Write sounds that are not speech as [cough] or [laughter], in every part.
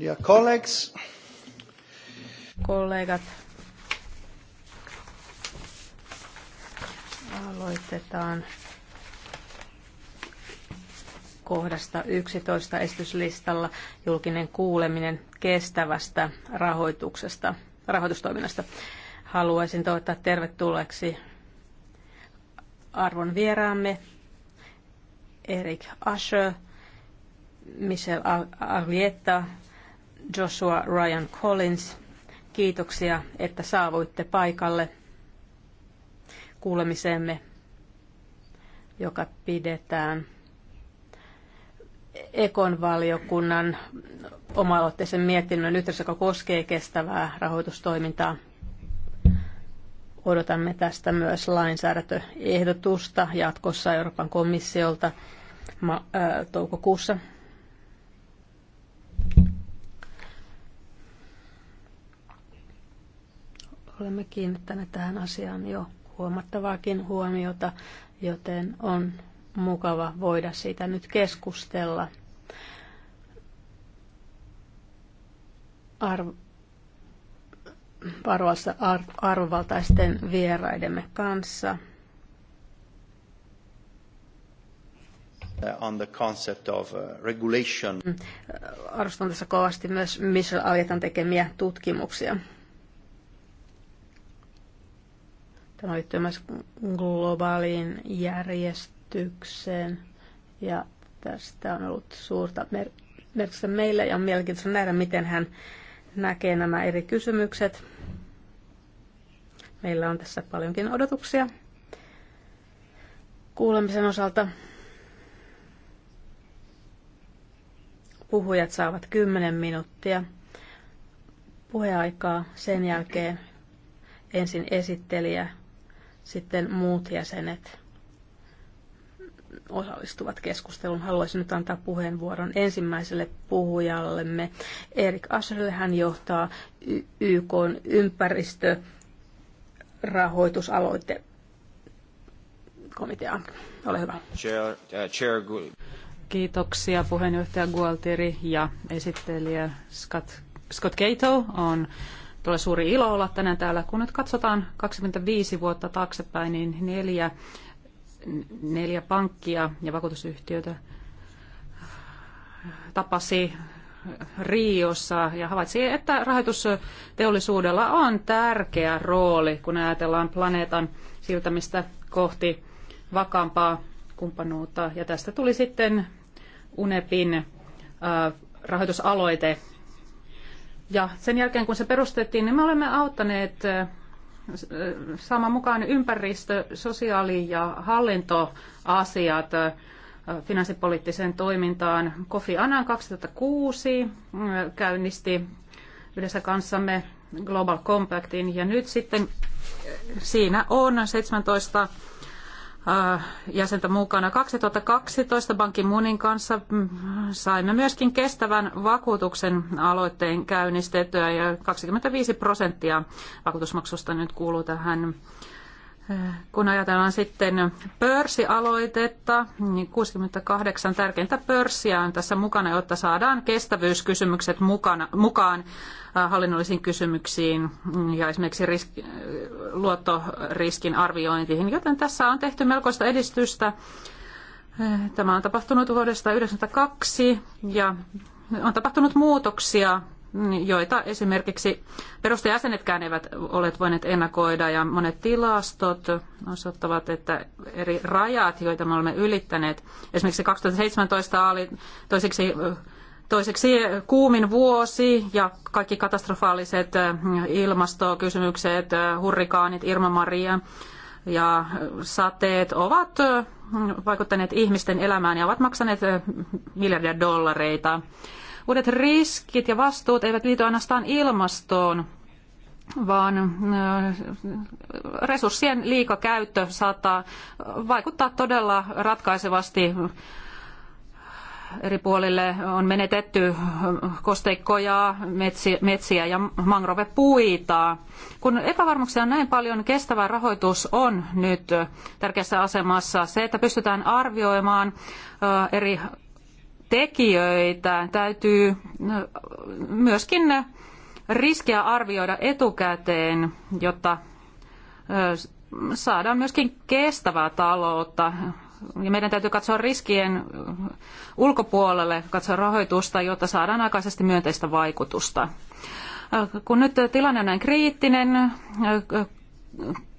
Dear colleagues. Kollegat. Aloitetaan kohdasta 11 esityslistalla julkinen kuuleminen kestävästä rahoituksesta, rahoitustoiminnasta. Haluaisin toivottaa tervetulleeksi arvon vieraamme Erik Asher, Michel Aglietta Joshua Ryan Collins. Kiitoksia, että saavuitte paikalle kuulemiseemme, joka pidetään Ekon valiokunnan oma-aloitteisen mietinnön yhteydessä, joka koskee kestävää rahoitustoimintaa. Odotamme tästä myös lainsäädäntöehdotusta jatkossa Euroopan komissiolta äh, toukokuussa Olemme kiinnittäneet tähän asiaan jo huomattavaakin huomiota, joten on mukava voida siitä nyt keskustella. Arvo, arvoista arvovaltaisten vieraidemme kanssa. on the concept of uh, regulation. Mm. Arvostan tässä kovasti myös Michel Aljetan tekemiä tutkimuksia. Tämä liittyy myös globaaliin järjestykseen ja tästä on ollut suurta mer- merkitystä meille ja on mielenkiintoista nähdä, miten hän näkee nämä eri kysymykset. Meillä on tässä paljonkin odotuksia kuulemisen osalta. Puhujat saavat 10 minuuttia puheaikaa sen jälkeen ensin esittelijä sitten muut jäsenet osallistuvat keskusteluun. Haluaisin nyt antaa puheenvuoron ensimmäiselle puhujallemme. Erik Asserille hän johtaa YK ympäristörahoitusaloite komitea. Ole hyvä. Chair, uh, chair Kiitoksia puheenjohtaja Gualtieri ja esittelijä Scott, Scott Cato on Tulee suuri ilo olla tänään täällä. Kun nyt katsotaan 25 vuotta taaksepäin, niin neljä, neljä pankkia ja vakuutusyhtiötä tapasi Riossa ja havaitsi, että rahoitusteollisuudella on tärkeä rooli, kun ajatellaan planeetan siirtämistä kohti vakaampaa kumppanuutta. Ja tästä tuli sitten UNEPin äh, rahoitusaloite ja sen jälkeen, kun se perustettiin, niin me olemme auttaneet saamaan mukaan ympäristö-, sosiaali- ja hallintoasiat finanssipoliittiseen toimintaan. Kofi Annan 2006 käynnisti yhdessä kanssamme Global Compactin ja nyt sitten siinä on 17 Äh, jäsentä mukana. 2012 Banki Munin kanssa mm, saimme myöskin kestävän vakuutuksen aloitteen käynnistettyä ja 25 prosenttia vakuutusmaksusta nyt kuuluu tähän. Äh, kun ajatellaan sitten pörssialoitetta, niin 68 tärkeintä pörssiä on tässä mukana, jotta saadaan kestävyyskysymykset mukana, mukaan hallinnollisiin kysymyksiin ja esimerkiksi luottoriskin arviointiin, joten tässä on tehty melkoista edistystä. Tämä on tapahtunut vuodesta 1992 ja on tapahtunut muutoksia, joita esimerkiksi perustajäsenetkään eivät ole voineet ennakoida ja monet tilastot osoittavat, että eri rajat, joita me olemme ylittäneet, esimerkiksi 2017 oli toiseksi Toiseksi kuumin vuosi ja kaikki katastrofaaliset äh, ilmastokysymykset, äh, hurrikaanit, Irma Maria ja äh, sateet ovat vaikuttaneet ihmisten elämään ja ovat maksaneet miljardia dollareita. Uudet riskit ja vastuut eivät liity ainoastaan ilmastoon, vaan resurssien liikakäyttö saattaa vaikuttaa todella ratkaisevasti eri puolille on menetetty kosteikkoja, metsiä ja mangrovepuita. Kun epävarmuuksia on näin paljon, kestävä rahoitus on nyt tärkeässä asemassa. Se, että pystytään arvioimaan eri tekijöitä, täytyy myöskin riskiä arvioida etukäteen, jotta saadaan myöskin kestävää taloutta ja meidän täytyy katsoa riskien ulkopuolelle, katsoa rahoitusta, jotta saadaan aikaisesti myönteistä vaikutusta. Kun nyt tilanne on näin kriittinen,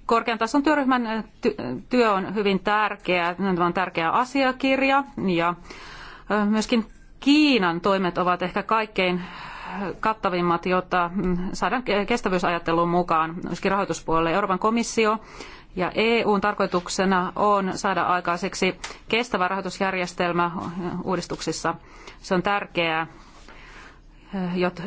korkean tason työryhmän työ on hyvin tärkeä, tämä on tärkeä asiakirja ja myöskin Kiinan toimet ovat ehkä kaikkein kattavimmat, jotta saadaan kestävyysajatteluun mukaan myöskin rahoituspuolelle. Euroopan komissio ja EUn tarkoituksena on saada aikaiseksi kestävä rahoitusjärjestelmä uudistuksissa. Se on tärkeää,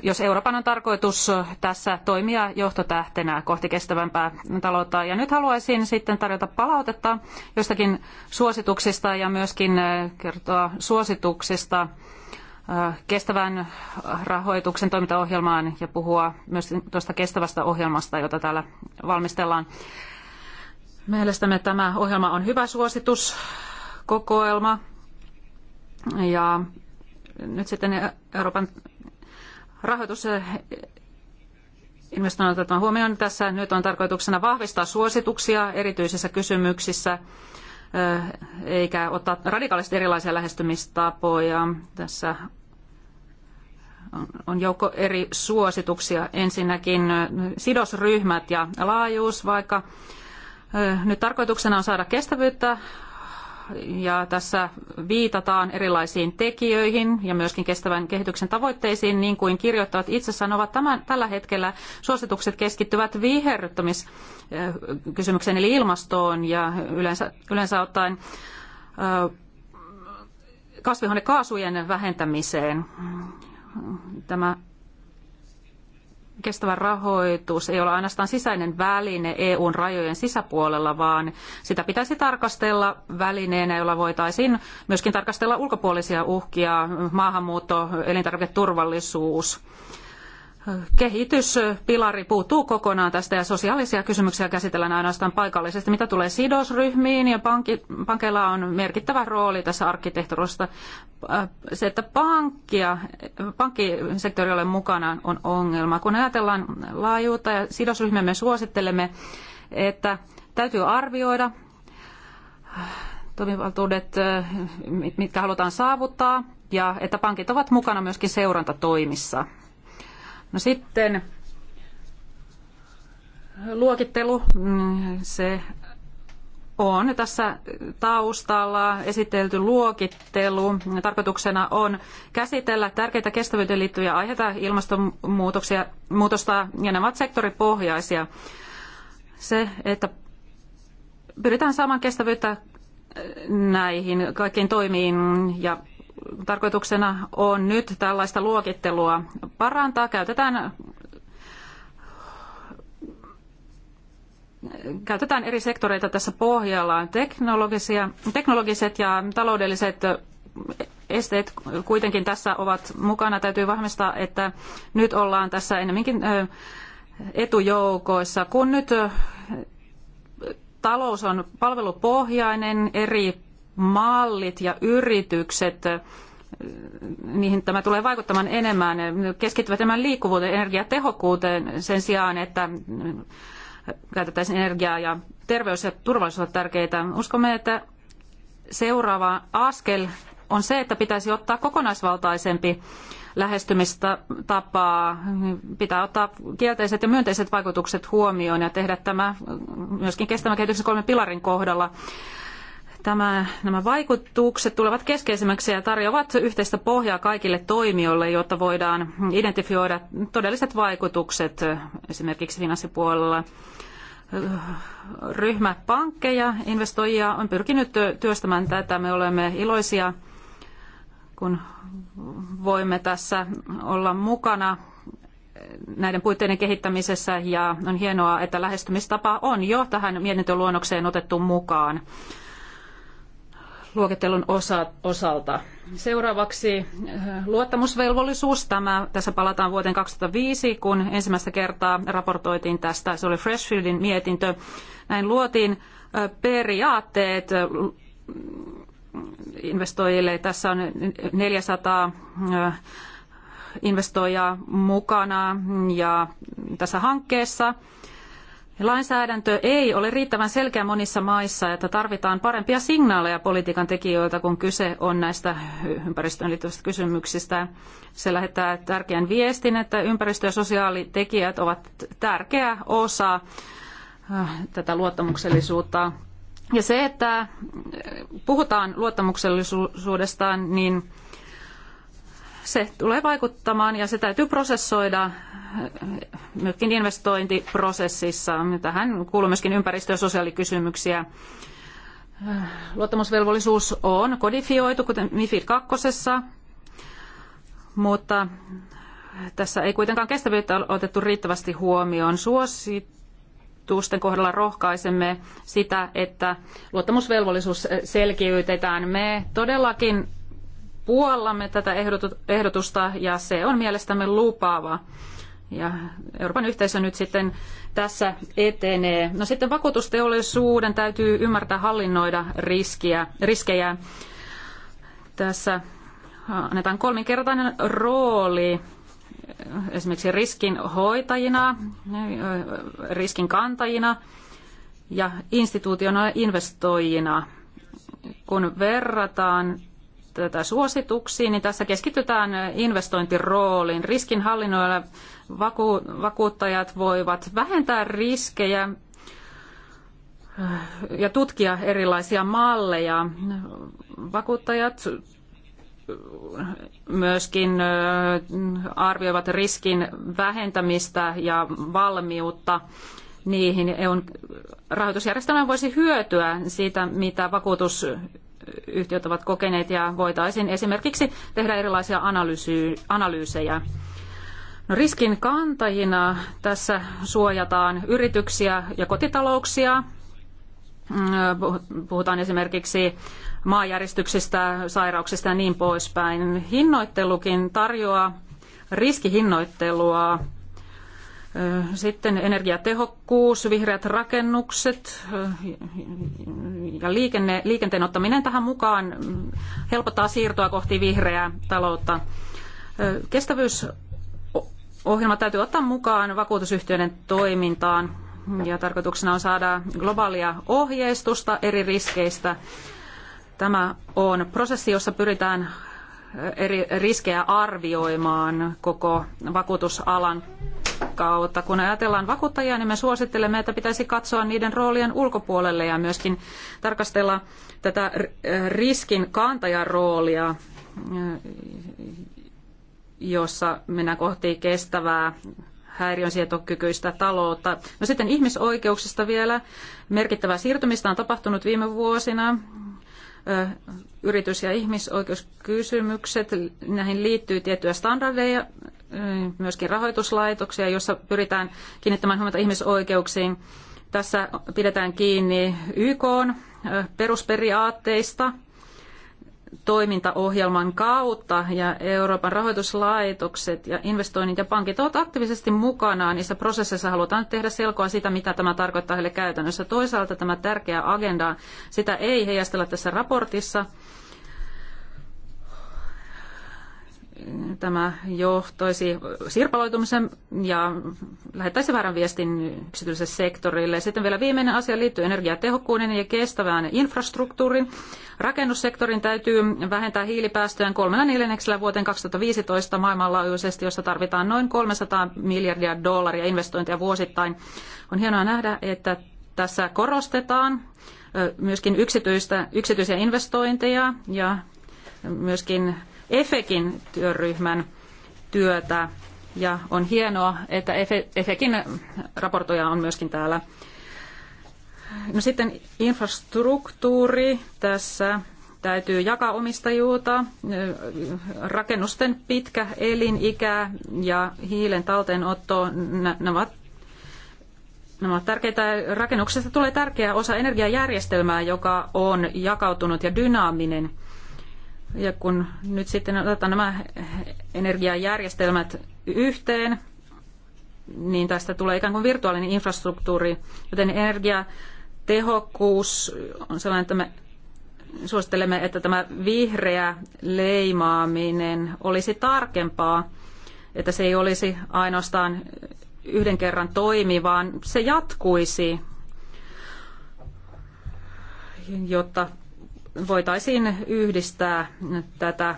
jos Euroopan on tarkoitus tässä toimia johtotähtenä kohti kestävämpää taloutta. Ja nyt haluaisin sitten tarjota palautetta jostakin suosituksista ja myöskin äh, kertoa suosituksista äh, kestävän rahoituksen toimintaohjelmaan ja puhua myös tuosta kestävästä ohjelmasta, jota täällä valmistellaan. Mielestämme tämä ohjelma on hyvä suositus, kokoelma. Ja nyt sitten Euroopan rahoitus investoinnit otetaan huomioon. Tässä nyt on tarkoituksena vahvistaa suosituksia erityisissä kysymyksissä eh, eikä ottaa radikaalisti erilaisia lähestymistapoja. Tässä on joukko eri suosituksia. Ensinnäkin sidosryhmät ja laajuus, vaikka nyt tarkoituksena on saada kestävyyttä ja tässä viitataan erilaisiin tekijöihin ja myöskin kestävän kehityksen tavoitteisiin, niin kuin kirjoittavat itse sanovat. Tämän, tällä hetkellä suositukset keskittyvät viherryttämiskysymykseen eli ilmastoon ja yleensä, yleensä ottaen kasvihuonekaasujen vähentämiseen. Tämä kestävä rahoitus ei ole ainoastaan sisäinen väline EUn rajojen sisäpuolella, vaan sitä pitäisi tarkastella välineenä, jolla voitaisiin myöskin tarkastella ulkopuolisia uhkia, maahanmuutto, elintarviketurvallisuus. turvallisuus kehityspilari puuttuu kokonaan tästä ja sosiaalisia kysymyksiä käsitellään ainoastaan paikallisesti. Mitä tulee sidosryhmiin ja pankki, pankeilla on merkittävä rooli tässä arkkitehtuurissa. Äh, se, että pankkia, pankkisektori ole mukana on ongelma. Kun ajatellaan laajuutta ja sidosryhmiä me suosittelemme, että täytyy arvioida äh, toimivaltuudet, äh, mitkä halutaan saavuttaa, ja että pankit ovat mukana myöskin seurantatoimissa. No sitten luokittelu, mm, se on tässä taustalla esitelty luokittelu. Tarkoituksena on käsitellä tärkeitä kestävyyteen liittyviä aiheita ilmastonmuutoksia muutosta, ja nämä ovat sektoripohjaisia. Se, että pyritään saamaan kestävyyttä näihin kaikkiin toimiin ja tarkoituksena on nyt tällaista luokittelua parantaa. Käytetään käytetään eri sektoreita tässä pohjalla. Teknologisia, teknologiset ja taloudelliset esteet kuitenkin tässä ovat mukana. Täytyy vahvistaa, että nyt ollaan tässä enemminkin etujoukoissa. Kun nyt talous on palvelupohjainen, eri mallit ja yritykset, niihin tämä tulee vaikuttamaan enemmän, keskittyvät enemmän liikkuvuuteen, energiatehokkuuteen sen sijaan, että käytetään energiaa ja terveys ja turvallisuus ovat tärkeitä. Uskomme, että seuraava askel on se, että pitäisi ottaa kokonaisvaltaisempi lähestymistapaa. Pitää ottaa kielteiset ja myönteiset vaikutukset huomioon ja tehdä tämä myöskin kestävän kehityksen kolmen pilarin kohdalla. Tämä, nämä vaikutukset tulevat keskeisemmäksi ja tarjoavat yhteistä pohjaa kaikille toimijoille, jotta voidaan identifioida todelliset vaikutukset esimerkiksi finanssipuolella. Ryhmä pankkeja, investoijia on pyrkinyt työstämään tätä. Me olemme iloisia, kun voimme tässä olla mukana näiden puitteiden kehittämisessä ja on hienoa, että lähestymistapa on jo tähän mietintöluonnokseen otettu mukaan luokittelun osa, osalta. Seuraavaksi eh, luottamusvelvollisuus. Tämä, tässä palataan vuoteen 2005, kun ensimmäistä kertaa raportoitiin tästä. Se oli Freshfieldin mietintö. Näin luotiin eh, periaatteet eh, investoijille. Tässä on 400 investoijaa mukana ja tässä hankkeessa – Lainsäädäntö ei ole riittävän selkeä monissa maissa, että tarvitaan parempia signaaleja politiikan tekijöiltä, kun kyse on näistä ympäristöön liittyvistä kysymyksistä. Se lähettää tärkeän viestin, että ympäristö- ja sosiaalitekijät ovat tärkeä osa äh, tätä luottamuksellisuutta. Ja se, että puhutaan luottamuksellisuudesta, niin se tulee vaikuttamaan ja se täytyy prosessoida myöskin investointiprosessissa. Tähän kuuluu myöskin ympäristö- ja sosiaalikysymyksiä. Luottamusvelvollisuus on kodifioitu, kuten MIFID 2, mutta tässä ei kuitenkaan kestävyyttä ole otettu riittävästi huomioon. Suositusten kohdalla rohkaisemme sitä, että luottamusvelvollisuus selkiytetään. Me todellakin puollamme tätä ehdotusta ja se on mielestämme lupaava. Ja Euroopan yhteisö nyt sitten tässä etenee. No sitten vakuutusteollisuuden täytyy ymmärtää hallinnoida riskiä, riskejä. Tässä annetaan kolminkertainen rooli esimerkiksi riskin hoitajina, riskin kantajina ja instituutiona investoijina. Kun verrataan tätä suosituksiin, niin tässä keskitytään investointirooliin. Riskinhallinnoilla vaku- vakuuttajat voivat vähentää riskejä äh, ja tutkia erilaisia malleja. Vakuuttajat myöskin äh, arvioivat riskin vähentämistä ja valmiutta niihin. EUn rahoitusjärjestelmä voisi hyötyä siitä, mitä vakuutus yhtiöt ovat kokeneet ja voitaisiin esimerkiksi tehdä erilaisia analyysejä. No, riskin kantajina tässä suojataan yrityksiä ja kotitalouksia. Mm, puhutaan esimerkiksi maanjäristyksistä, sairauksista ja niin poispäin. Hinnoittelukin tarjoaa riskihinnoittelua sitten energiatehokkuus, vihreät rakennukset ja liikenne, liikenteen ottaminen tähän mukaan helpottaa siirtoa kohti vihreää taloutta. Kestävyysohjelma täytyy ottaa mukaan vakuutusyhtiöiden toimintaan ja tarkoituksena on saada globaalia ohjeistusta eri riskeistä. Tämä on prosessi, jossa pyritään eri riskejä arvioimaan koko vakuutusalan kautta. Kun ajatellaan vakuuttajia, niin me suosittelemme, että pitäisi katsoa niiden roolien ulkopuolelle ja myöskin tarkastella tätä riskin kantajan roolia, jossa mennään kohti kestävää häiriönsietokykyistä taloutta. No sitten ihmisoikeuksista vielä. Merkittävää siirtymistä on tapahtunut viime vuosina yritys- ja ihmisoikeuskysymykset. Näihin liittyy tiettyjä standardeja, myöskin rahoituslaitoksia, joissa pyritään kiinnittämään huomiota ihmisoikeuksiin. Tässä pidetään kiinni YK perusperiaatteista – toimintaohjelman kautta ja Euroopan rahoituslaitokset ja investoinnit ja pankit ovat aktiivisesti mukana niin niissä prosesseissa. Halutaan tehdä selkoa siitä, mitä tämä tarkoittaa heille käytännössä. Toisaalta tämä tärkeä agenda, sitä ei heijastella tässä raportissa. tämä johtaisi sirpaloitumisen ja lähettäisi väärän viestin yksityiselle sektorille. Sitten vielä viimeinen asia liittyy energiatehokkuuden ja kestävään infrastruktuuriin. Rakennussektorin täytyy vähentää hiilipäästöjä kolmella neljänneksellä vuoteen 2015 maailmanlaajuisesti, jossa tarvitaan noin 300 miljardia dollaria investointeja vuosittain. On hienoa nähdä, että tässä korostetaan myöskin yksityistä, yksityisiä investointeja ja myöskin EFEKin työryhmän työtä. Ja on hienoa, että EFEKin raportoja on myöskin täällä. No sitten infrastruktuuri tässä täytyy jakaa omistajuutta, rakennusten pitkä elinikä ja hiilen talteenotto, nämä ovat Nämä ovat tärkeitä. Rakennuksesta tulee tärkeä osa energiajärjestelmää, joka on jakautunut ja dynaaminen. Ja kun nyt sitten otetaan nämä energiajärjestelmät yhteen, niin tästä tulee ikään kuin virtuaalinen infrastruktuuri, joten energiatehokkuus on sellainen, että me suosittelemme, että tämä vihreä leimaaminen olisi tarkempaa, että se ei olisi ainoastaan yhden kerran toimi, vaan se jatkuisi, jotta voitaisiin yhdistää tätä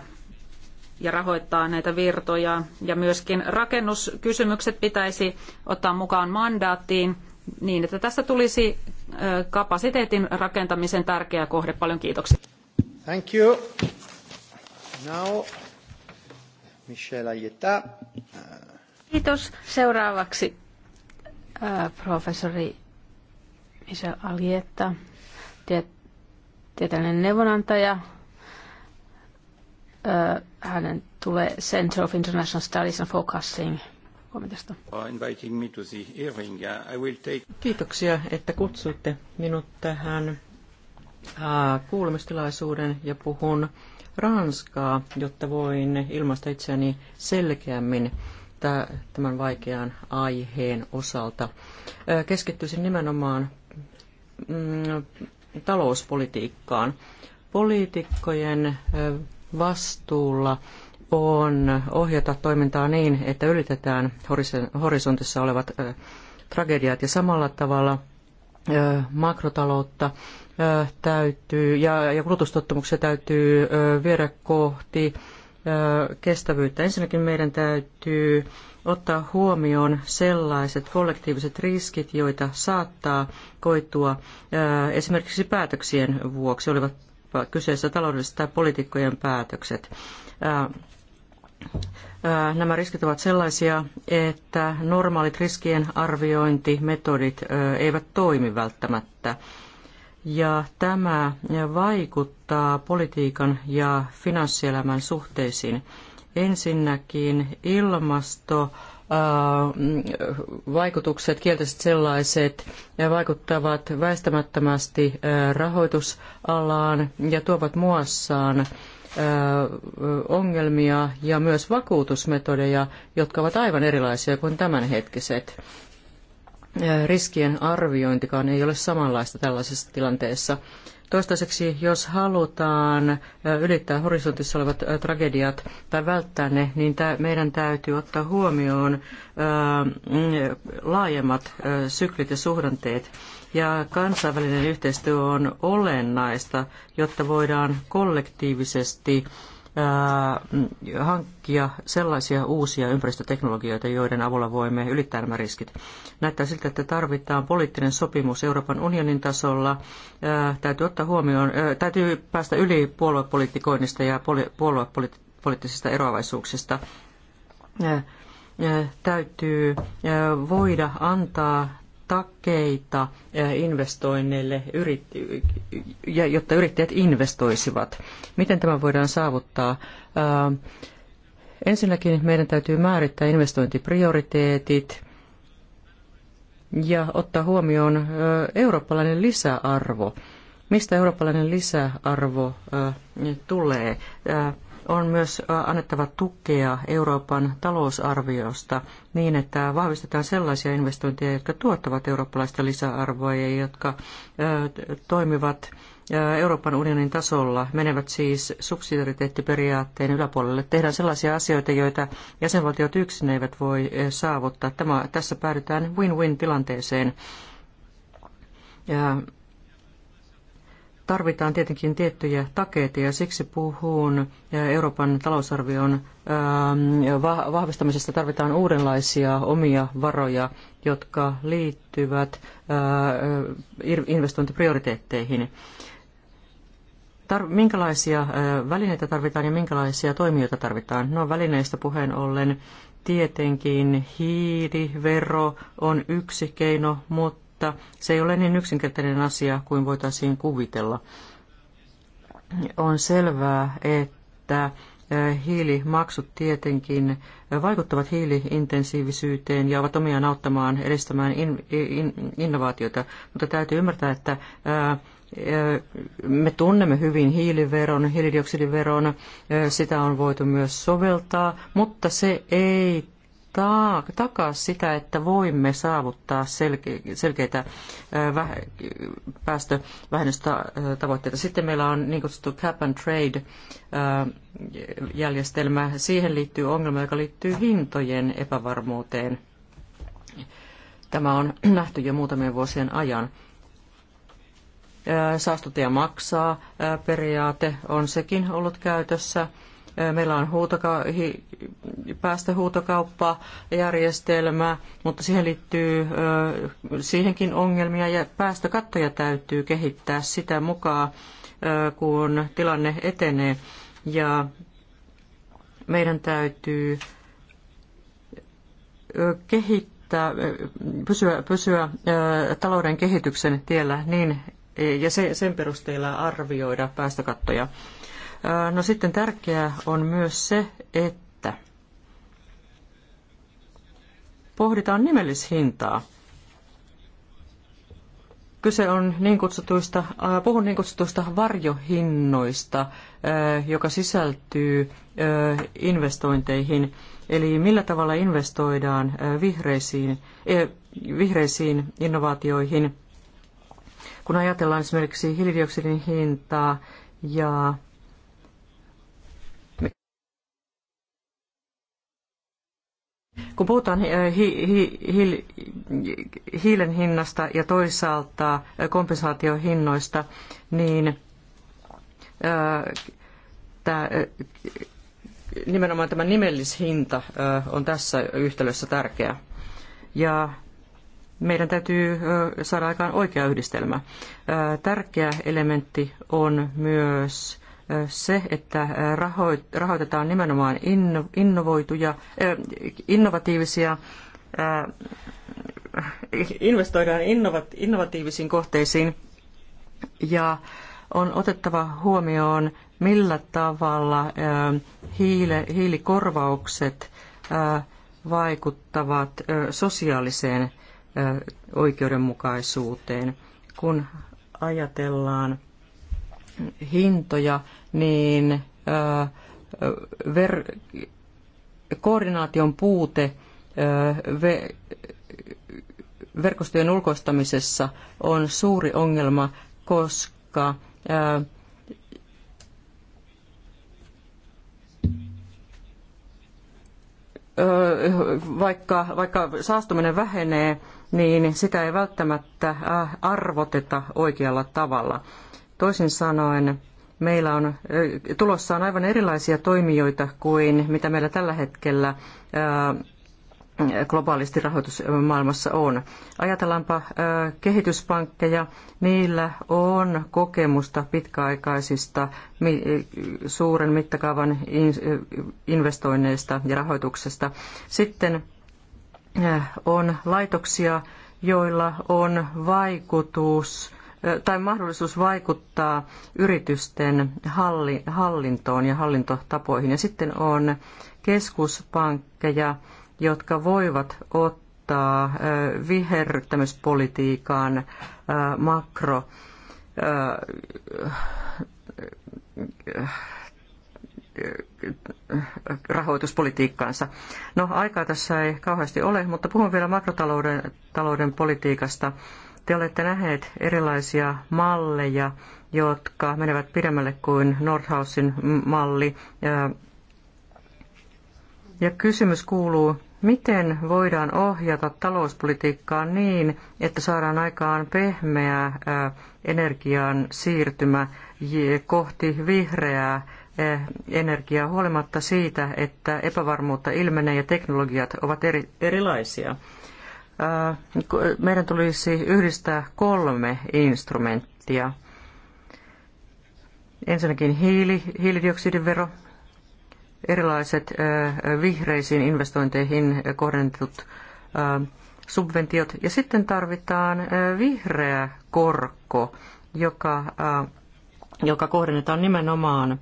ja rahoittaa näitä virtoja. Ja myöskin rakennuskysymykset pitäisi ottaa mukaan mandaattiin niin, että tästä tulisi kapasiteetin rakentamisen tärkeä kohde. Paljon kiitoksia. Thank you. Now, Michel Kiitos. Seuraavaksi professori Michel Alietta, tieteellinen neuvonantaja. Hänen tulee Center of International Studies and Forecasting uh, Kiitoksia, että kutsuitte minut tähän kuulemistilaisuuden ja puhun ranskaa, jotta voin ilmaista itseäni selkeämmin tämän vaikean aiheen osalta. Keskittyisin nimenomaan mm, talouspolitiikkaan. Poliitikkojen vastuulla on ohjata toimintaa niin, että ylitetään horisontissa olevat tragediat ja samalla tavalla makrotaloutta täytyy ja, kulutustottumuksia täytyy viedä kohti kestävyyttä. Ensinnäkin meidän täytyy ottaa huomioon sellaiset kollektiiviset riskit, joita saattaa koitua esimerkiksi päätöksien vuoksi, olivat kyseessä taloudelliset tai poliitikkojen päätökset. Nämä riskit ovat sellaisia, että normaalit riskien arviointimetodit eivät toimi välttämättä. Ja tämä vaikuttaa politiikan ja finanssielämän suhteisiin. Ensinnäkin ilmasto äh, vaikutukset, kielteiset sellaiset, vaikuttavat väistämättömästi äh, rahoitusalaan ja tuovat muassaan äh, ongelmia ja myös vakuutusmetodeja, jotka ovat aivan erilaisia kuin tämänhetkiset riskien arviointikaan ei ole samanlaista tällaisessa tilanteessa. Toistaiseksi, jos halutaan ylittää horisontissa olevat tragediat tai välttää ne, niin meidän täytyy ottaa huomioon laajemmat syklit ja suhdanteet. Ja kansainvälinen yhteistyö on olennaista, jotta voidaan kollektiivisesti Mm, hankkia sellaisia uusia ympäristöteknologioita, joiden avulla voimme ylittää nämä riskit. Näyttää siltä, että tarvitaan poliittinen sopimus Euroopan unionin tasolla. Täytyy, ottaa huomioon, täytyy päästä yli puoluepoliitikoinnista ja puoluepoliittisista eroavaisuuksista täytyy voida antaa takeita eh, investoinneille, jotta yrittäjät investoisivat. Miten tämä voidaan saavuttaa? Eh, ensinnäkin meidän täytyy määrittää investointiprioriteetit ja ottaa huomioon eh, eurooppalainen lisäarvo. Mistä eurooppalainen lisäarvo tulee? on myös annettava tukea Euroopan talousarviosta niin, että vahvistetaan sellaisia investointeja, jotka tuottavat eurooppalaista lisäarvoa ja jotka toimivat Euroopan unionin tasolla, menevät siis subsidiariteettiperiaatteen yläpuolelle. Tehdään sellaisia asioita, joita jäsenvaltiot yksin eivät voi saavuttaa. Tämä, tässä päädytään win-win tilanteeseen. Ja tarvitaan tietenkin tiettyjä takeita ja siksi puhun Euroopan talousarvion ähm, vahvistamisesta tarvitaan uudenlaisia omia varoja, jotka liittyvät äh, investointiprioriteetteihin. minkälaisia äh, välineitä tarvitaan ja minkälaisia toimijoita tarvitaan? No välineistä puheen ollen tietenkin hiilivero on yksi keino, mutta mutta se ei ole niin yksinkertainen asia kuin voitaisiin kuvitella. On selvää, että hiilimaksut tietenkin vaikuttavat hiiliintensiivisyyteen ja ovat omiaan auttamaan edistämään in, in, innovaatioita, mutta täytyy ymmärtää, että me tunnemme hyvin hiiliveron, hiilidioksidiveron, sitä on voitu myös soveltaa, mutta se ei takaa sitä, että voimme saavuttaa selke, selkeitä väh, päästövähennystavoitteita. Sitten meillä on niin kutsuttu cap and trade järjestelmä. Siihen liittyy ongelma, joka liittyy hintojen epävarmuuteen. Tämä on [clears throat] nähty jo muutamien vuosien ajan saastuttaja maksaa periaate on sekin ollut käytössä Meillä on huutoka- hi- päästöhuutokauppajärjestelmä, mutta siihen liittyy siihenkin ongelmia ja päästökattoja täytyy kehittää sitä mukaan, kun tilanne etenee. Ja meidän täytyy kehittää, pysyä, pysyä talouden kehityksen tiellä niin, ja sen perusteella arvioida päästökattoja. No sitten tärkeää on myös se, että pohditaan nimellishintaa. Kyse on niin kutsutuista, puhun niin kutsutuista varjohinnoista, joka sisältyy investointeihin. Eli millä tavalla investoidaan vihreisiin, vihreisiin innovaatioihin, kun ajatellaan esimerkiksi hiilidioksidin hintaa ja Kun puhutaan eh, hi- hi- hi- hiilen hinnasta ja toisaalta eh, kompensaatiohinnoista, niin eh, tämä, nimenomaan tämä nimellishinta on tässä yhtälössä tärkeä. Ja meidän täytyy saada aikaan oikea yhdistelmä. Tärkeä elementti on myös se, että rahoitetaan nimenomaan innovoituja, innovatiivisia, investoidaan innovatiivisiin kohteisiin ja on otettava huomioon, millä tavalla hiile, hiilikorvaukset vaikuttavat sosiaaliseen oikeudenmukaisuuteen, kun ajatellaan hintoja, niin ver- koordinaation puute ve- verkostojen ulkoistamisessa on suuri ongelma, koska vaikka, vaikka saastuminen vähenee, niin sitä ei välttämättä arvoteta oikealla tavalla. Toisin sanoen, meillä on tulossa on aivan erilaisia toimijoita kuin mitä meillä tällä hetkellä globaalisti rahoitusmaailmassa on. Ajatellaanpa kehityspankkeja, niillä on kokemusta pitkäaikaisista suuren mittakaavan investoinneista ja rahoituksesta. Sitten on laitoksia, joilla on vaikutus tai mahdollisuus vaikuttaa yritysten halli, hallintoon ja hallintotapoihin. Ja sitten on keskuspankkeja, jotka voivat ottaa viherryttämispolitiikan makro rahoituspolitiikkaansa. No aikaa tässä ei kauheasti ole, mutta puhun vielä makrotalouden politiikasta te olette nähneet erilaisia malleja, jotka menevät pidemmälle kuin Nordhausin malli. Ja kysymys kuuluu, miten voidaan ohjata talouspolitiikkaa niin, että saadaan aikaan pehmeä energian siirtymä kohti vihreää energiaa huolimatta siitä, että epävarmuutta ilmenee ja teknologiat ovat eri, erilaisia meidän tulisi yhdistää kolme instrumenttia. Ensinnäkin hiili, hiilidioksidin vero, erilaiset vihreisiin investointeihin kohdennetut subventiot ja sitten tarvitaan vihreä korko, joka, joka kohdennetaan nimenomaan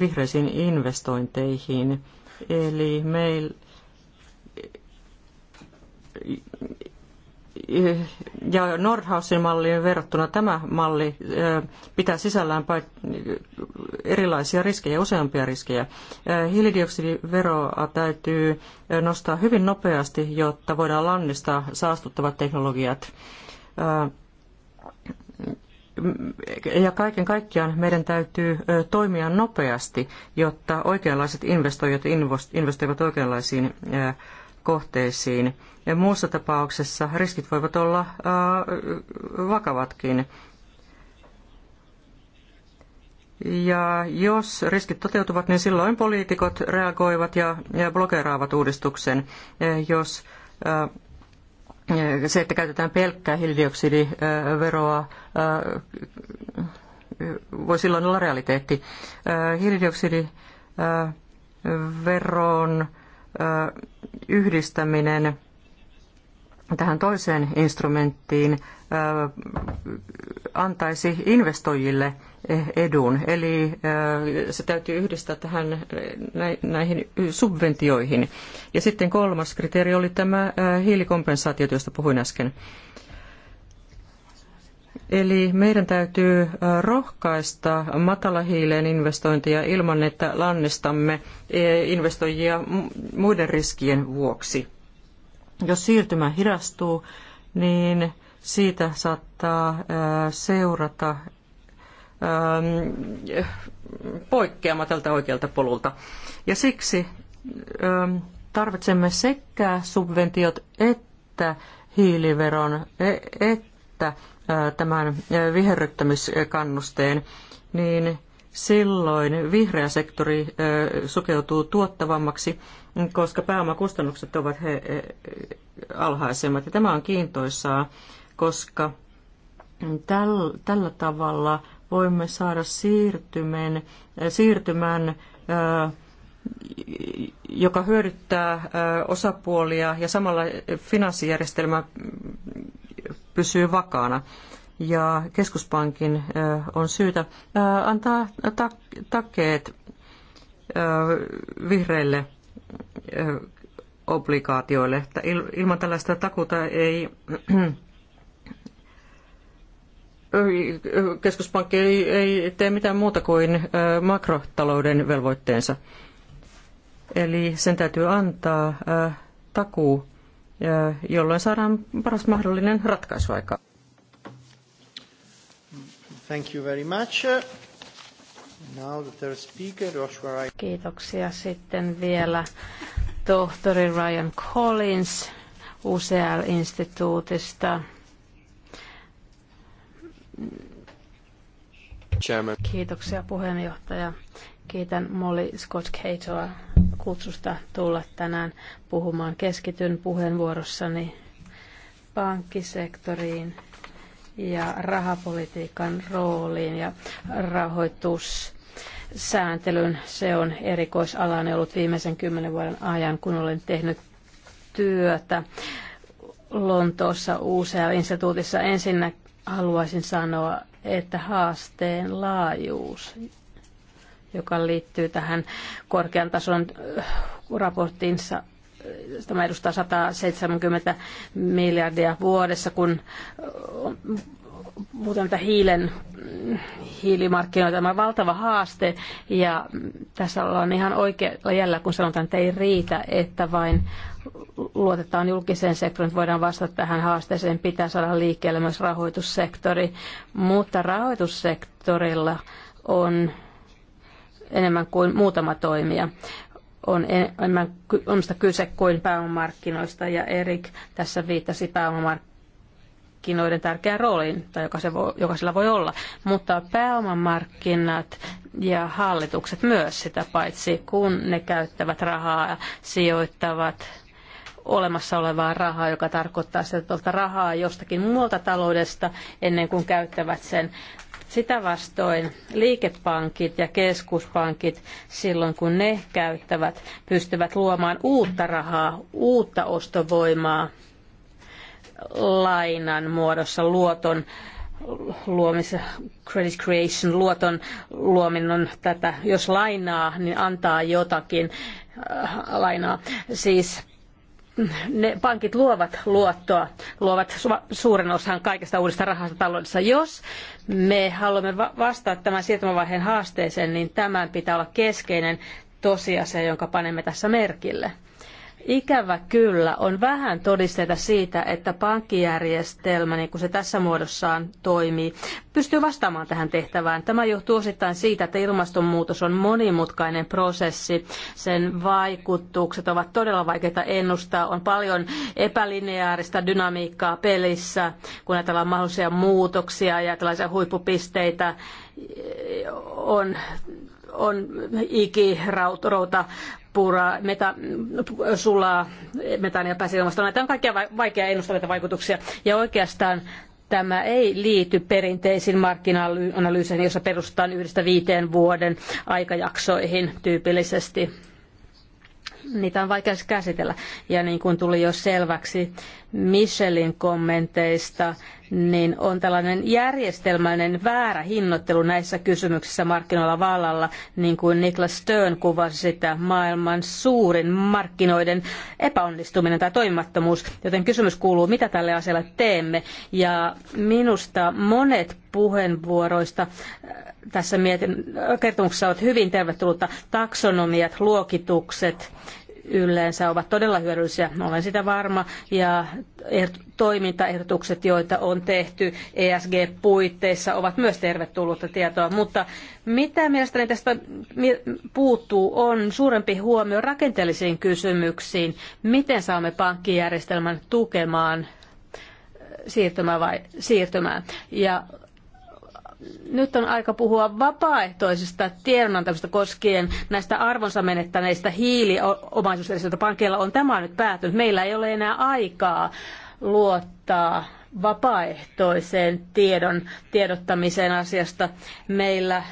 vihreisiin investointeihin. Eli meillä ja Nordhausin malliin verrattuna tämä malli pitää sisällään erilaisia riskejä, useampia riskejä. Hiilidioksidiveroa täytyy nostaa hyvin nopeasti, jotta voidaan lannistaa saastuttavat teknologiat. Ja kaiken kaikkiaan meidän täytyy toimia nopeasti, jotta oikeanlaiset investoijat investoivat oikeanlaisiin kohteisiin. Ja muussa tapauksessa riskit voivat olla vakavatkin. Ja jos riskit toteutuvat, niin silloin poliitikot reagoivat ja, ja blokeraavat uudistuksen. Jos se, että käytetään pelkkää hiilidioksidiveroa, voi silloin olla realiteetti. Hiilidioksidiveron yhdistäminen tähän toiseen instrumenttiin antaisi investoijille edun. Eli se täytyy yhdistää tähän näihin subventioihin. Ja sitten kolmas kriteeri oli tämä hiilikompensaatio, josta puhuin äsken. Eli meidän täytyy rohkaista matalahiileen investointia ilman, että lannistamme e, investoijia muiden riskien vuoksi. Jos siirtymä hidastuu, niin siitä saattaa seurata poikkeama tältä oikealta polulta. Ja siksi tarvitsemme sekä subventiot että hiiliveron, e, että että tämän viherryttämiskannusteen, niin silloin vihreä sektori sukeutuu tuottavammaksi, koska pääomakustannukset ovat he, alhaisemmat. Ja tämä on kiintoisaa, koska tällä tavalla voimme saada siirtymän, siirtymän joka hyödyttää osapuolia ja samalla finanssijärjestelmä pysyy vakaana. Ja keskuspankin on syytä antaa takeet vihreille obligaatioille. Ilman tällaista takuuta ei keskuspankki ei, ei tee mitään muuta kuin makrotalouden velvoitteensa. Eli sen täytyy antaa takuu jolloin saadaan paras mahdollinen ratkaisu aikaan. Thank you very much. Now the third speaker, Joshua Ryan. Kiitoksia sitten vielä tohtori Ryan Collins UCL-instituutista. Chairman. Kiitoksia puheenjohtaja. Kiitän Molly Scott Catoa kutsusta tulla tänään puhumaan. Keskityn puheenvuorossani pankkisektoriin ja rahapolitiikan rooliin ja rahoitussääntelyn. Se on erikoisalani ollut viimeisen kymmenen vuoden ajan, kun olen tehnyt työtä Lontoossa uusia instituutissa Ensinnä haluaisin sanoa, että haasteen laajuus joka liittyy tähän korkean tason äh, raporttiinsa. Tämä edustaa 170 miljardia vuodessa, kun äh, muuten hiilen hiilimarkkinoita. Tämä valtava haaste ja tässä ollaan ihan oikealla jäljellä, kun sanotaan, että ei riitä, että vain luotetaan julkiseen sektoriin, että voidaan vastata tähän haasteeseen. Pitää saada liikkeelle myös rahoitussektori, mutta rahoitussektorilla on enemmän kuin muutama toimija. On enemmän on sitä kyse kuin pääomamarkkinoista ja Erik tässä viittasi pääomamarkkinoiden tärkeään rooliin, tai joka, se voi, joka sillä voi olla. Mutta pääomamarkkinat ja hallitukset myös sitä paitsi, kun ne käyttävät rahaa ja sijoittavat olemassa olevaa rahaa, joka tarkoittaa sitä tuolta rahaa jostakin muualta taloudesta ennen kuin käyttävät sen sitä vastoin liikepankit ja keskuspankit silloin kun ne käyttävät, pystyvät luomaan uutta rahaa, uutta ostovoimaa lainan muodossa luoton luomisen, credit creation, luoton luominnon tätä, jos lainaa, niin antaa jotakin äh, lainaa. Siis ne pankit luovat luottoa, luovat su- suuren osan kaikesta uudesta rahasta taloudessa. Jos me haluamme va- vastata tämän siirtymävaiheen haasteeseen, niin tämän pitää olla keskeinen tosiasia, jonka panemme tässä merkille. Ikävä kyllä on vähän todisteita siitä, että pankkijärjestelmä, niin kuin se tässä muodossaan toimii, pystyy vastaamaan tähän tehtävään. Tämä johtuu osittain siitä, että ilmastonmuutos on monimutkainen prosessi. Sen vaikutukset ovat todella vaikeita ennustaa. On paljon epälineaarista dynamiikkaa pelissä, kun ajatellaan mahdollisia muutoksia ja tällaisia huippupisteitä. On on ikirouta puraa, meta, sulaa metaania pääsee ilmastoon. Näitä on kaikkia vaikea ennustaa näitä vaikutuksia. Ja oikeastaan tämä ei liity perinteisiin markkina-analyyseihin, jossa perustetaan yhdestä viiteen vuoden aikajaksoihin tyypillisesti. Niitä on vaikea käsitellä. Ja niin kuin tuli jo selväksi Michelin kommenteista, niin on tällainen järjestelmällinen väärä hinnoittelu näissä kysymyksissä markkinoilla vallalla, niin kuin Niklas Stern kuvasi sitä maailman suurin markkinoiden epäonnistuminen tai toimimattomuus. Joten kysymys kuuluu, mitä tälle asialle teemme. Ja minusta monet puheenvuoroista äh, tässä mietin, kertomuksessa ovat hyvin tervetullutta taksonomiat, luokitukset yleensä ovat todella hyödyllisiä, olen sitä varma, ja er- toimintaehdotukset, joita on tehty ESG-puitteissa, ovat myös tervetullutta tietoa. Mutta mitä mielestäni tästä puuttuu, on suurempi huomio rakenteellisiin kysymyksiin. Miten saamme pankkijärjestelmän tukemaan äh, siirtymää? Vai, siirtymää? Ja nyt on aika puhua vapaaehtoisesta tiedonantamista koskien näistä arvonsa menettäneistä hiiliomaisuusjärjestelmistä. Pankeilla on tämä on nyt päätynyt. Meillä ei ole enää aikaa luottaa vapaaehtoiseen tiedon tiedottamiseen asiasta. Meillä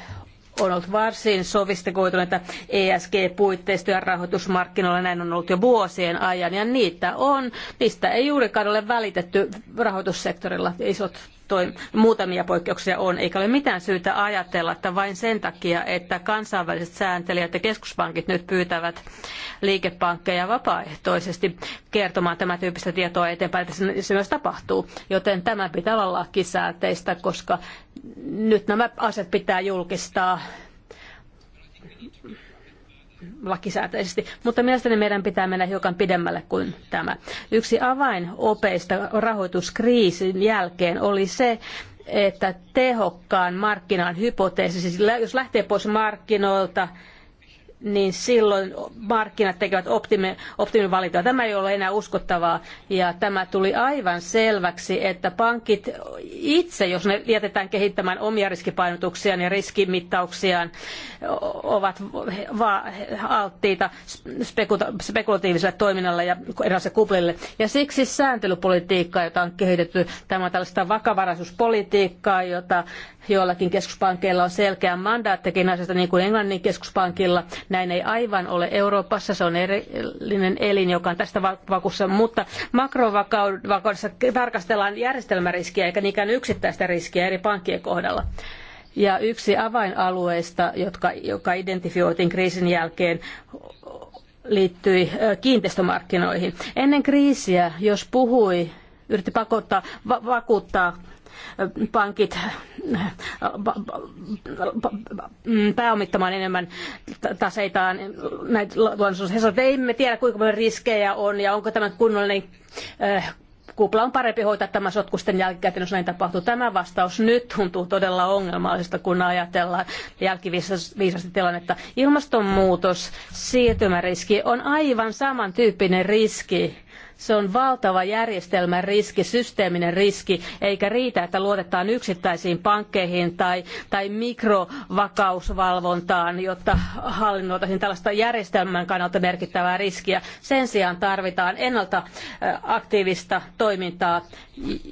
on ollut varsin sovistikoituneita ESG-puitteista ja rahoitusmarkkinoilla. Näin on ollut jo vuosien ajan ja niitä on. Niistä ei juurikaan ole välitetty rahoitussektorilla. Isot toi, muutamia poikkeuksia on, eikä ole mitään syytä ajatella, että vain sen takia, että kansainväliset sääntelijät ja keskuspankit nyt pyytävät liikepankkeja vapaaehtoisesti kertomaan tämän tyyppistä tietoa eteenpäin, että se myös tapahtuu. Joten tämä pitää olla lakisääteistä, koska nyt nämä asiat pitää julkistaa lakisääteisesti, mutta mielestäni meidän pitää mennä hiukan pidemmälle kuin tämä. Yksi avain opeista rahoituskriisin jälkeen oli se, että tehokkaan markkinan hypoteesi, siis jos lähtee pois markkinoilta, niin silloin markkinat tekevät optimi, optimivalintoja. Tämä ei ole enää uskottavaa ja tämä tuli aivan selväksi, että pankit itse, jos ne jätetään kehittämään omia riskipainotuksiaan ja riskimittauksiaan, ovat alttiita spekulatiiviselle toiminnalle ja erilaisille kuplille. Ja siksi sääntelypolitiikkaa, jota on kehitetty, tämä on tällaista vakavaraisuuspolitiikkaa, jota joillakin keskuspankkeilla on selkeä mandaattikin asiasta, niin kuin Englannin keskuspankilla. Näin ei aivan ole Euroopassa, se on erillinen elin, joka on tästä vakuussa, mutta makrovakaudessa tarkastellaan järjestelmäriskiä eikä niinkään yksittäistä riskiä eri pankkien kohdalla. Ja yksi avainalueista, jotka, joka identifioitiin kriisin jälkeen, liittyi kiinteistömarkkinoihin. Ennen kriisiä, jos puhui, yritti pakottaa, va- vakuuttaa pankit mm, pääomittamaan enemmän taseitaan näitä luonnollisuuksia. He emme tiedä kuinka paljon riskejä on ja onko tämä kunnollinen eh, kupla on parempi hoitaa tämä sotku sitten jälkikäteen, jos näin tapahtuu. Tämä vastaus nyt tuntuu todella ongelmallisesta, kun ajatellaan jälkiviisasti tilannetta. Ilmastonmuutos, siirtymäriski on aivan samantyyppinen riski se on valtava järjestelmän riski, systeeminen riski, eikä riitä, että luotetaan yksittäisiin pankkeihin tai, tai mikrovakausvalvontaan, jotta hallinnoitaisiin tällaista järjestelmän kannalta merkittävää riskiä. Sen sijaan tarvitaan ennalta aktiivista toimintaa,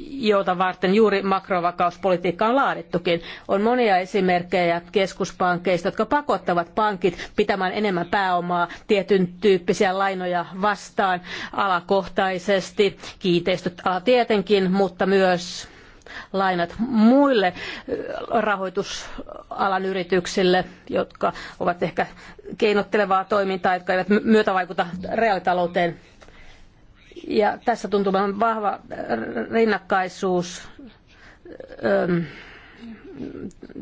jota varten juuri makrovakauspolitiikka on laadittukin. On monia esimerkkejä keskuspankkeista, jotka pakottavat pankit pitämään enemmän pääomaa tietyn tyyppisiä lainoja vastaan alakohtaisesti henkilökohtaisesti, kiinteistöt tietenkin, mutta myös lainat muille rahoitusalan yrityksille, jotka ovat ehkä keinottelevaa toimintaa, jotka eivät myötävaikuta reaalitalouteen. Ja tässä tuntuu olevan vahva rinnakkaisuus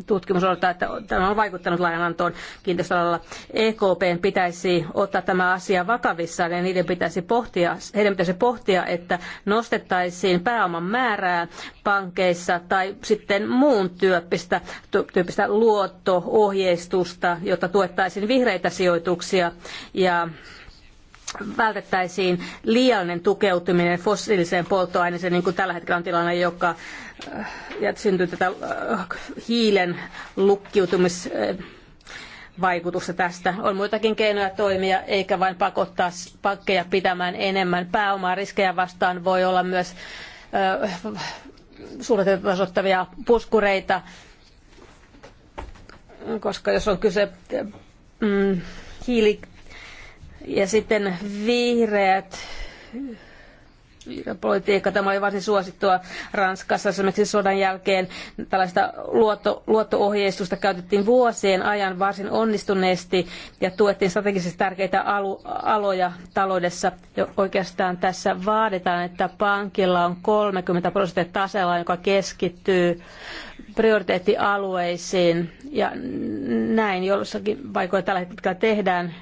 tutkimus osoittaa, että tämä on vaikuttanut lainanantoon kiinteistöalalla. EKPn pitäisi ottaa tämä asia vakavissaan ja niiden pitäisi pohtia, heidän pitäisi pohtia, että nostettaisiin pääoman määrää pankeissa tai sitten muun tyyppistä, tyyppistä luotto-ohjeistusta, jotta tuettaisiin vihreitä sijoituksia ja vältettäisiin liiallinen tukeutuminen fossiiliseen polttoaineeseen, niin kuin tällä hetkellä on tilanne, joka äh, ja syntyy tätä äh, hiilen lukkiutumis vaikutusta tästä. On muitakin keinoja toimia, eikä vain pakottaa pankkeja pitämään enemmän. Pääomaa riskejä vastaan voi olla myös äh, suunnitelmatasoittavia puskureita, koska jos on kyse mm, hiili ja sitten vihreät politiikka. Tämä oli varsin suosittua Ranskassa esimerkiksi sodan jälkeen. Tällaista luotto, luottoohjeistusta käytettiin vuosien ajan varsin onnistuneesti ja tuettiin strategisesti tärkeitä alu, aloja taloudessa. Ja oikeastaan tässä vaaditaan, että pankilla on 30 prosenttia tasella, joka keskittyy prioriteettialueisiin. Ja näin jossakin paikoilla tällä hetkellä tehdään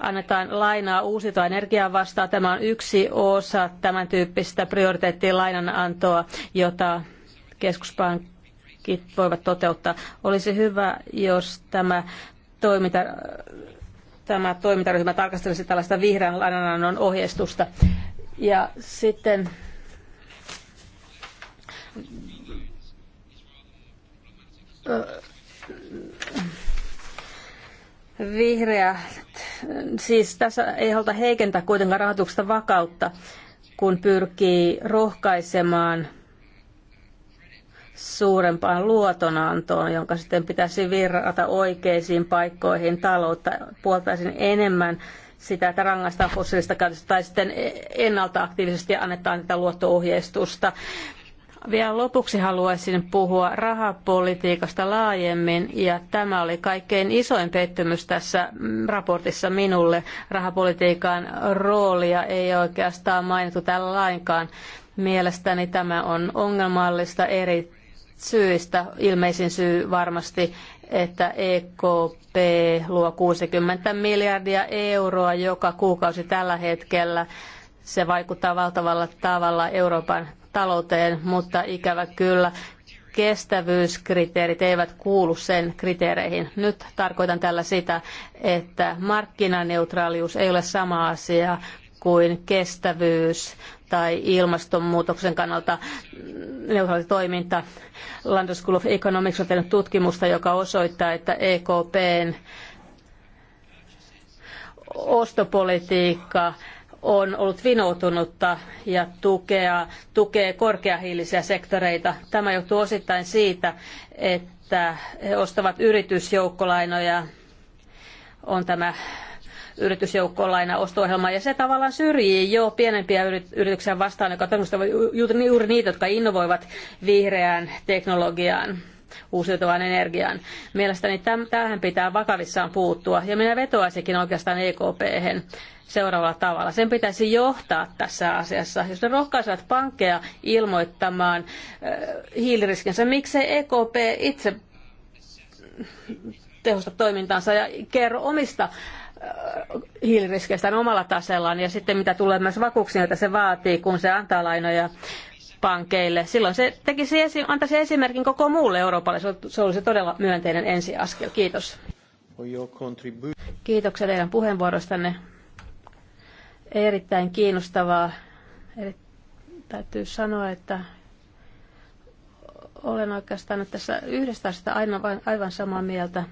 annetaan lainaa uusiutua energiaa vastaan. Tämä on yksi osa tämän tyyppistä prioriteettilainanantoa, jota keskuspankit voivat toteuttaa. Olisi hyvä, jos tämä toiminta tämä toimintaryhmä tarkastelisi tällaista vihreän lainanannon ohjeistusta. Ja sitten Vihreä, siis tässä ei haluta heikentää kuitenkaan rahoituksesta vakautta, kun pyrkii rohkaisemaan suurempaan luotonantoon, jonka sitten pitäisi virrata oikeisiin paikkoihin taloutta. Puoltaisin enemmän sitä, että rangaistaan fossiilista käytöstä tai sitten ennalta aktiivisesti annetaan tätä luotto-ohjeistusta. Vielä lopuksi haluaisin puhua rahapolitiikasta laajemmin, ja tämä oli kaikkein isoin pettymys tässä raportissa minulle. Rahapolitiikan roolia ei oikeastaan mainittu tällä lainkaan. Mielestäni tämä on ongelmallista eri syistä. Ilmeisin syy varmasti, että EKP luo 60 miljardia euroa joka kuukausi tällä hetkellä. Se vaikuttaa valtavalla tavalla Euroopan talouteen, mutta ikävä kyllä kestävyyskriteerit eivät kuulu sen kriteereihin. Nyt tarkoitan tällä sitä, että markkinaneutraalius ei ole sama asia kuin kestävyys tai ilmastonmuutoksen kannalta neutraali toiminta. London School of Economics on tehnyt tutkimusta, joka osoittaa, että EKPn ostopolitiikka on ollut vinoutunutta ja tukea, tukee korkeahiilisiä sektoreita. Tämä johtuu osittain siitä, että he ostavat yritysjoukkolainoja, on tämä yritysjoukkolaina osto-ohjelma, ja se tavallaan syrjii jo pienempiä yrityksiä vastaan, joka on juuri niitä, jotka innovoivat vihreään teknologiaan uusiutuvaan energiaan. Mielestäni tähän pitää vakavissaan puuttua, ja minä vetoaisinkin oikeastaan EKP-hen seuraavalla tavalla. Sen pitäisi johtaa tässä asiassa. Jos ne rohkaisevat pankkeja ilmoittamaan äh, hiiliriskinsä, miksei EKP itse tehosta toimintaansa ja kerro omista äh, hiiliriskeistään omalla tasellaan ja sitten mitä tulee myös vakuuksiin, joita se vaatii, kun se antaa lainoja pankeille. Silloin se tekisi, antaisi esimerkin koko muulle Euroopalle. Se olisi todella myönteinen ensiaskel. Kiitos. Kiitoksia teidän puheenvuorostanne erittäin kiinnostavaa. Eli täytyy sanoa, että olen oikeastaan tässä yhdestä asiasta aivan, aivan samaa mieltä.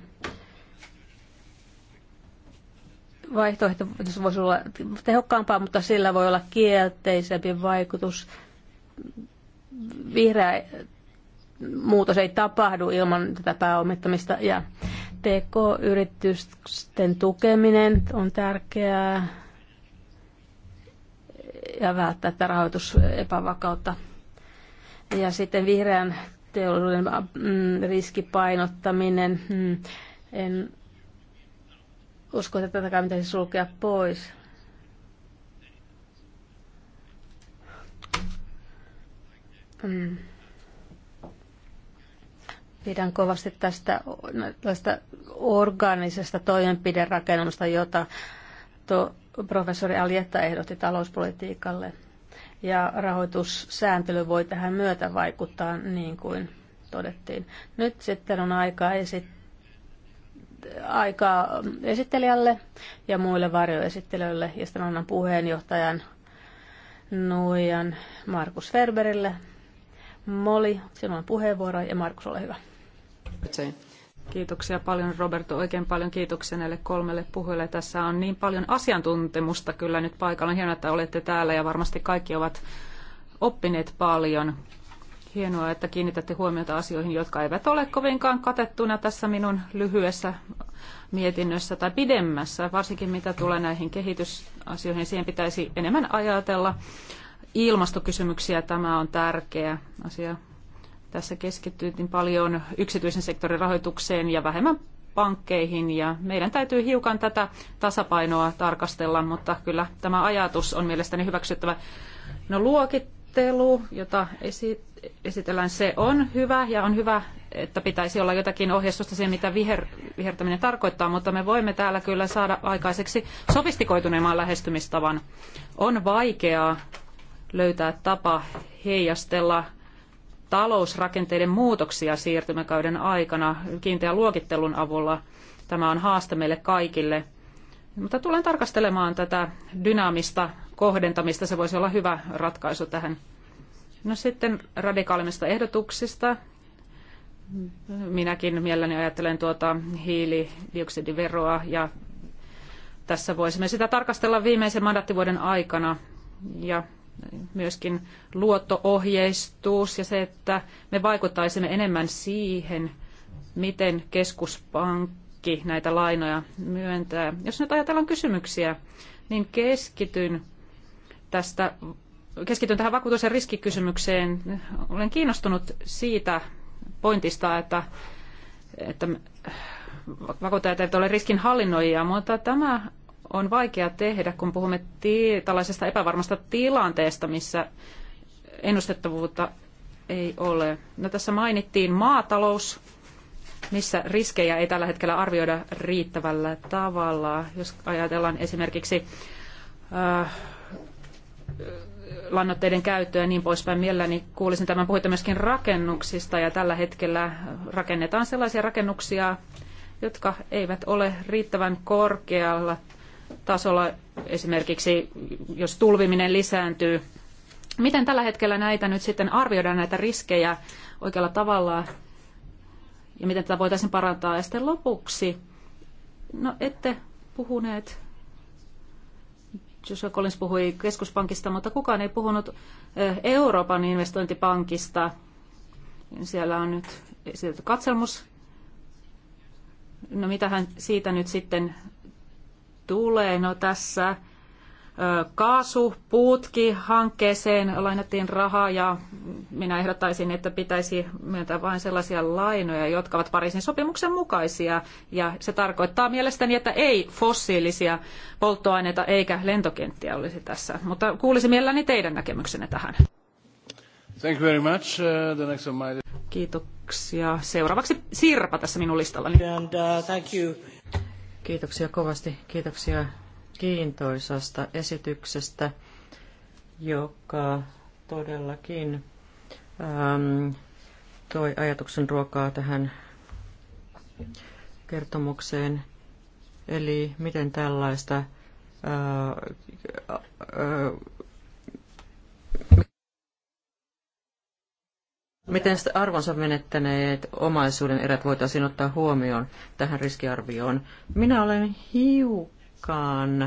Vaihtoehto voisi olla tehokkaampaa, mutta sillä voi olla kielteisempi vaikutus. Vihreä muutos ei tapahdu ilman tätä pääomittamista ja TK-yritysten tukeminen on tärkeää ja välttää tätä rahoitusepävakautta. Ja sitten vihreän teollisuuden mm, riskipainottaminen. Mm, en usko, että tätäkään pitäisi sulkea pois. Mm. Pidän kovasti tästä, tästä organisesta toimenpiderakennelmasta, jota to, professori Alietta ehdotti talouspolitiikalle. Ja rahoitussääntely voi tähän myötä vaikuttaa niin kuin todettiin. Nyt sitten on aika esittää aika esittelijälle ja muille varjoesittelijöille. Ja sitten annan puheenjohtajan Nuijan Markus Ferberille. Moli, sinulla on puheenvuoro ja Markus, ole hyvä. Kiitos. Kiitoksia paljon Roberto, oikein paljon kiitoksia näille kolmelle puhujalle. Tässä on niin paljon asiantuntemusta kyllä nyt paikalla. hienoa, että olette täällä ja varmasti kaikki ovat oppineet paljon. Hienoa, että kiinnitätte huomiota asioihin, jotka eivät ole kovinkaan katettuna tässä minun lyhyessä mietinnössä tai pidemmässä, varsinkin mitä tulee näihin kehitysasioihin. Siihen pitäisi enemmän ajatella. Ilmastokysymyksiä tämä on tärkeä asia. Tässä keskityttiin paljon yksityisen sektorin rahoitukseen ja vähemmän pankkeihin ja meidän täytyy hiukan tätä tasapainoa tarkastella, mutta kyllä tämä ajatus on mielestäni hyväksyttävä. No luokittelu, jota esitellään, se on hyvä ja on hyvä, että pitäisi olla jotakin ohjeistusta siihen, mitä viher, vihertäminen tarkoittaa, mutta me voimme täällä kyllä saada aikaiseksi sofistikoituneemman lähestymistavan. On vaikeaa löytää tapa heijastella talousrakenteiden muutoksia siirtymäkauden aikana kiinteän luokittelun avulla. Tämä on haaste meille kaikille. Mutta tulen tarkastelemaan tätä dynaamista kohdentamista. Se voisi olla hyvä ratkaisu tähän. No sitten radikaalimmista ehdotuksista. Minäkin mielelläni ajattelen tuota hiilidioksidiveroa ja tässä voisimme sitä tarkastella viimeisen mandaattivuoden aikana. Ja myöskin luotto-ohjeistus ja se, että me vaikuttaisimme enemmän siihen, miten keskuspankki näitä lainoja myöntää. Jos nyt ajatellaan kysymyksiä, niin keskityn tästä keskityn tähän vakuutus- ja riskikysymykseen. Olen kiinnostunut siitä pointista, että, että äh, vakuuttajat eivät ole riskinhallinnoijia, mutta tämä on vaikea tehdä, kun puhumme tällaisesta epävarmasta tilanteesta, missä ennustettavuutta ei ole. No, tässä mainittiin maatalous, missä riskejä ei tällä hetkellä arvioida riittävällä tavalla. Jos ajatellaan esimerkiksi äh, lannoitteiden käyttöä ja niin poispäin mielelläni niin kuulisin tämän puhuta myöskin rakennuksista ja tällä hetkellä rakennetaan sellaisia rakennuksia, jotka eivät ole riittävän korkealla tasolla, esimerkiksi jos tulviminen lisääntyy. Miten tällä hetkellä näitä nyt sitten arvioidaan näitä riskejä oikealla tavalla ja miten tätä voitaisiin parantaa? Ja sitten lopuksi, no ette puhuneet, Joshua Collins puhui keskuspankista, mutta kukaan ei puhunut eh, Euroopan investointipankista. Siellä on nyt katselmus. No mitähän siitä nyt sitten tulee? No tässä hankkeeseen lainattiin rahaa ja minä ehdottaisin, että pitäisi myöntää vain sellaisia lainoja, jotka ovat Pariisin sopimuksen mukaisia ja se tarkoittaa mielestäni, että ei fossiilisia polttoaineita eikä lentokenttiä olisi tässä, mutta kuulisin mielelläni teidän näkemyksenne tähän. Thank you very much. Uh, the next on my... Kiitoksia. Seuraavaksi Sirpa tässä minun listallani. And, uh, thank you. Kiitoksia kovasti. Kiitoksia kiintoisasta esityksestä, joka todellakin äm, toi ajatuksen ruokaa tähän kertomukseen. Eli miten tällaista ää, äh, ää, äh, Miten arvonsa menettäneet omaisuuden erät voitaisiin ottaa huomioon tähän riskiarvioon? Minä olen hiukan...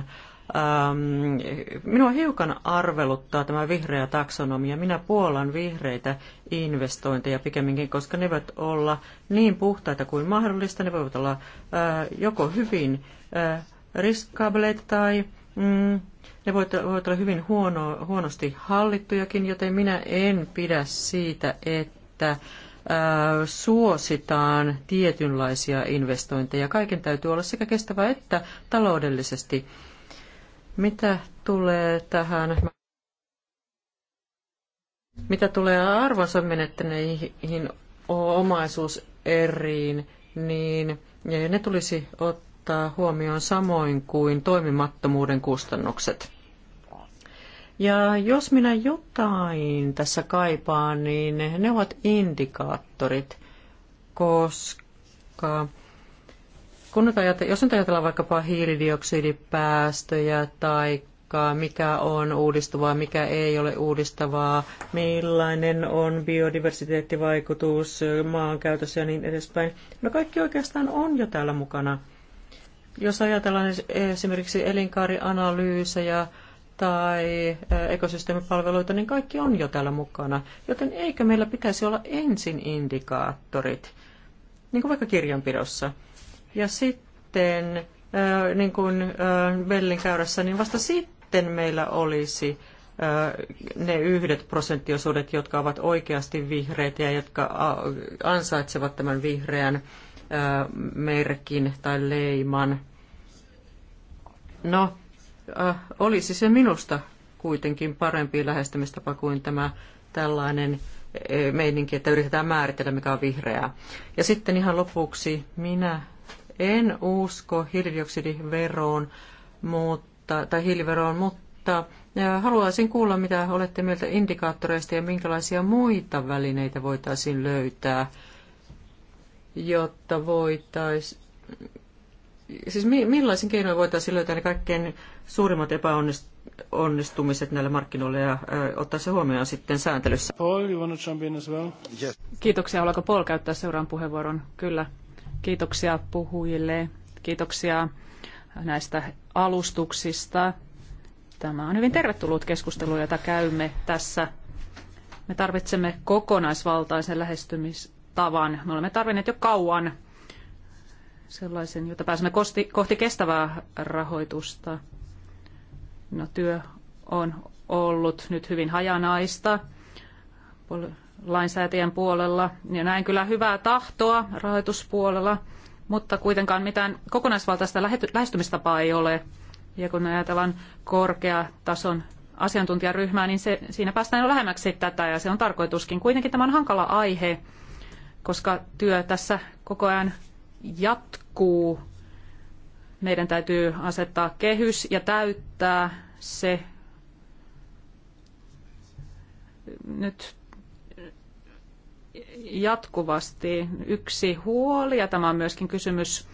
Ähm, minua hiukan arveluttaa tämä vihreä taksonomia. Minä puolan vihreitä investointeja pikemminkin, koska ne voivat olla niin puhtaita kuin mahdollista. Ne voivat olla äh, joko hyvin äh, riskaableita tai mm, ne voivat olla hyvin huono, huonosti hallittujakin, joten minä en pidä siitä, että äh, suositaan tietynlaisia investointeja. Kaiken täytyy olla sekä kestävä että taloudellisesti. Mitä tulee tähän? Mitä tulee arvonsa menettäneihin omaisuuseriin, niin ne tulisi ottaa huomioon samoin kuin toimimattomuuden kustannukset. Ja jos minä jotain tässä kaipaan, niin ne ovat indikaattorit, koska kun nyt ajatella, jos nyt ajatellaan vaikkapa hiilidioksidipäästöjä tai mikä on uudistavaa, mikä ei ole uudistavaa, millainen on biodiversiteettivaikutus maankäytössä ja niin edespäin. No kaikki oikeastaan on jo täällä mukana. Jos ajatellaan esimerkiksi elinkaarianalyysejä, tai ekosysteemipalveluita, niin kaikki on jo täällä mukana. Joten eikö meillä pitäisi olla ensin indikaattorit, niin kuin vaikka kirjanpidossa. Ja sitten, niin kuin Bellin käyrässä, niin vasta sitten meillä olisi ne yhdet prosenttiosuudet, jotka ovat oikeasti vihreitä ja jotka ansaitsevat tämän vihreän merkin tai leiman. No, Äh, olisi se minusta kuitenkin parempi lähestymistapa kuin tämä tällainen e, meininki, että yritetään määritellä, mikä on vihreää. Ja sitten ihan lopuksi, minä en usko hiilidioksidiveroon mutta, tai hiiliveroon, mutta haluaisin kuulla, mitä olette mieltä indikaattoreista ja minkälaisia muita välineitä voitaisiin löytää, jotta voitaisiin siis millaisin keinoin voitaisiin löytää ne kaikkein suurimmat epäonnistumiset näillä markkinoilla ja ottaa se huomioon sitten sääntelyssä? Paul, you want to jump in as well? Yes. Kiitoksia. Haluaako Paul käyttää seuraavan puheenvuoron? Kyllä. Kiitoksia puhujille. Kiitoksia näistä alustuksista. Tämä on hyvin tervetullut keskustelu, jota käymme tässä. Me tarvitsemme kokonaisvaltaisen lähestymistavan. Me olemme tarvinneet jo kauan sellaisen, jota pääsemme kohti, kohti kestävää rahoitusta. No, työ on ollut nyt hyvin hajanaista lainsäätäjän puolella ja näin kyllä hyvää tahtoa rahoituspuolella, mutta kuitenkaan mitään kokonaisvaltaista lähestymistapaa ei ole. Ja kun ajatellaan tason asiantuntijaryhmää, niin se, siinä päästään jo lähemmäksi tätä ja se on tarkoituskin. Kuitenkin tämä on hankala aihe, koska työ tässä koko ajan jatkuu, meidän täytyy asettaa kehys ja täyttää se nyt jatkuvasti yksi huoli, ja tämä on myöskin kysymys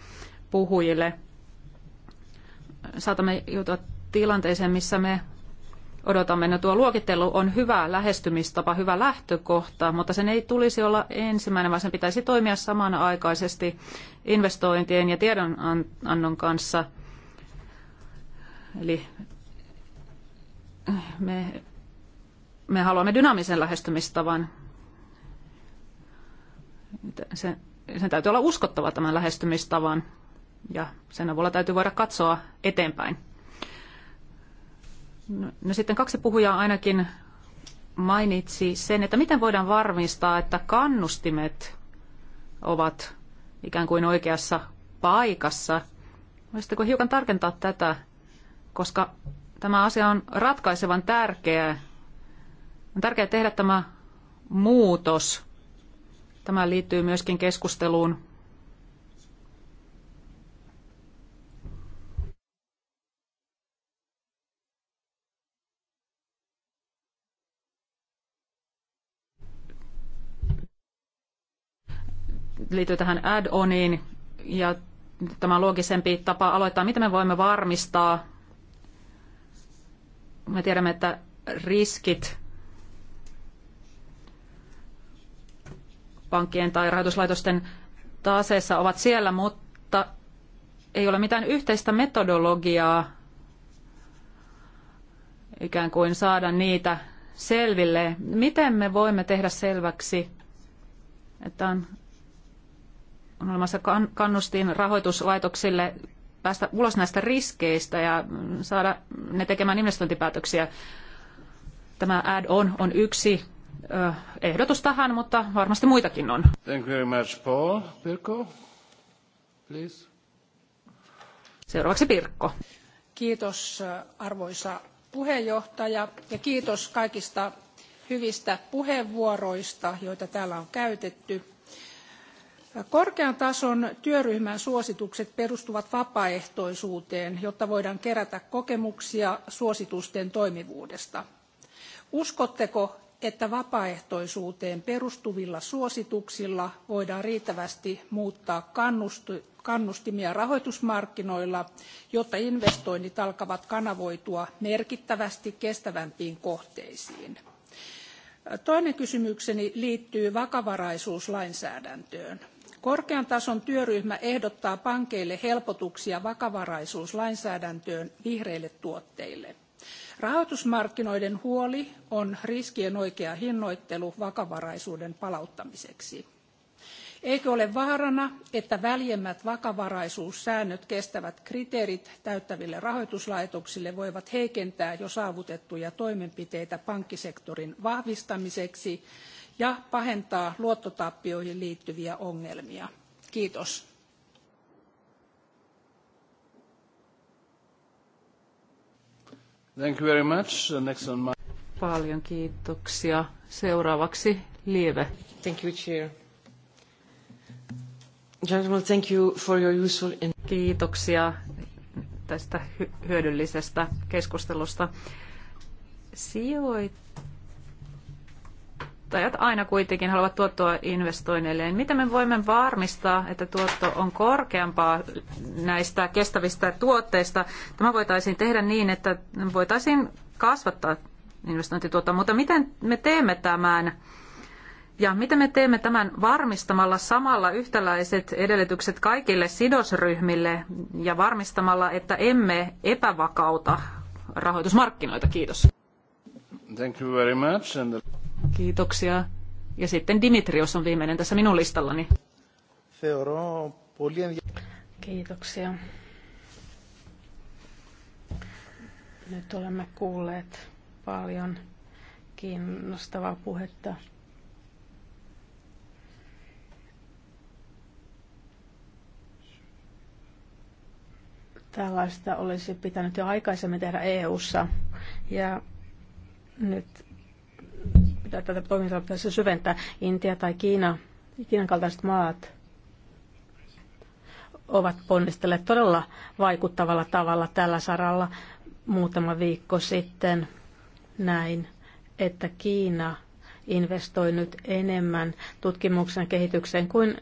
puhujille. Saatamme joutua tilanteeseen, missä me odotamme. No tuo luokittelu on hyvä lähestymistapa, hyvä lähtökohta, mutta sen ei tulisi olla ensimmäinen, vaan sen pitäisi toimia samanaikaisesti investointien ja tiedonannon kanssa. Eli me, me haluamme dynaamisen lähestymistavan. Sen, sen täytyy olla uskottava tämän lähestymistavan ja sen avulla täytyy voida katsoa eteenpäin. No, no sitten kaksi puhujaa ainakin mainitsi sen, että miten voidaan varmistaa, että kannustimet ovat ikään kuin oikeassa paikassa. Voisitteko hiukan tarkentaa tätä, koska tämä asia on ratkaisevan tärkeä. On tärkeää tehdä tämä muutos. Tämä liittyy myöskin keskusteluun liittyy tähän add-oniin ja tämä loogisempi tapa aloittaa, miten me voimme varmistaa, me tiedämme, että riskit pankkien tai rahoituslaitosten taseessa ovat siellä, mutta ei ole mitään yhteistä metodologiaa ikään kuin saada niitä selville. Miten me voimme tehdä selväksi, että on on olemassa kannustin rahoituslaitoksille päästä ulos näistä riskeistä ja saada ne tekemään investointipäätöksiä. Tämä add-on on yksi ehdotus tähän, mutta varmasti muitakin on. Thank you very much, Paul. Pirko, please. Seuraavaksi Pirkko. Kiitos arvoisa puheenjohtaja ja kiitos kaikista hyvistä puheenvuoroista, joita täällä on käytetty Korkean tason työryhmän suositukset perustuvat vapaaehtoisuuteen, jotta voidaan kerätä kokemuksia suositusten toimivuudesta. Uskotteko, että vapaaehtoisuuteen perustuvilla suosituksilla voidaan riittävästi muuttaa kannustimia rahoitusmarkkinoilla, jotta investoinnit alkavat kanavoitua merkittävästi kestävämpiin kohteisiin? Toinen kysymykseni liittyy vakavaraisuuslainsäädäntöön. Korkean tason työryhmä ehdottaa pankeille helpotuksia vakavaraisuuslainsäädäntöön vihreille tuotteille. Rahoitusmarkkinoiden huoli on riskien oikea hinnoittelu vakavaraisuuden palauttamiseksi. Eikö ole vaarana, että väljemmät vakavaraisuussäännöt kestävät kriteerit täyttäville rahoituslaitoksille voivat heikentää jo saavutettuja toimenpiteitä pankkisektorin vahvistamiseksi ja pahentaa luottotappioihin liittyviä ongelmia. Kiitos. Thank you very much. Uh, next on my... Paljon kiitoksia. Seuraavaksi Lieve. Thank you, Chair. Gentlemen, thank you for your useful... Kiitoksia tästä hyödyllisestä keskustelusta. Sijoit sijoittajat aina kuitenkin haluavat tuottoa investoinneilleen. Niin miten me voimme varmistaa, että tuotto on korkeampaa näistä kestävistä tuotteista? Tämä voitaisiin tehdä niin, että voitaisiin kasvattaa investointituottoa, mutta miten me teemme tämän? Ja miten me teemme tämän varmistamalla samalla yhtäläiset edellytykset kaikille sidosryhmille ja varmistamalla, että emme epävakauta rahoitusmarkkinoita? Kiitos. Thank you very much. And... Kiitoksia. Ja sitten Dimitrios on viimeinen tässä minun listallani. Kiitoksia. Nyt olemme kuulleet paljon kiinnostavaa puhetta. Tällaista olisi pitänyt jo aikaisemmin tehdä EU-ssa ja nyt tätä toimintaa pitäisi syventää. Intia tai Kiina, Kiinan kaltaiset maat ovat ponnistelleet todella vaikuttavalla tavalla tällä saralla muutama viikko sitten näin, että Kiina investoi nyt enemmän tutkimuksen kehitykseen kuin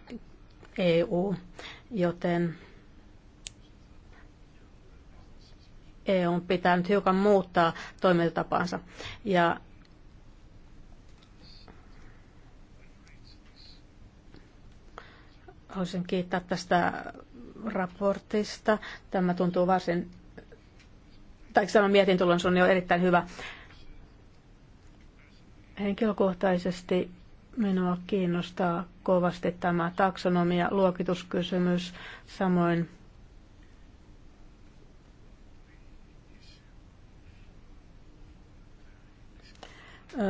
EU, joten EU pitää nyt hiukan muuttaa toimintatapaansa. Ja Haluaisin kiittää tästä raportista. Tämä tuntuu varsin, tai tämä mietintulon on jo erittäin hyvä. Henkilökohtaisesti minua kiinnostaa kovasti tämä taksonomia, luokituskysymys, samoin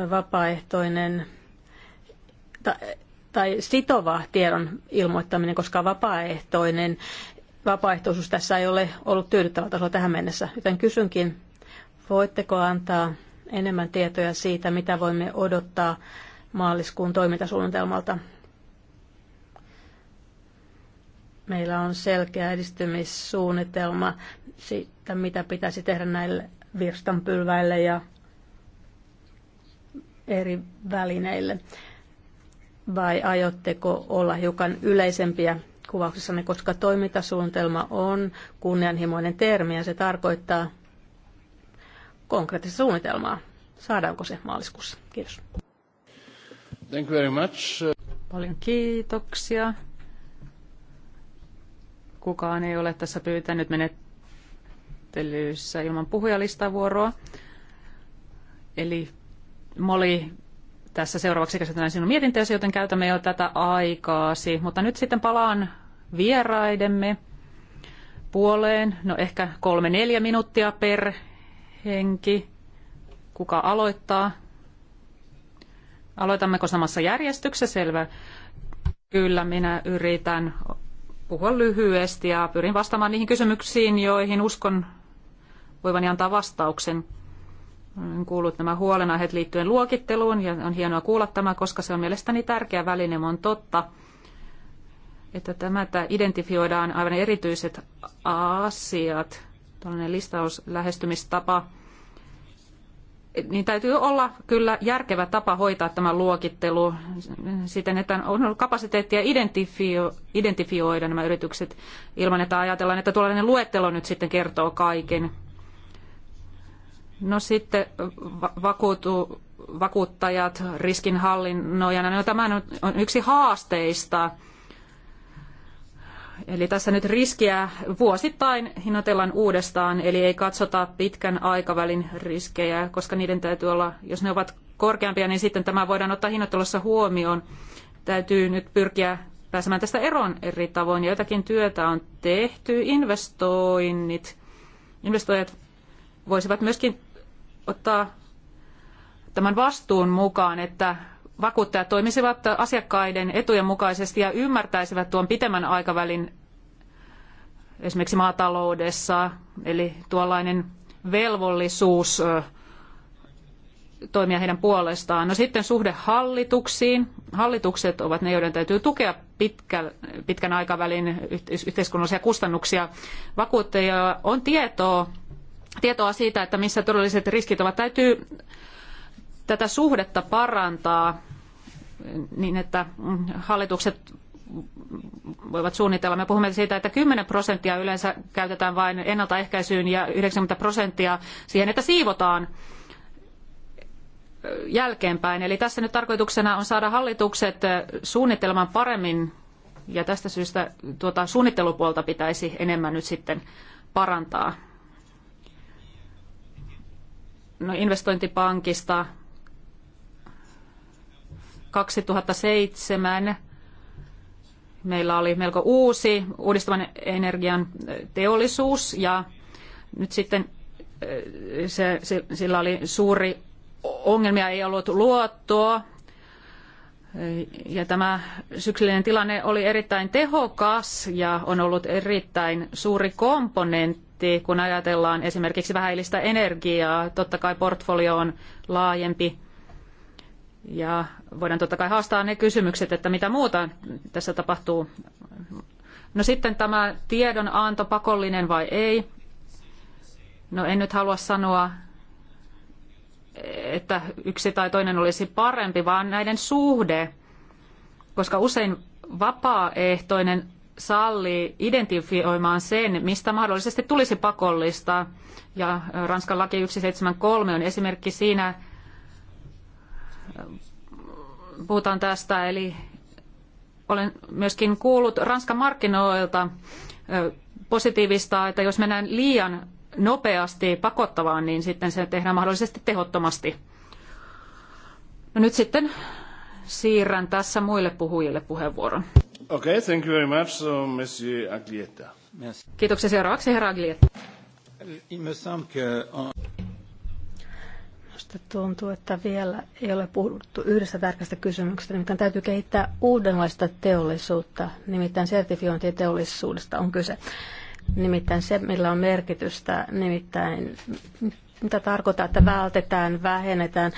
vapaaehtoinen tai sitova tiedon ilmoittaminen, koska vapaaehtoinen vapaaehtoisuus tässä ei ole ollut tyydyttävällä tasolla tähän mennessä. Joten kysynkin, voitteko antaa enemmän tietoja siitä, mitä voimme odottaa maaliskuun toimintasuunnitelmalta? Meillä on selkeä edistymissuunnitelma siitä, mitä pitäisi tehdä näille virstanpylväille ja eri välineille vai aiotteko olla hiukan yleisempiä kuvauksessanne, koska toimintasuunnitelma on kunnianhimoinen termi ja se tarkoittaa konkreettista suunnitelmaa. Saadaanko se maaliskuussa? Kiitos. Thank you very much. Paljon kiitoksia. Kukaan ei ole tässä pyytänyt menettelyssä ilman puhujalistavuoroa. Eli Molly, tässä seuraavaksi käsitellään sinun mietintöäsi, joten käytämme jo tätä aikaasi. Mutta nyt sitten palaan vieraidemme puoleen, no ehkä kolme neljä minuuttia per henki. Kuka aloittaa? Aloitammeko samassa järjestyksessä? Selvä. Kyllä, minä yritän puhua lyhyesti ja pyrin vastaamaan niihin kysymyksiin, joihin uskon voivani antaa vastauksen kuullut nämä huolenaiheet liittyen luokitteluun ja on hienoa kuulla tämä, koska se on mielestäni tärkeä väline. On totta, että tämä, että identifioidaan aivan erityiset asiat, tällainen listauslähestymistapa, niin täytyy olla kyllä järkevä tapa hoitaa tämä luokittelu siten, että on ollut kapasiteettia identifio, identifioida nämä yritykset ilman, että ajatellaan, että tuollainen luettelo nyt sitten kertoo kaiken. No sitten vakuutu, vakuuttajat, riskinhallinnoijana, no tämä on yksi haasteista. Eli tässä nyt riskiä vuosittain hinnoitellaan uudestaan, eli ei katsota pitkän aikavälin riskejä, koska niiden täytyy olla, jos ne ovat korkeampia, niin sitten tämä voidaan ottaa hinnoittelussa huomioon. Täytyy nyt pyrkiä pääsemään tästä eroon eri tavoin. Ja jotakin työtä on tehty, investoinnit. Investoijat voisivat myöskin ottaa tämän vastuun mukaan, että vakuuttajat toimisivat asiakkaiden etujen mukaisesti ja ymmärtäisivät tuon pitemmän aikavälin esimerkiksi maataloudessa, eli tuollainen velvollisuus toimia heidän puolestaan. No sitten suhde hallituksiin. Hallitukset ovat ne, joiden täytyy tukea pitkän, pitkän aikavälin yhteiskunnallisia kustannuksia. Vakuuttajilla on tietoa tietoa siitä, että missä todelliset riskit ovat. Täytyy tätä suhdetta parantaa niin, että hallitukset voivat suunnitella. Me puhumme siitä, että 10 prosenttia yleensä käytetään vain ennaltaehkäisyyn ja 90 prosenttia siihen, että siivotaan jälkeenpäin. Eli tässä nyt tarkoituksena on saada hallitukset suunnittelemaan paremmin ja tästä syystä tuota suunnittelupuolta pitäisi enemmän nyt sitten parantaa no investointipankista 2007 meillä oli melko uusi uudistavan energian teollisuus ja nyt sitten se, sillä oli suuri ongelmia, ei ollut luottoa ja tämä syksyllinen tilanne oli erittäin tehokas ja on ollut erittäin suuri komponentti, kun ajatellaan esimerkiksi vähäilistä energiaa. Totta kai portfolio on laajempi ja voidaan totta kai haastaa ne kysymykset, että mitä muuta tässä tapahtuu. No sitten tämä tiedonanto pakollinen vai ei? No en nyt halua sanoa, että yksi tai toinen olisi parempi, vaan näiden suhde, koska usein vapaaehtoinen sallii identifioimaan sen, mistä mahdollisesti tulisi pakollista. Ja Ranskan laki 173 on esimerkki siinä, puhutaan tästä, eli olen myöskin kuullut Ranskan markkinoilta positiivista, että jos mennään liian nopeasti pakottavaan, niin sitten se tehdään mahdollisesti tehottomasti. No nyt sitten siirrän tässä muille puhujille puheenvuoron. Okay, thank you very much, so, Monsieur Aglietta. Merci. Kiitoksia seuraavaksi, herra Aglietta. Uh, Minusta tuntuu, että vielä ei ole puhuttu yhdestä tärkeästä kysymyksestä, nimittäin täytyy kehittää uudenlaista teollisuutta, nimittäin sertifiointiteollisuudesta on kyse. Nimittäin se, millä on merkitystä, nimittäin mitä tarkoittaa, että vältetään, vähennetään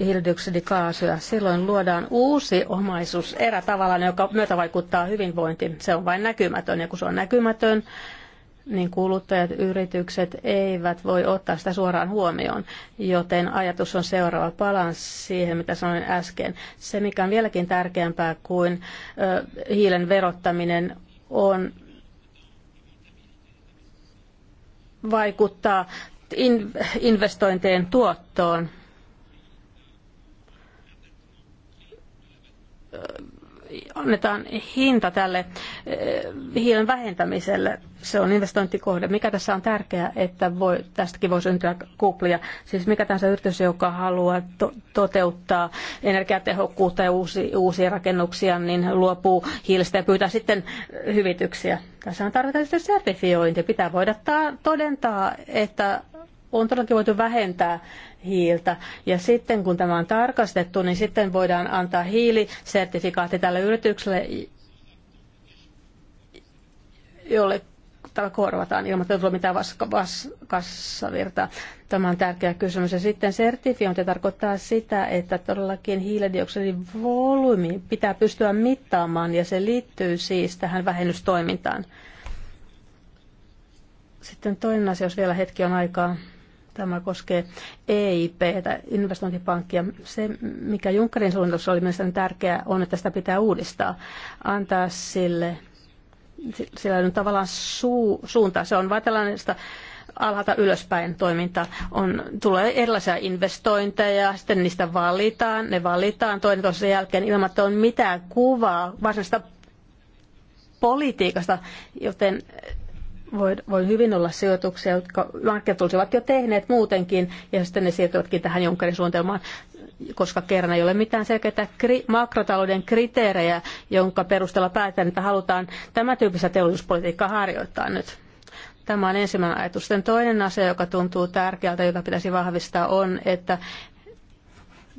hiilidioksidikaasuja. Silloin luodaan uusi omaisuus erä tavallaan, joka myötä vaikuttaa hyvinvointiin. Se on vain näkymätön ja kun se on näkymätön, niin kuluttajat, yritykset eivät voi ottaa sitä suoraan huomioon, joten ajatus on seuraava. Palaan siihen, mitä sanoin äsken. Se, mikä on vieläkin tärkeämpää kuin ö, hiilen verottaminen, on vaikuttaa investointeen tuottoon annetaan hinta tälle eh, hiilen vähentämiselle. Se on investointikohde. Mikä tässä on tärkeää, että voi, tästäkin voi syntyä kuplia. Siis mikä tahansa yritys, joka haluaa to- toteuttaa energiatehokkuutta ja uusi, uusia rakennuksia, niin luopuu hiilestä ja pyytää sitten hyvityksiä. Tässä on tarvitaan sitten sertifiointi. Pitää voida ta- todentaa, että on todellakin voitu vähentää hiiltä. Ja sitten kun tämä on tarkastettu, niin sitten voidaan antaa hiilisertifikaatti tälle yritykselle, jolle tällä korvataan ilman, että tulee mitään vas- vas- kassavirtaa. Tämä on tärkeä kysymys. Ja sitten sertifiointi tarkoittaa sitä, että todellakin hiilidioksidin volyymi pitää pystyä mittaamaan ja se liittyy siis tähän vähennystoimintaan. Sitten toinen asia, jos vielä hetki on aikaa. Tämä koskee EIP, investointipankkia. Se, mikä Junckerin suunnitelmassa oli mielestäni tärkeää, on, että sitä pitää uudistaa. Antaa sille, sillä on tavallaan su, suunta. Se on vain tällaista alhaalta ylöspäin toiminta. On, tulee erilaisia investointeja, sitten niistä valitaan, ne valitaan toinen toisen jälkeen ilman, että on mitään kuvaa varsinaista politiikasta, joten voi, voi hyvin olla sijoituksia, jotka markkinat olisivat jo tehneet muutenkin, ja sitten ne siirtyvätkin tähän Junckerin suunnitelmaan, koska kerran ei ole mitään selkeitä kri- makrotalouden kriteerejä, jonka perusteella päätetään, että halutaan tämä tyyppistä teollisuuspolitiikkaa harjoittaa nyt. Tämä on ensimmäinen ajatus. Sitten toinen asia, joka tuntuu tärkeältä, jota pitäisi vahvistaa, on, että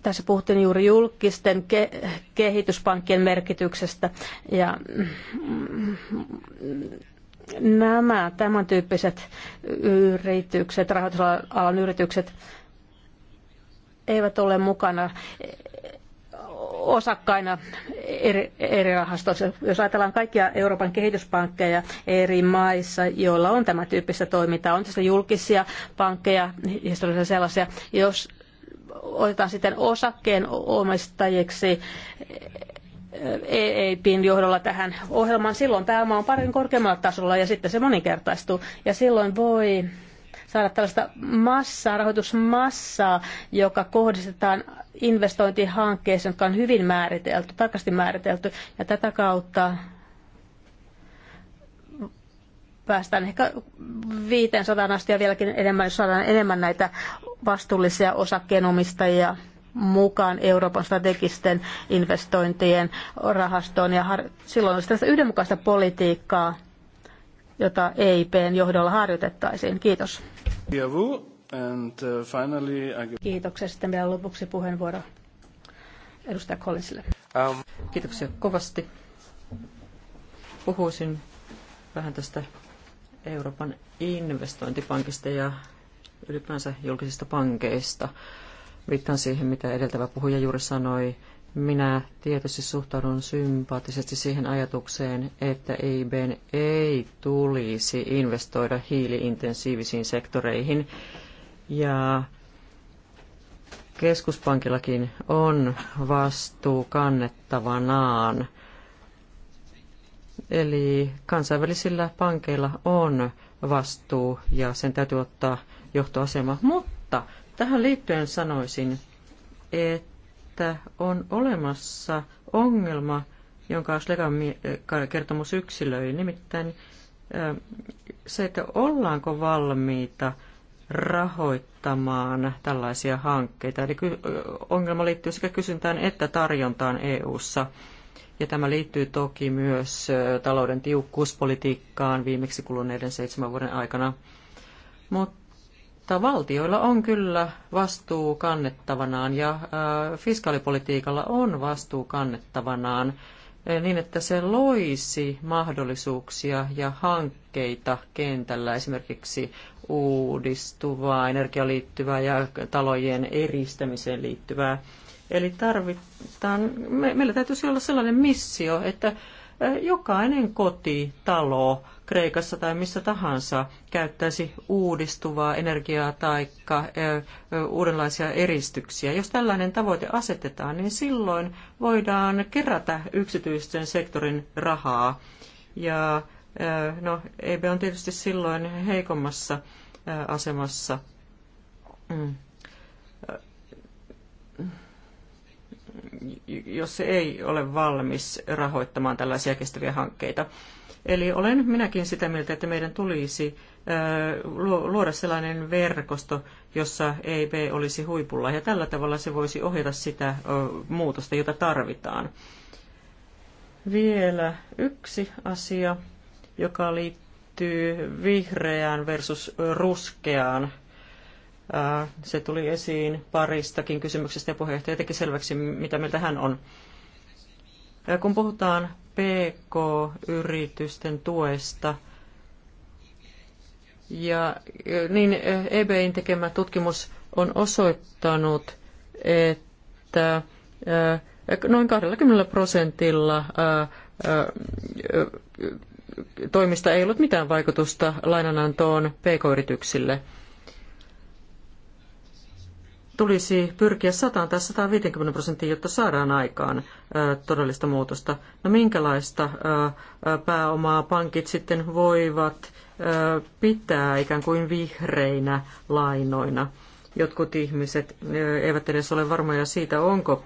tässä puhuttiin juuri julkisten ke- kehityspankkien merkityksestä ja mm, nämä tämän tyyppiset yritykset, rahoitusalan yritykset, eivät ole mukana osakkaina eri, eri rahastoissa. Jos ajatellaan kaikkia Euroopan kehityspankkeja eri maissa, joilla on tämä tyyppistä toimintaa, on tässä julkisia pankkeja, historiallisia sellaisia, jos otetaan sitten osakkeen omistajiksi EIPin johdolla tähän ohjelmaan, silloin pääoma on paljon korkeammalla tasolla ja sitten se moninkertaistuu. Ja silloin voi saada tällaista massaa, rahoitusmassaa, joka kohdistetaan investointihankkeeseen, jotka on hyvin määritelty, tarkasti määritelty. Ja tätä kautta päästään ehkä 500 asti ja vieläkin enemmän, jos saadaan enemmän näitä vastuullisia osakkeenomistajia – mukaan Euroopan strategisten investointien rahastoon. Ja har- silloin olisi tästä yhdenmukaista politiikkaa, jota EIPn johdolla harjoitettaisiin. Kiitos. Uh, kiitoksia. Sitten vielä lopuksi puheenvuoro edustaja Collinsille. Um. Kiitoksia kovasti. Puhuisin vähän tästä Euroopan investointipankista ja ylipäänsä julkisista pankeista. Viittaan siihen, mitä edeltävä puhuja juuri sanoi. Minä tietysti suhtaudun sympaattisesti siihen ajatukseen, että EIBn ei tulisi investoida hiiliintensiivisiin sektoreihin. Ja keskuspankillakin on vastuu kannettavanaan. Eli kansainvälisillä pankeilla on vastuu ja sen täytyy ottaa johtoasema, mutta Tähän liittyen sanoisin, että on olemassa ongelma, jonka Slegan kertomus yksilöi, nimittäin se, että ollaanko valmiita rahoittamaan tällaisia hankkeita. Eli ongelma liittyy sekä kysyntään että tarjontaan EU:ssa. Ja tämä liittyy toki myös talouden tiukkuuspolitiikkaan viimeksi kuluneiden seitsemän vuoden aikana. Mutta mutta valtioilla on kyllä vastuu kannettavanaan ja äh, fiskaalipolitiikalla on vastuu kannettavanaan eh, niin, että se loisi mahdollisuuksia ja hankkeita kentällä, esimerkiksi uudistuvaa, energiaan liittyvää ja talojen eristämiseen liittyvää. Eli tarvitaan, me, meillä täytyisi olla sellainen missio, että eh, jokainen koti, talo, Kreikassa tai missä tahansa käyttäisi uudistuvaa energiaa tai uudenlaisia eristyksiä. Jos tällainen tavoite asetetaan, niin silloin voidaan kerätä yksityisten sektorin rahaa. Ja no, EB on tietysti silloin heikommassa asemassa. Mm. jos se ei ole valmis rahoittamaan tällaisia kestäviä hankkeita. Eli olen minäkin sitä mieltä, että meidän tulisi luoda sellainen verkosto, jossa EIP olisi huipulla, ja tällä tavalla se voisi ohjata sitä muutosta, jota tarvitaan. Vielä yksi asia, joka liittyy vihreään versus ruskeaan. Se tuli esiin paristakin kysymyksestä ja puheenjohtaja teki selväksi, mitä mieltä hän on. Kun puhutaan PK-yritysten tuesta. Ja niin EBIn tekemä tutkimus on osoittanut, että noin 20 prosentilla toimista ei ollut mitään vaikutusta lainanantoon PK-yrityksille tulisi pyrkiä 100 tai 150 prosenttiin, jotta saadaan aikaan todellista muutosta. No minkälaista pääomaa pankit sitten voivat pitää ikään kuin vihreinä lainoina? Jotkut ihmiset eivät edes ole varmoja siitä, onko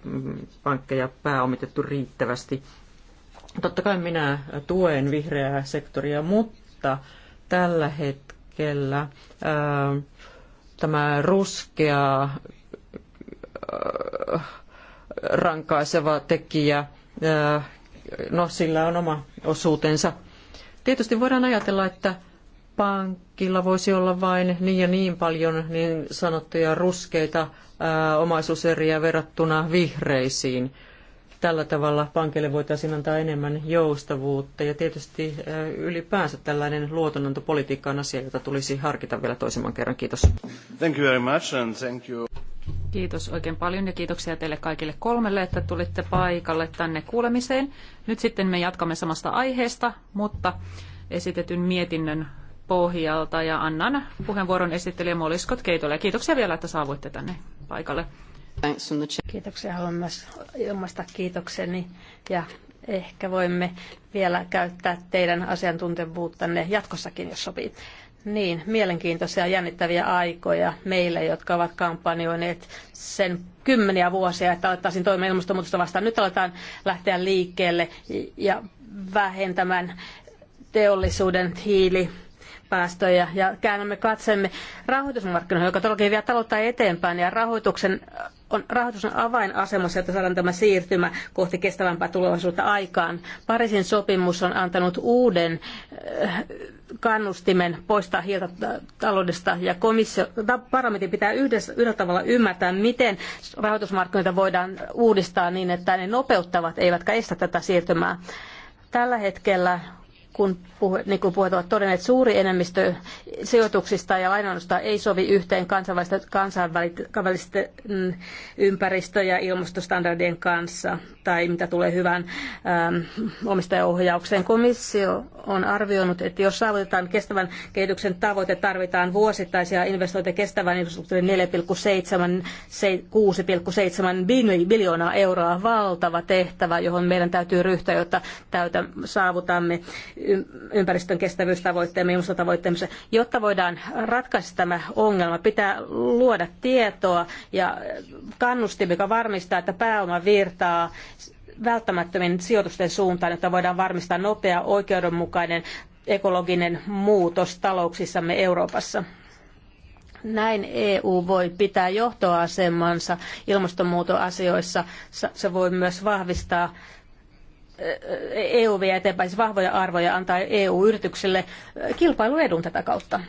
pankkeja pääomitettu riittävästi. Totta kai minä tuen vihreää sektoria, mutta tällä hetkellä hetkellä tämä ruskea äh, rankaiseva tekijä, äh, no sillä on oma osuutensa. Tietysti voidaan ajatella, että pankilla voisi olla vain niin ja niin paljon niin sanottuja ruskeita äh, omaisuuseriä verrattuna vihreisiin Tällä tavalla pankille voitaisiin antaa enemmän joustavuutta ja tietysti äh, ylipäänsä tällainen luotonantopolitiikka on asia, jota tulisi harkita vielä toisemman kerran. Kiitos. Thank you very much and thank you. Kiitos oikein paljon ja kiitoksia teille kaikille kolmelle, että tulitte paikalle tänne kuulemiseen. Nyt sitten me jatkamme samasta aiheesta, mutta esitetyn mietinnön pohjalta ja annan puheenvuoron esittelijä Moliskot Keitolle. Kiitoksia vielä, että saavuitte tänne paikalle. Kiitoksia. Haluan myös ilmaista kiitokseni ja ehkä voimme vielä käyttää teidän asiantuntevuuttanne jatkossakin, jos sopii. Niin, mielenkiintoisia jännittäviä aikoja meille, jotka ovat kampanjoineet sen kymmeniä vuosia, että alettaisiin toimia ilmastonmuutosta vastaan. Nyt aletaan lähteä liikkeelle ja vähentämään teollisuuden hiili päästöjä ja käännämme katseemme rahoitusmarkkinoihin, joka todellakin vie taloutta eteenpäin ja rahoituksen on, rahoitus on avainasemassa, että saadaan tämä siirtymä kohti kestävämpää tulevaisuutta aikaan. Pariisin sopimus on antanut uuden eh, kannustimen poistaa hiiltä taloudesta ja komissio, parlamentin pitää yhdessä, yhdellä tavalla ymmärtää, miten rahoitusmarkkinoita voidaan uudistaa niin, että ne nopeuttavat eivätkä estä tätä siirtymää. Tällä hetkellä kun puhe, niin kuin puhet ovat todenneet, suuri enemmistö sijoituksista ja lainannosta ei sovi yhteen kansainvälisten mm, ympäristö- ja ilmastostandardien kanssa tai mitä tulee hyvään ähm, omistajaohjaukseen. Komissio on arvioinut, että jos saavutetaan kestävän kehityksen tavoite, tarvitaan vuosittaisia investointeja kestävän infrastruktuurin 4,6,7 biljoonaa euroa. Valtava tehtävä, johon meidän täytyy ryhtyä, jotta täytä, saavutamme ympäristön kestävyystavoitteemme, ilmastotavoitteemme, jotta voidaan ratkaista tämä ongelma, pitää luoda tietoa ja kannustin, joka varmistaa, että pääoma virtaa välttämättömien sijoitusten suuntaan, jotta voidaan varmistaa nopea, oikeudenmukainen, ekologinen muutos talouksissamme Euroopassa. Näin EU voi pitää johtoasemansa ilmastonmuutoasioissa. Se voi myös vahvistaa EU vie eteenpäin siis vahvoja arvoja, antaa EU-yrityksille kilpailuedun tätä kautta.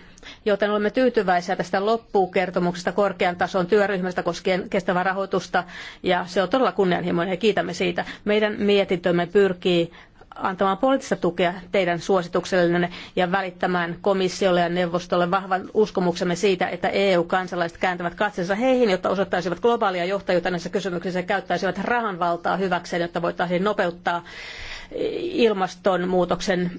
Joten olemme tyytyväisiä tästä loppukertomuksesta korkean tason työryhmästä koskien kestävää rahoitusta, ja se on todella kunnianhimoinen ja kiitämme siitä. Meidän mietintömme pyrkii antamaan poliittista tukea teidän suosituksellenne ja välittämään komissiolle ja neuvostolle vahvan uskomuksemme siitä, että EU-kansalaiset kääntävät katseensa heihin, jotta osoittaisivat globaalia johtajuutta näissä kysymyksissä ja käyttäisivät rahan valtaa hyväkseen, jotta voitaisiin nopeuttaa ilmastonmuutoksen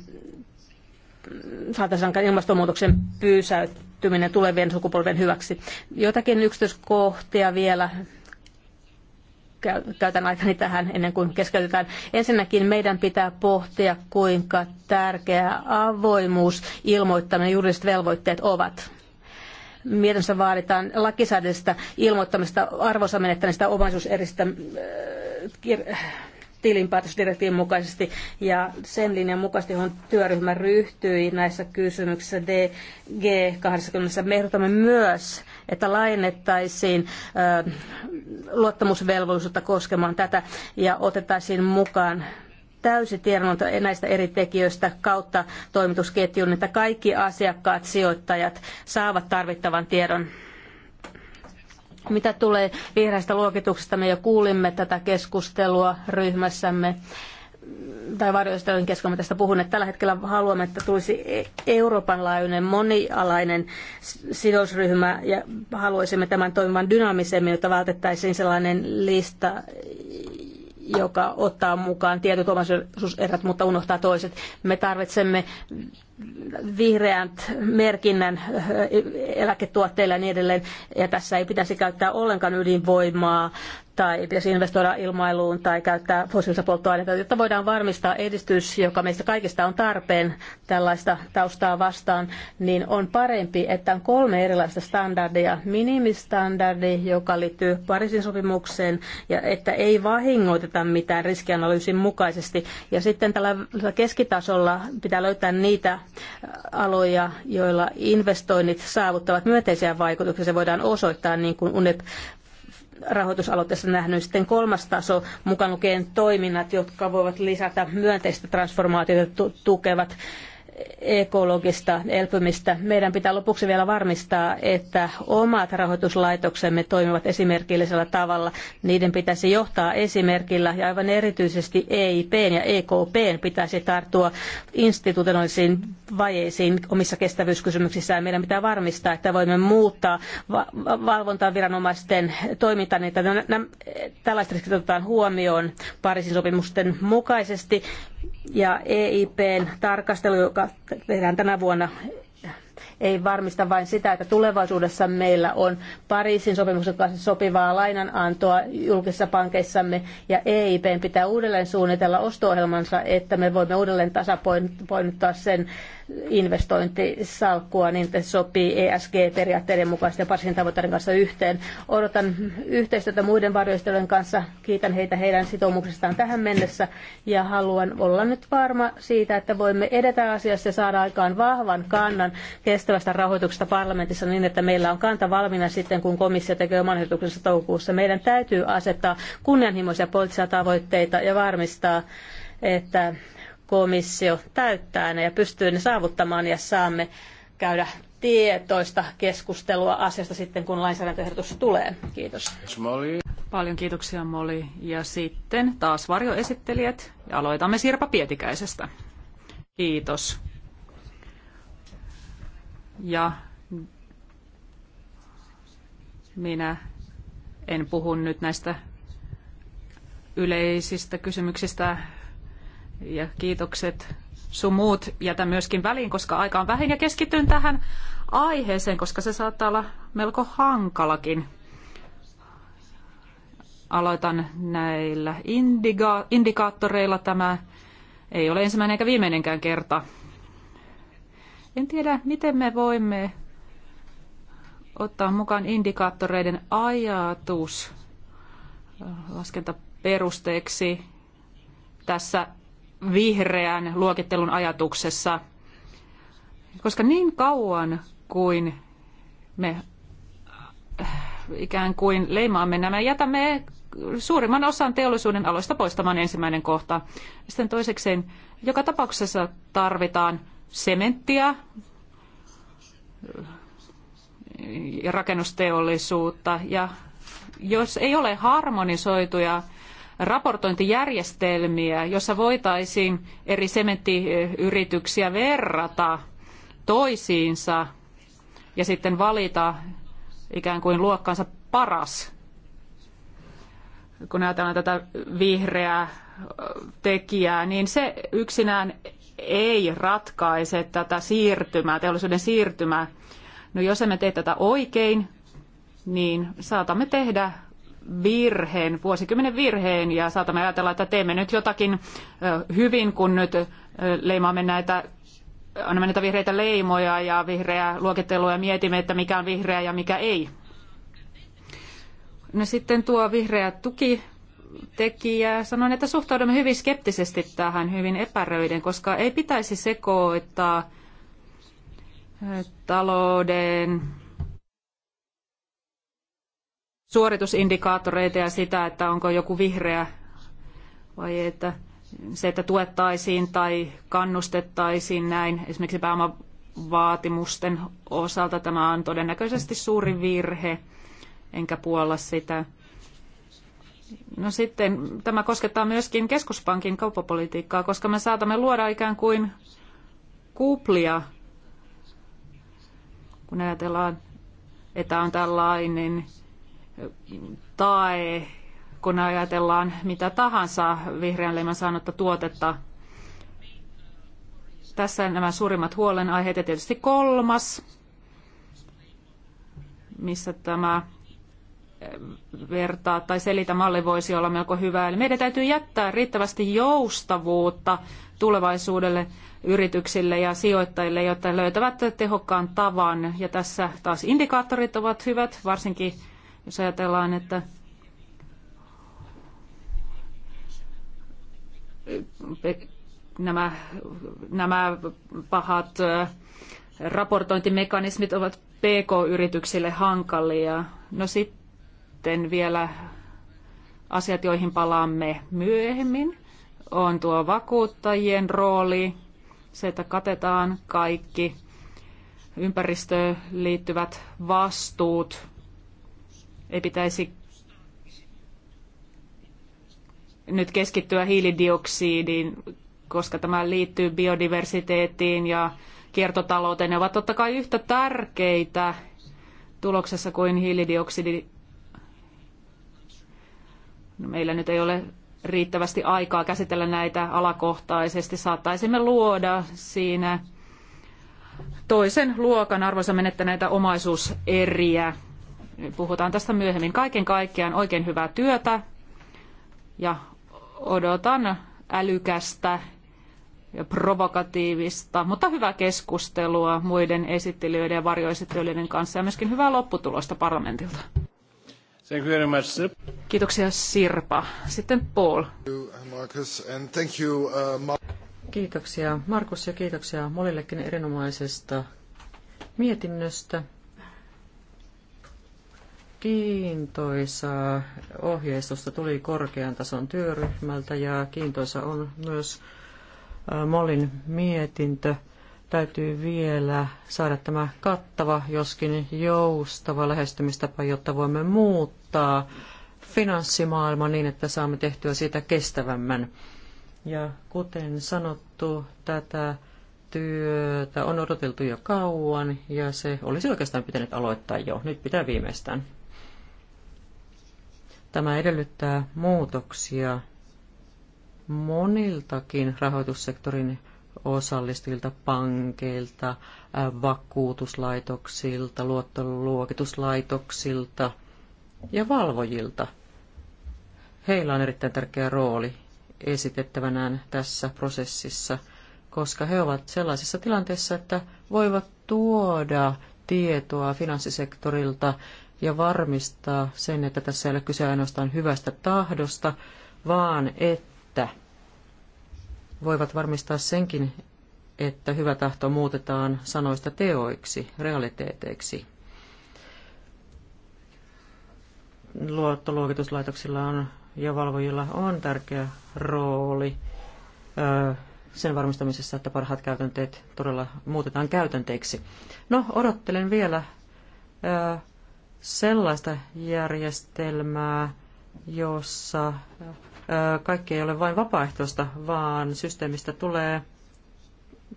saataisiin ilmastonmuutoksen pysäyttyminen tulevien sukupolven hyväksi. Jotakin yksityiskohtia vielä käytän aikani tähän ennen kuin keskeytetään. Ensinnäkin meidän pitää pohtia, kuinka tärkeä avoimuus, ilmoittaminen, juridiset velvoitteet ovat mietinnössä vaaditaan lakisääteistä ilmoittamista arvonsa menettäneistä omaisuuseristä äh, tilinpäätösdirektiivin mukaisesti ja sen linjan mukaisesti, johon työryhmä ryhtyi näissä kysymyksissä DG20. Me ehdotamme myös että laajennettaisiin luottamusvelvollisuutta koskemaan tätä ja otettaisiin mukaan täysi tiedonanto näistä eri tekijöistä kautta toimitusketjun, että kaikki asiakkaat, sijoittajat saavat tarvittavan tiedon. Mitä tulee vihreästä luokituksesta, me jo kuulimme tätä keskustelua ryhmässämme tai varjoistajien kesken tästä puhuneet. Tällä hetkellä haluamme, että tulisi e- Euroopan laajuinen monialainen sidosryhmä ja haluaisimme tämän toimivan dynaamisemmin, jotta vältettäisiin sellainen lista, joka ottaa mukaan tietyt omaisuuserät, mutta unohtaa toiset. Me tarvitsemme vihreän merkinnän e- eläketuotteilla ja niin edelleen. Ja tässä ei pitäisi käyttää ollenkaan ydinvoimaa tai pitäisi investoida ilmailuun tai käyttää fossiilista polttoaineita, jotta voidaan varmistaa edistys, joka meistä kaikista on tarpeen tällaista taustaa vastaan, niin on parempi, että on kolme erilaista standardia. Minimistandardi, joka liittyy Pariisin sopimukseen, ja että ei vahingoiteta mitään riskianalyysin mukaisesti. Ja sitten tällä keskitasolla pitää löytää niitä aloja, joilla investoinnit saavuttavat myönteisiä vaikutuksia. Se voidaan osoittaa, niin kuin UNEP rahoitusaloitteessa nähnyt. Sitten kolmas taso, mukaan lukien toiminnat, jotka voivat lisätä myönteistä transformaatiota, tukevat ekologista elpymistä. Meidän pitää lopuksi vielä varmistaa, että omat rahoituslaitoksemme toimivat esimerkillisellä tavalla. Niiden pitäisi johtaa esimerkillä ja aivan erityisesti EIPn ja EKPn pitäisi tarttua institutionaalisiin vajeisiin omissa kestävyyskysymyksissään. Meidän pitää varmistaa, että voimme muuttaa valvontaviranomaisten toimintaa, niin että tällaiset riskit otetaan huomioon Pariisin sopimusten mukaisesti ja EIPn tarkastelu, joka tehdään tänä vuonna, ei varmista vain sitä, että tulevaisuudessa meillä on Pariisin sopimuksen kanssa sopivaa lainanantoa julkisissa pankeissamme ja EIPn pitää uudelleen suunnitella osto-ohjelmansa, että me voimme uudelleen tasapainottaa sen investointisalkkua, niin että se sopii ESG-periaatteiden ja Parsin tavoitteiden kanssa yhteen. Odotan yhteistyötä muiden varjoistelujen kanssa. Kiitän heitä heidän sitoumuksestaan tähän mennessä ja haluan olla nyt varma siitä, että voimme edetä asiassa ja saada aikaan vahvan kannan kestävästä rahoituksesta parlamentissa niin, että meillä on kanta valmiina sitten, kun komissio tekee oman ehdotuksensa toukokuussa. Meidän täytyy asettaa kunnianhimoisia poliittisia tavoitteita ja varmistaa, että komissio täyttää ne ja pystyy ne saavuttamaan ja saamme käydä tietoista keskustelua asiasta sitten, kun lainsäädäntöehdotus tulee. Kiitos. Paljon kiitoksia Moli. Ja sitten taas varjoesittelijät ja aloitamme Sirpa Pietikäisestä. Kiitos. Ja minä en puhu nyt näistä yleisistä kysymyksistä ja kiitokset sun muut jätän myöskin väliin, koska aika on vähin ja keskityn tähän aiheeseen, koska se saattaa olla melko hankalakin. Aloitan näillä indiga- indikaattoreilla. Tämä ei ole ensimmäinen eikä viimeinenkään kerta. En tiedä, miten me voimme ottaa mukaan indikaattoreiden ajatus laskentaperusteeksi tässä vihreän luokittelun ajatuksessa, koska niin kauan kuin me äh, ikään kuin leimaamme nämä, jätämme suurimman osan teollisuuden aloista poistamaan ensimmäinen kohta. Sitten toisekseen, joka tapauksessa tarvitaan sementtiä ja rakennusteollisuutta. Ja jos ei ole harmonisoituja raportointijärjestelmiä, jossa voitaisiin eri sementtiyrityksiä verrata toisiinsa ja sitten valita ikään kuin luokkansa paras. Kun ajatellaan tätä vihreää tekijää, niin se yksinään ei ratkaise tätä siirtymää, teollisuuden siirtymää. No jos emme tee tätä oikein, niin saatamme tehdä virheen, vuosikymmenen virheen ja saatamme ajatella, että teemme nyt jotakin hyvin, kun nyt leimaamme näitä annamme näitä vihreitä leimoja ja vihreää luokittelua ja mietimme, että mikä on vihreä ja mikä ei. No sitten tuo vihreä tuki tekijä. Sanoin, että suhtaudumme hyvin skeptisesti tähän hyvin epäröiden, koska ei pitäisi sekoittaa talouden suoritusindikaattoreita ja sitä, että onko joku vihreä vai että se, että tuettaisiin tai kannustettaisiin näin esimerkiksi pääomavaatimusten osalta, tämä on todennäköisesti suuri virhe, enkä puolla sitä. No sitten tämä koskettaa myöskin keskuspankin kauppapolitiikkaa, koska me saatamme luoda ikään kuin kuplia, kun ajatellaan, että on tällainen tae, kun ajatellaan mitä tahansa vihreän leiman saanutta tuotetta. Tässä nämä suurimmat huolenaiheet ja tietysti kolmas, missä tämä eh, vertaa tai selitä malli voisi olla melko hyvä. Eli meidän täytyy jättää riittävästi joustavuutta tulevaisuudelle yrityksille ja sijoittajille, jotta löytävät tehokkaan tavan. Ja tässä taas indikaattorit ovat hyvät, varsinkin jos ajatellaan, että nämä, nämä pahat raportointimekanismit ovat PK-yrityksille hankalia. No sitten vielä asiat, joihin palaamme myöhemmin, on tuo vakuuttajien rooli, se, että katetaan kaikki ympäristöön liittyvät vastuut ei pitäisi nyt keskittyä hiilidioksidiin, koska tämä liittyy biodiversiteettiin ja kiertotalouteen. Ne ovat totta kai yhtä tärkeitä tuloksessa kuin hiilidioksidi. No, meillä nyt ei ole riittävästi aikaa käsitellä näitä alakohtaisesti. Saattaisimme luoda siinä toisen luokan arvoisa menettäneitä omaisuuseriä puhutaan tästä myöhemmin. Kaiken kaikkiaan oikein hyvää työtä ja odotan älykästä ja provokatiivista, mutta hyvää keskustelua muiden esittelijöiden ja varjoesittelijöiden kanssa ja myöskin hyvää lopputulosta parlamentilta. Thank you very much, Kiitoksia Sirpa. Sitten Paul. and thank you, uh, kiitoksia Markus ja kiitoksia molillekin erinomaisesta mietinnöstä kiintoisa. ohjeistusta tuli korkean tason työryhmältä ja kiintoisa on myös Molin mietintö. Täytyy vielä saada tämä kattava, joskin joustava lähestymistapa, jotta voimme muuttaa finanssimaailma niin, että saamme tehtyä siitä kestävämmän. Ja kuten sanottu, tätä työtä on odoteltu jo kauan ja se olisi oikeastaan pitänyt aloittaa jo. Nyt pitää viimeistään. Tämä edellyttää muutoksia moniltakin rahoitussektorin osallistujilta, pankeilta, vakuutuslaitoksilta, luottoluokituslaitoksilta ja valvojilta. Heillä on erittäin tärkeä rooli esitettävänään tässä prosessissa, koska he ovat sellaisessa tilanteessa, että voivat tuoda tietoa finanssisektorilta ja varmistaa sen, että tässä ei ole kyse ainoastaan hyvästä tahdosta, vaan että voivat varmistaa senkin, että hyvä tahto muutetaan sanoista teoiksi, realiteeteiksi. Luottoluokituslaitoksilla on ja valvojilla on tärkeä rooli sen varmistamisessa, että parhaat käytänteet todella muutetaan käytänteiksi. No, odottelen vielä sellaista järjestelmää, jossa kaikki ei ole vain vapaaehtoista, vaan systeemistä tulee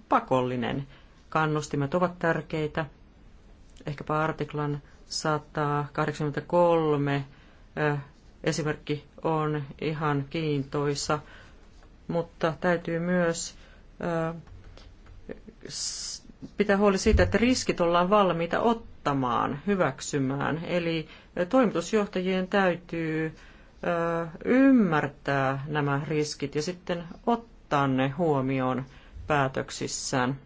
pakollinen. Kannustimet ovat tärkeitä. Ehkäpä artiklan 183 esimerkki on ihan kiintoisa, mutta täytyy myös pitää huoli siitä, että riskit ollaan valmiita ottamaan ottamaan, hyväksymään. Eli eh, toimitusjohtajien täytyy eh, ymmärtää nämä riskit ja sitten ottaa ne huomioon päätöksissään.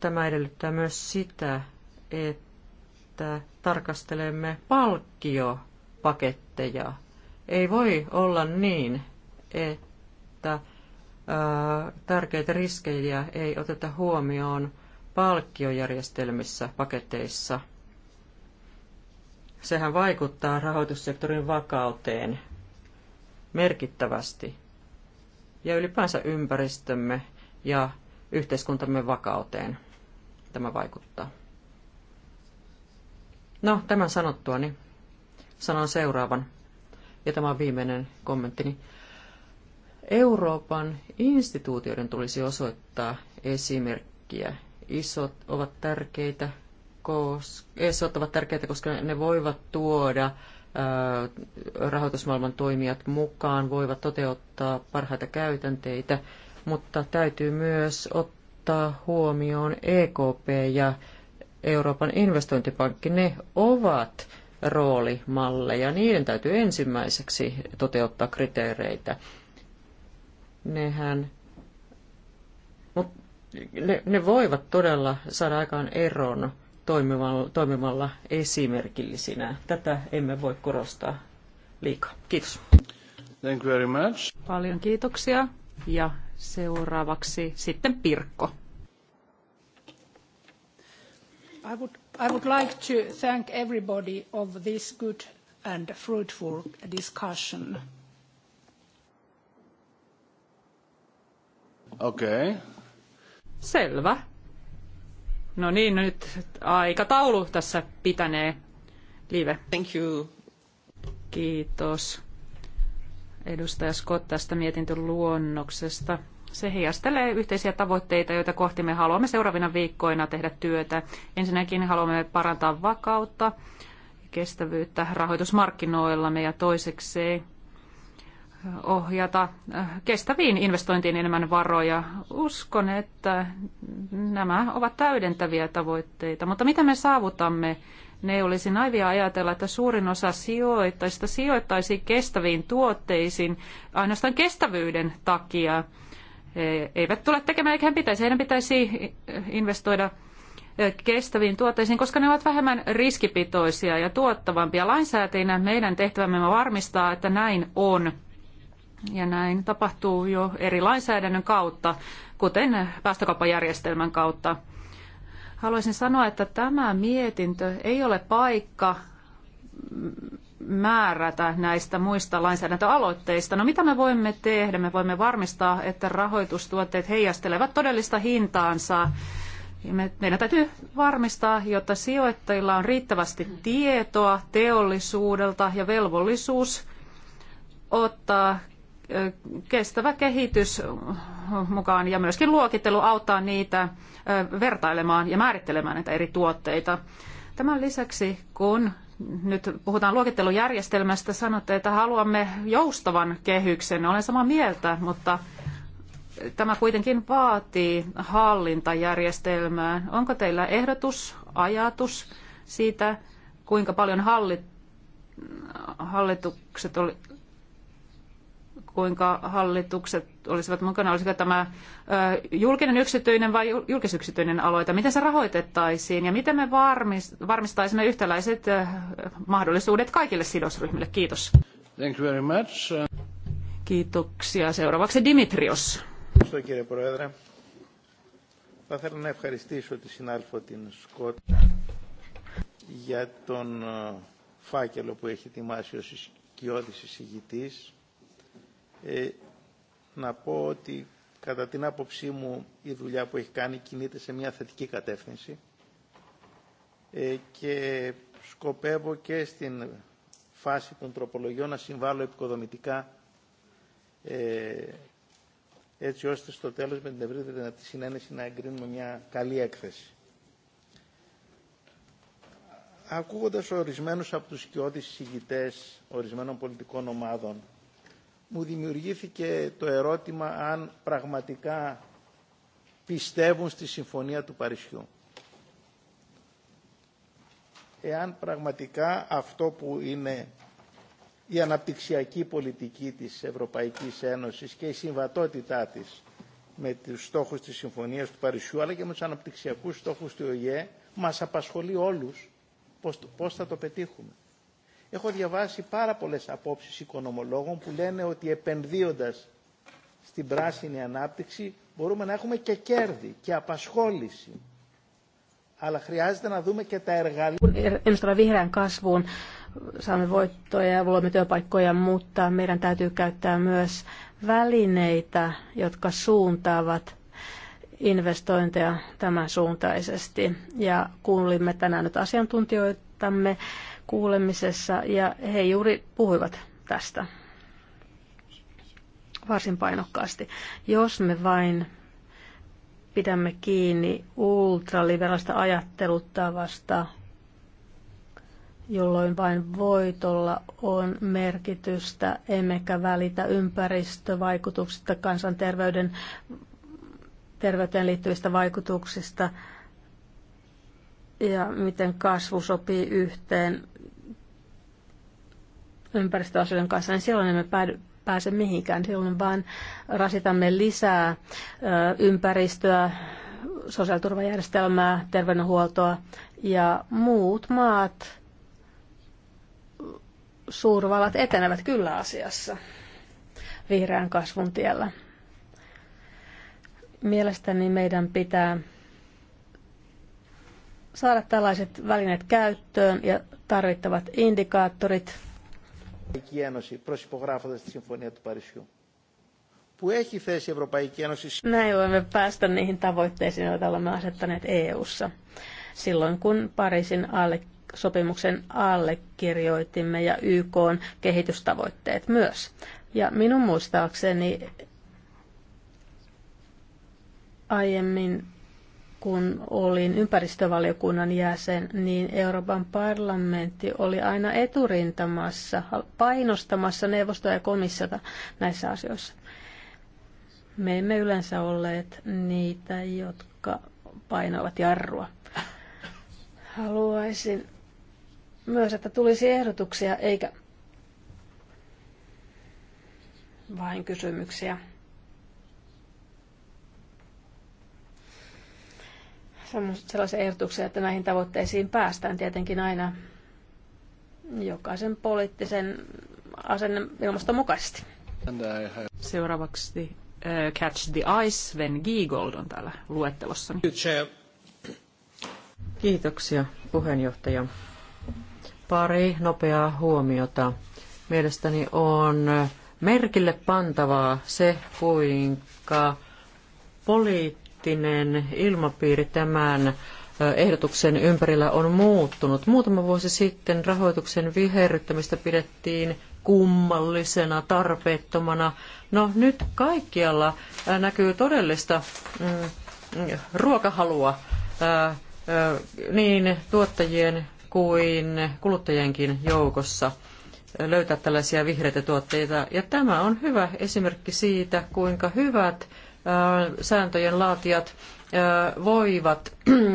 Tämä edellyttää myös sitä, että tarkastelemme palkkiopaketteja. Ei voi olla niin, että eh, tärkeitä riskejä ei oteta huomioon palkkiojärjestelmissä, paketeissa. Sehän vaikuttaa rahoitussektorin vakauteen merkittävästi ja ylipäänsä ympäristömme ja yhteiskuntamme vakauteen tämä vaikuttaa. No, tämän sanottuani niin sanon seuraavan, ja tämä on viimeinen kommenttini. Euroopan instituutioiden tulisi osoittaa esimerkkiä isot ovat tärkeitä, koska, isot ovat tärkeitä, koska ne voivat tuoda rahoitusmaailman toimijat mukaan, voivat toteuttaa parhaita käytänteitä, mutta täytyy myös ottaa huomioon EKP ja Euroopan investointipankki. Ne ovat roolimalleja. Niiden täytyy ensimmäiseksi toteuttaa kriteereitä. Nehän ne, ne voivat todella saada aikaan eron toimimalla toimimalla esimerkillisinä. Tätä emme voi korostaa liikaa. Kiitos. Thank you very much. Paljon kiitoksia. Ja seuraavaksi sitten Pirkko. I would, I would like to thank everybody of this good and fruitful discussion. Okay. Selvä. No niin, no nyt aikataulu tässä pitänee. Live. Thank you. Kiitos edustaja Scott tästä mietintöluonnoksesta. Se heijastelee yhteisiä tavoitteita, joita kohti me haluamme seuraavina viikkoina tehdä työtä. Ensinnäkin haluamme parantaa vakautta ja kestävyyttä rahoitusmarkkinoillamme ja toisekseen ohjata äh, kestäviin investointiin enemmän varoja. Uskon, että nämä ovat täydentäviä tavoitteita, mutta mitä me saavutamme? Ne olisi naivia ajatella, että suurin osa sijoittajista sijoittaisi kestäviin tuotteisiin ainoastaan kestävyyden takia. He eivät tule tekemään, eikä pitäisi. Heidän pitäisi äh, investoida äh, kestäviin tuotteisiin, koska ne ovat vähemmän riskipitoisia ja tuottavampia. Lainsäätäjinä meidän tehtävämme on varmistaa, että näin on. Ja näin tapahtuu jo eri lainsäädännön kautta, kuten päästökauppajärjestelmän kautta. Haluaisin sanoa, että tämä mietintö ei ole paikka määrätä näistä muista lainsäädäntöaloitteista. No mitä me voimme tehdä? Me voimme varmistaa, että rahoitustuotteet heijastelevat todellista hintaansa. Meidän täytyy varmistaa, jotta sijoittajilla on riittävästi tietoa teollisuudelta ja velvollisuus ottaa kestävä kehitys mukaan ja myöskin luokittelu auttaa niitä vertailemaan ja määrittelemään näitä eri tuotteita. Tämän lisäksi, kun nyt puhutaan luokittelujärjestelmästä, sanotte, että haluamme joustavan kehyksen. Olen samaa mieltä, mutta tämä kuitenkin vaatii hallintajärjestelmää. Onko teillä ehdotus, ajatus siitä, kuinka paljon hallit, hallitukset oli, kuinka hallitukset olisivat mukana? Olisiko tämä julkinen yksityinen vai julkisyksityinen aloite? Miten se rahoitettaisiin ja miten me varmistaisimme yhtäläiset mahdollisuudet kaikille sidosryhmille? Kiitos. Thank you very much. Kiitoksia. Seuraavaksi Dimitrios. Θα ήθελα να ευχαριστήσω για τον φάκελο που έχει ετοιμάσει ως σκιώδης εισηγητής ε, να πω ότι κατά την άποψή μου η δουλειά που έχει κάνει κινείται σε μια θετική κατεύθυνση ε, και σκοπεύω και στην φάση των τροπολογιών να συμβάλλω επικοδομητικά ε, έτσι ώστε στο τέλος με την ευρύτερη τη συνένεση να εγκρίνουμε μια καλή έκθεση. Ακούγοντας ορισμένους από τους οικειώδεις συγητές ορισμένων πολιτικών ομάδων μου δημιουργήθηκε το ερώτημα αν πραγματικά πιστεύουν στη Συμφωνία του Παρισιού. Εάν πραγματικά αυτό που είναι η αναπτυξιακή πολιτική της Ευρωπαϊκής Ένωσης και η συμβατότητά της με τους στόχους της Συμφωνίας του Παρισιού αλλά και με τους αναπτυξιακούς στόχους του ΟΗΕ μας απασχολεί όλους πώς, πώς θα το πετύχουμε. Έχω διαβάσει πάρα πολλές απόψεις οικονομολόγων που λένε ότι επενδύοντας στην πράσινη ανάπτυξη μπορούμε να έχουμε και κέρδη και απασχόληση. Αλλά χρειάζεται να δούμε και τα εργαλεία. Kun vihreän kasvuun saamme voittoja ja luomme työpaikkoja, mutta meidän täytyy käyttää myös välineitä, jotka suuntaavat investointeja tämän suuntaisesti. Ja kuulimme tänään nyt asiantuntijoitamme kuulemisessa ja he juuri puhuivat tästä varsin painokkaasti. Jos me vain pidämme kiinni ultraliberaalista ajattelutavasta, jolloin vain voitolla on merkitystä, emmekä välitä ympäristövaikutuksista, kansanterveyden terveyteen liittyvistä vaikutuksista ja miten kasvu sopii yhteen ympäristöasioiden kanssa, niin silloin emme päädy, pääse mihinkään. Silloin vaan rasitamme lisää ympäristöä, sosiaaliturvajärjestelmää, terveydenhuoltoa ja muut maat, suurvallat etenevät kyllä asiassa vihreän kasvun tiellä. Mielestäni meidän pitää saada tällaiset välineet käyttöön ja tarvittavat indikaattorit – näin voimme päästä niihin tavoitteisiin, joita olemme asettaneet EU:ssa. Silloin kun Pariisin alle, sopimuksen allekirjoitimme ja YK on kehitystavoitteet myös. Ja minun muistaakseni aiemmin kun olin ympäristövaliokunnan jäsen, niin Euroopan parlamentti oli aina eturintamassa, painostamassa neuvostoa ja komissiota näissä asioissa. Me emme yleensä olleet niitä, jotka painoivat jarrua. Haluaisin myös, että tulisi ehdotuksia eikä vain kysymyksiä. sellaisia ehdotuksia, että näihin tavoitteisiin päästään tietenkin aina jokaisen poliittisen asenne ilmaston mukaisesti. Seuraavaksi uh, Catch the Ice, Sven Giegold on täällä luettelossani. Kiitoksia puheenjohtaja. Pari nopeaa huomiota. Mielestäni on merkille pantavaa se, kuinka poliittinen poliittinen ilmapiiri tämän ehdotuksen ympärillä on muuttunut. Muutama vuosi sitten rahoituksen viherryttämistä pidettiin kummallisena, tarpeettomana. No nyt kaikkialla näkyy todellista mm, ruokahalua ää, ää, niin tuottajien kuin kuluttajienkin joukossa löytää tällaisia vihreitä tuotteita. Ja tämä on hyvä esimerkki siitä, kuinka hyvät sääntöjen laatijat voivat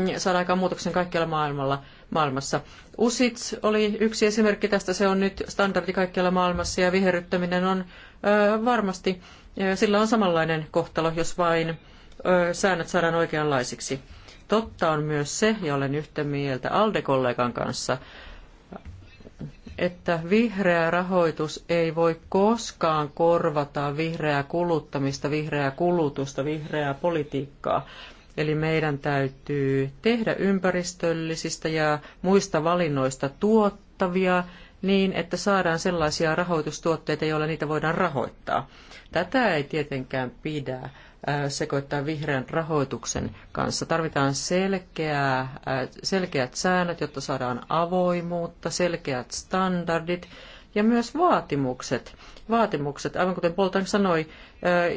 [clears throat] saada aikaan muutoksen kaikkialla maailmalla, maailmassa. Usits oli yksi esimerkki tästä, se on nyt standardi kaikkialla maailmassa ja viherryttäminen on varmasti, sillä on samanlainen kohtalo, jos vain säännöt saadaan oikeanlaisiksi. Totta on myös se, ja olen yhtä mieltä Alde-kollegan kanssa, että vihreä rahoitus ei voi koskaan korvata vihreää kuluttamista, vihreää kulutusta, vihreää politiikkaa. Eli meidän täytyy tehdä ympäristöllisistä ja muista valinnoista tuottavia niin, että saadaan sellaisia rahoitustuotteita, joilla niitä voidaan rahoittaa. Tätä ei tietenkään pidä sekoittaa vihreän rahoituksen kanssa. Tarvitaan selkeää, selkeät säännöt, jotta saadaan avoimuutta, selkeät standardit ja myös vaatimukset. Vaatimukset, aivan kuten Poltan sanoi,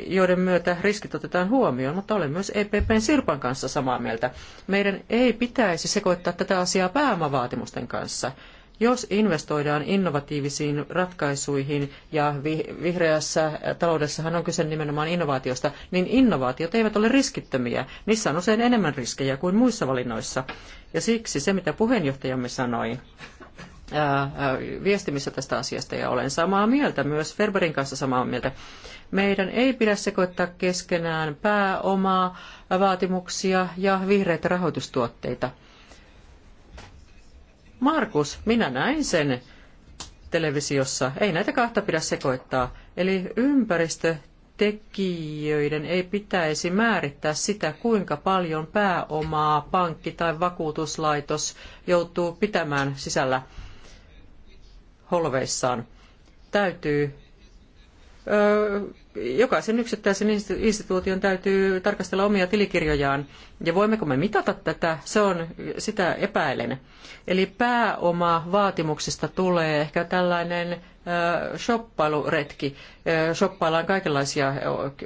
joiden myötä riskit otetaan huomioon, mutta olen myös EPPn Sirpan kanssa samaa mieltä. Meidän ei pitäisi sekoittaa tätä asiaa pääomavaatimusten kanssa. Jos investoidaan innovatiivisiin ratkaisuihin, ja vihreässä taloudessahan on kyse nimenomaan innovaatiosta, niin innovaatiot eivät ole riskittömiä. Niissä on usein enemmän riskejä kuin muissa valinnoissa. Ja siksi se, mitä puheenjohtajamme sanoi, viestimissä tästä asiasta ja olen samaa mieltä, myös Ferberin kanssa samaa mieltä. Meidän ei pidä sekoittaa keskenään pääomaa, vaatimuksia ja vihreitä rahoitustuotteita – Markus, minä näin sen televisiossa. Ei näitä kahta pidä sekoittaa. Eli ympäristötekijöiden ei pitäisi määrittää sitä, kuinka paljon pääomaa pankki tai vakuutuslaitos joutuu pitämään sisällä holveissaan. Täytyy ö, jokaisen yksittäisen instituution täytyy tarkastella omia tilikirjojaan. Ja voimmeko me mitata tätä? Se on, sitä epäilen. Eli pääoma vaatimuksista tulee ehkä tällainen shoppailuretki. Shoppaillaan kaikenlaisia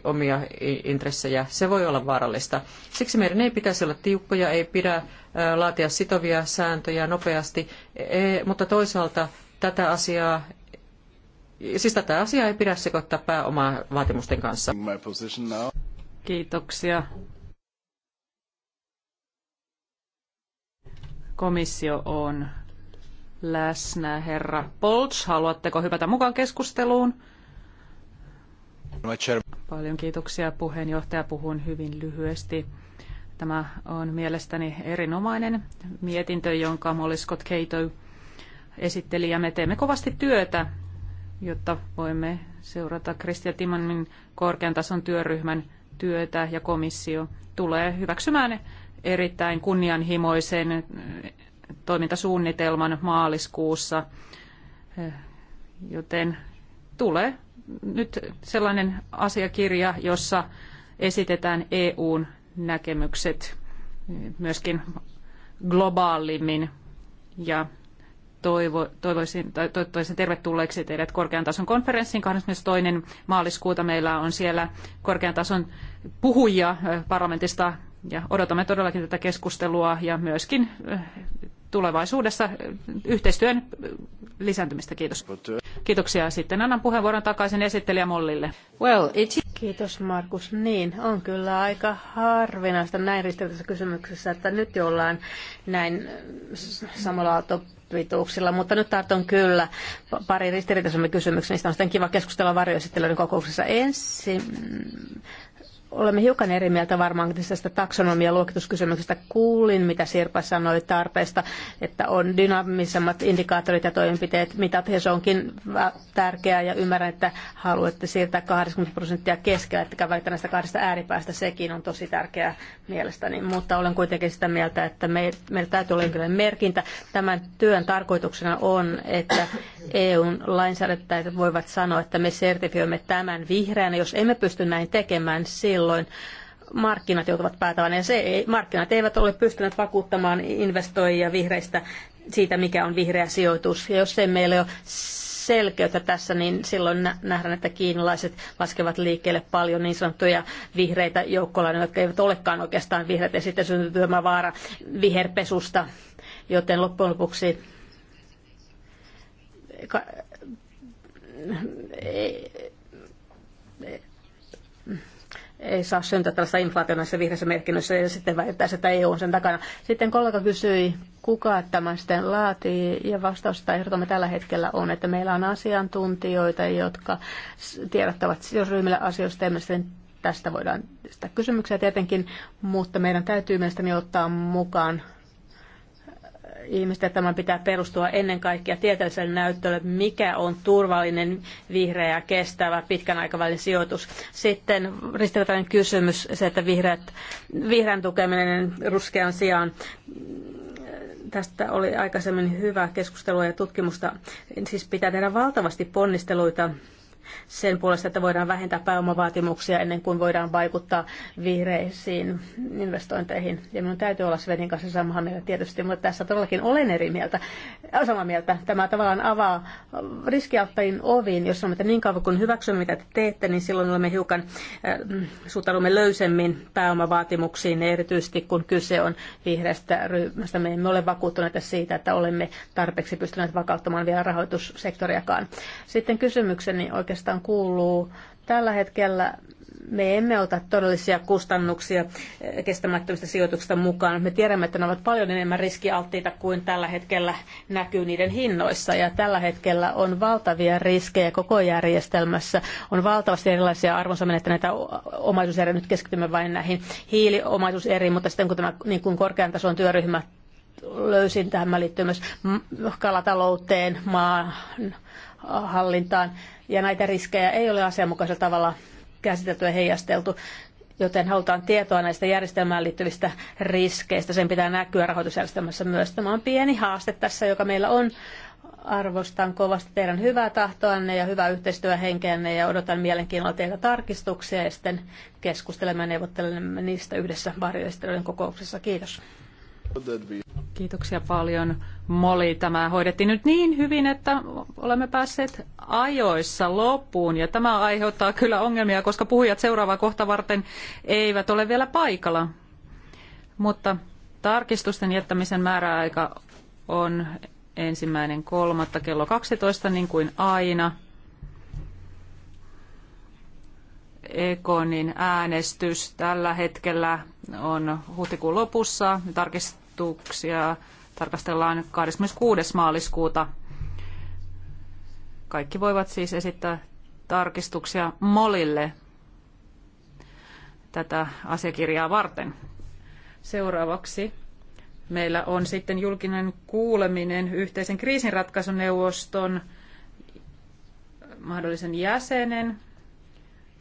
omia intressejä. Se voi olla vaarallista. Siksi meidän ei pitäisi olla tiukkoja, ei pidä laatia sitovia sääntöjä nopeasti, e, mutta toisaalta tätä asiaa Siis tätä asiaa ei pidä sekoittaa pääomaa vaatimusten kanssa. Kiitoksia. Komissio on läsnä. Herra Polch, haluatteko hypätä mukaan keskusteluun? Paljon kiitoksia puheenjohtaja. Puhun hyvin lyhyesti. Tämä on mielestäni erinomainen mietintö, jonka Molly Scott Cato esitteli ja me teemme kovasti työtä jotta voimme seurata Kristian Timonin korkean tason työryhmän työtä ja komissio tulee hyväksymään erittäin kunnianhimoisen eh, toimintasuunnitelman maaliskuussa, eh, joten tulee nyt sellainen asiakirja, jossa esitetään EUn näkemykset eh, myöskin globaalimmin ja toivo, toivoisin, tai toivoisin tervetulleeksi teidät korkean tason konferenssiin. 22. maaliskuuta meillä on siellä korkean tason puhujia parlamentista ja odotamme todellakin tätä keskustelua ja myöskin tulevaisuudessa yhteistyön lisääntymistä. Kiitos. Kiitoksia. Sitten annan puheenvuoron takaisin esittelijä Mollille. Well, Kiitos Markus. Niin, on kyllä aika harvinaista näin ristiriitaisessa kysymyksessä, että nyt ollaan näin samalla pituuksilla, mutta nyt tartun kyllä pari ristiriitaisemmin kysymyksiä, Niistä on sitten kiva keskustella varjoesittelyiden kokouksessa. Ensin olemme hiukan eri mieltä varmaan tästä taksonomia luokituskysymyksestä. Kuulin, mitä Sirpa sanoi tarpeesta, että on dynaamisemmat indikaattorit ja toimenpiteet, mitä se onkin tärkeää ja ymmärrän, että haluatte siirtää 80 prosenttia keskellä, että välitä näistä kahdesta ääripäästä, sekin on tosi tärkeää mielestäni, mutta olen kuitenkin sitä mieltä, että me, meillä täytyy olla jonkinlainen merkintä. Tämän työn tarkoituksena on, että EUn lainsäädäntäjät voivat sanoa, että me sertifioimme tämän vihreän, jos emme pysty näin tekemään, silloin markkinat joutuvat päätämään. Ja se ei, markkinat eivät ole pystyneet vakuuttamaan investoijia vihreistä siitä, mikä on vihreä sijoitus. Ja jos ei meillä ole selkeyttä tässä, niin silloin nähdään, että kiinalaiset laskevat liikkeelle paljon niin sanottuja vihreitä joukkolainoja, jotka eivät olekaan oikeastaan vihreitä, ja sitten syntyy tämä vaara viherpesusta, joten loppujen lopuksi ei, ei saa syntyä tällaista inflaatiota näissä vihreissä merkinnöissä ja sitten väittää, että EU on sen takana. Sitten kollega kysyi, kuka tämän sitten laatii ja vastaus sitä ehdotamme tällä hetkellä on, että meillä on asiantuntijoita, jotka tiedottavat sidosryhmille asioista ja sitten tästä voidaan sitä kysymyksiä tietenkin, mutta meidän täytyy mielestäni ottaa mukaan ihmistä tämän pitää perustua ennen kaikkea tieteelliselle näyttölle, mikä on turvallinen, vihreä ja kestävä pitkän aikavälin sijoitus. Sitten ristiriitainen kysymys, se, että vihreät, vihreän tukeminen ruskean sijaan tästä oli aikaisemmin hyvä keskustelua ja tutkimusta. Siis pitää tehdä valtavasti ponnisteluita sen puolesta, että voidaan vähentää pääomavaatimuksia ennen kuin voidaan vaikuttaa vihreisiin investointeihin. Ja minun täytyy olla Svetin kanssa samaa mieltä tietysti, mutta tässä todellakin olen eri mieltä, äh, samaa mieltä. Tämä tavallaan avaa riskialttajin oviin, jos on, että niin kauan kuin hyväksymme, mitä te teette, niin silloin olemme hiukan, äh, suhtaudumme löysemmin pääomavaatimuksiin, erityisesti kun kyse on vihreästä ryhmästä. Me emme ole vakuuttuneita siitä, että olemme tarpeeksi pystyneet vakauttamaan vielä rahoitussektoriakaan. Sitten kysymykseni oikeastaan oikeastaan kuuluu. Tällä hetkellä me emme ota todellisia kustannuksia kestämättömistä sijoituksista mukaan. Me tiedämme, että ne ovat paljon enemmän riskialttiita kuin tällä hetkellä näkyy niiden hinnoissa. Ja tällä hetkellä on valtavia riskejä koko järjestelmässä. On valtavasti erilaisia arvonsa menettäneitä omaisuuseriä. Nyt keskitymme vain näihin hiiliomaisuuseriin, mutta sitten kun tämä niin kuin korkean tason työryhmä löysin tähän, mä liittyy myös kalatalouteen, maan hallintaan, ja näitä riskejä ei ole asianmukaisella tavalla käsitelty ja heijasteltu joten halutaan tietoa näistä järjestelmään liittyvistä riskeistä. Sen pitää näkyä rahoitusjärjestelmässä myös. Tämä on pieni haaste tässä, joka meillä on. Arvostan kovasti teidän hyvää tahtoanne ja hyvää yhteistyöhenkeänne ja odotan mielenkiinnolla teiltä tarkistuksia ja sitten keskustelemme ja neuvottelemme niistä yhdessä varjoistelijoiden kokouksessa. Kiitos. Kiitoksia paljon, Moli. Tämä hoidettiin nyt niin hyvin, että olemme päässeet ajoissa loppuun. Ja tämä aiheuttaa kyllä ongelmia, koska puhujat seuraavaa kohta varten eivät ole vielä paikalla. Mutta tarkistusten jättämisen määräaika on ensimmäinen kolmatta kello 12, niin kuin aina. Ekonin äänestys tällä hetkellä on huhtikuun lopussa. Tarkistuksia tarkastellaan 26. maaliskuuta. Kaikki voivat siis esittää tarkistuksia Molille tätä asiakirjaa varten. Seuraavaksi meillä on sitten julkinen kuuleminen yhteisen kriisinratkaisuneuvoston mahdollisen jäsenen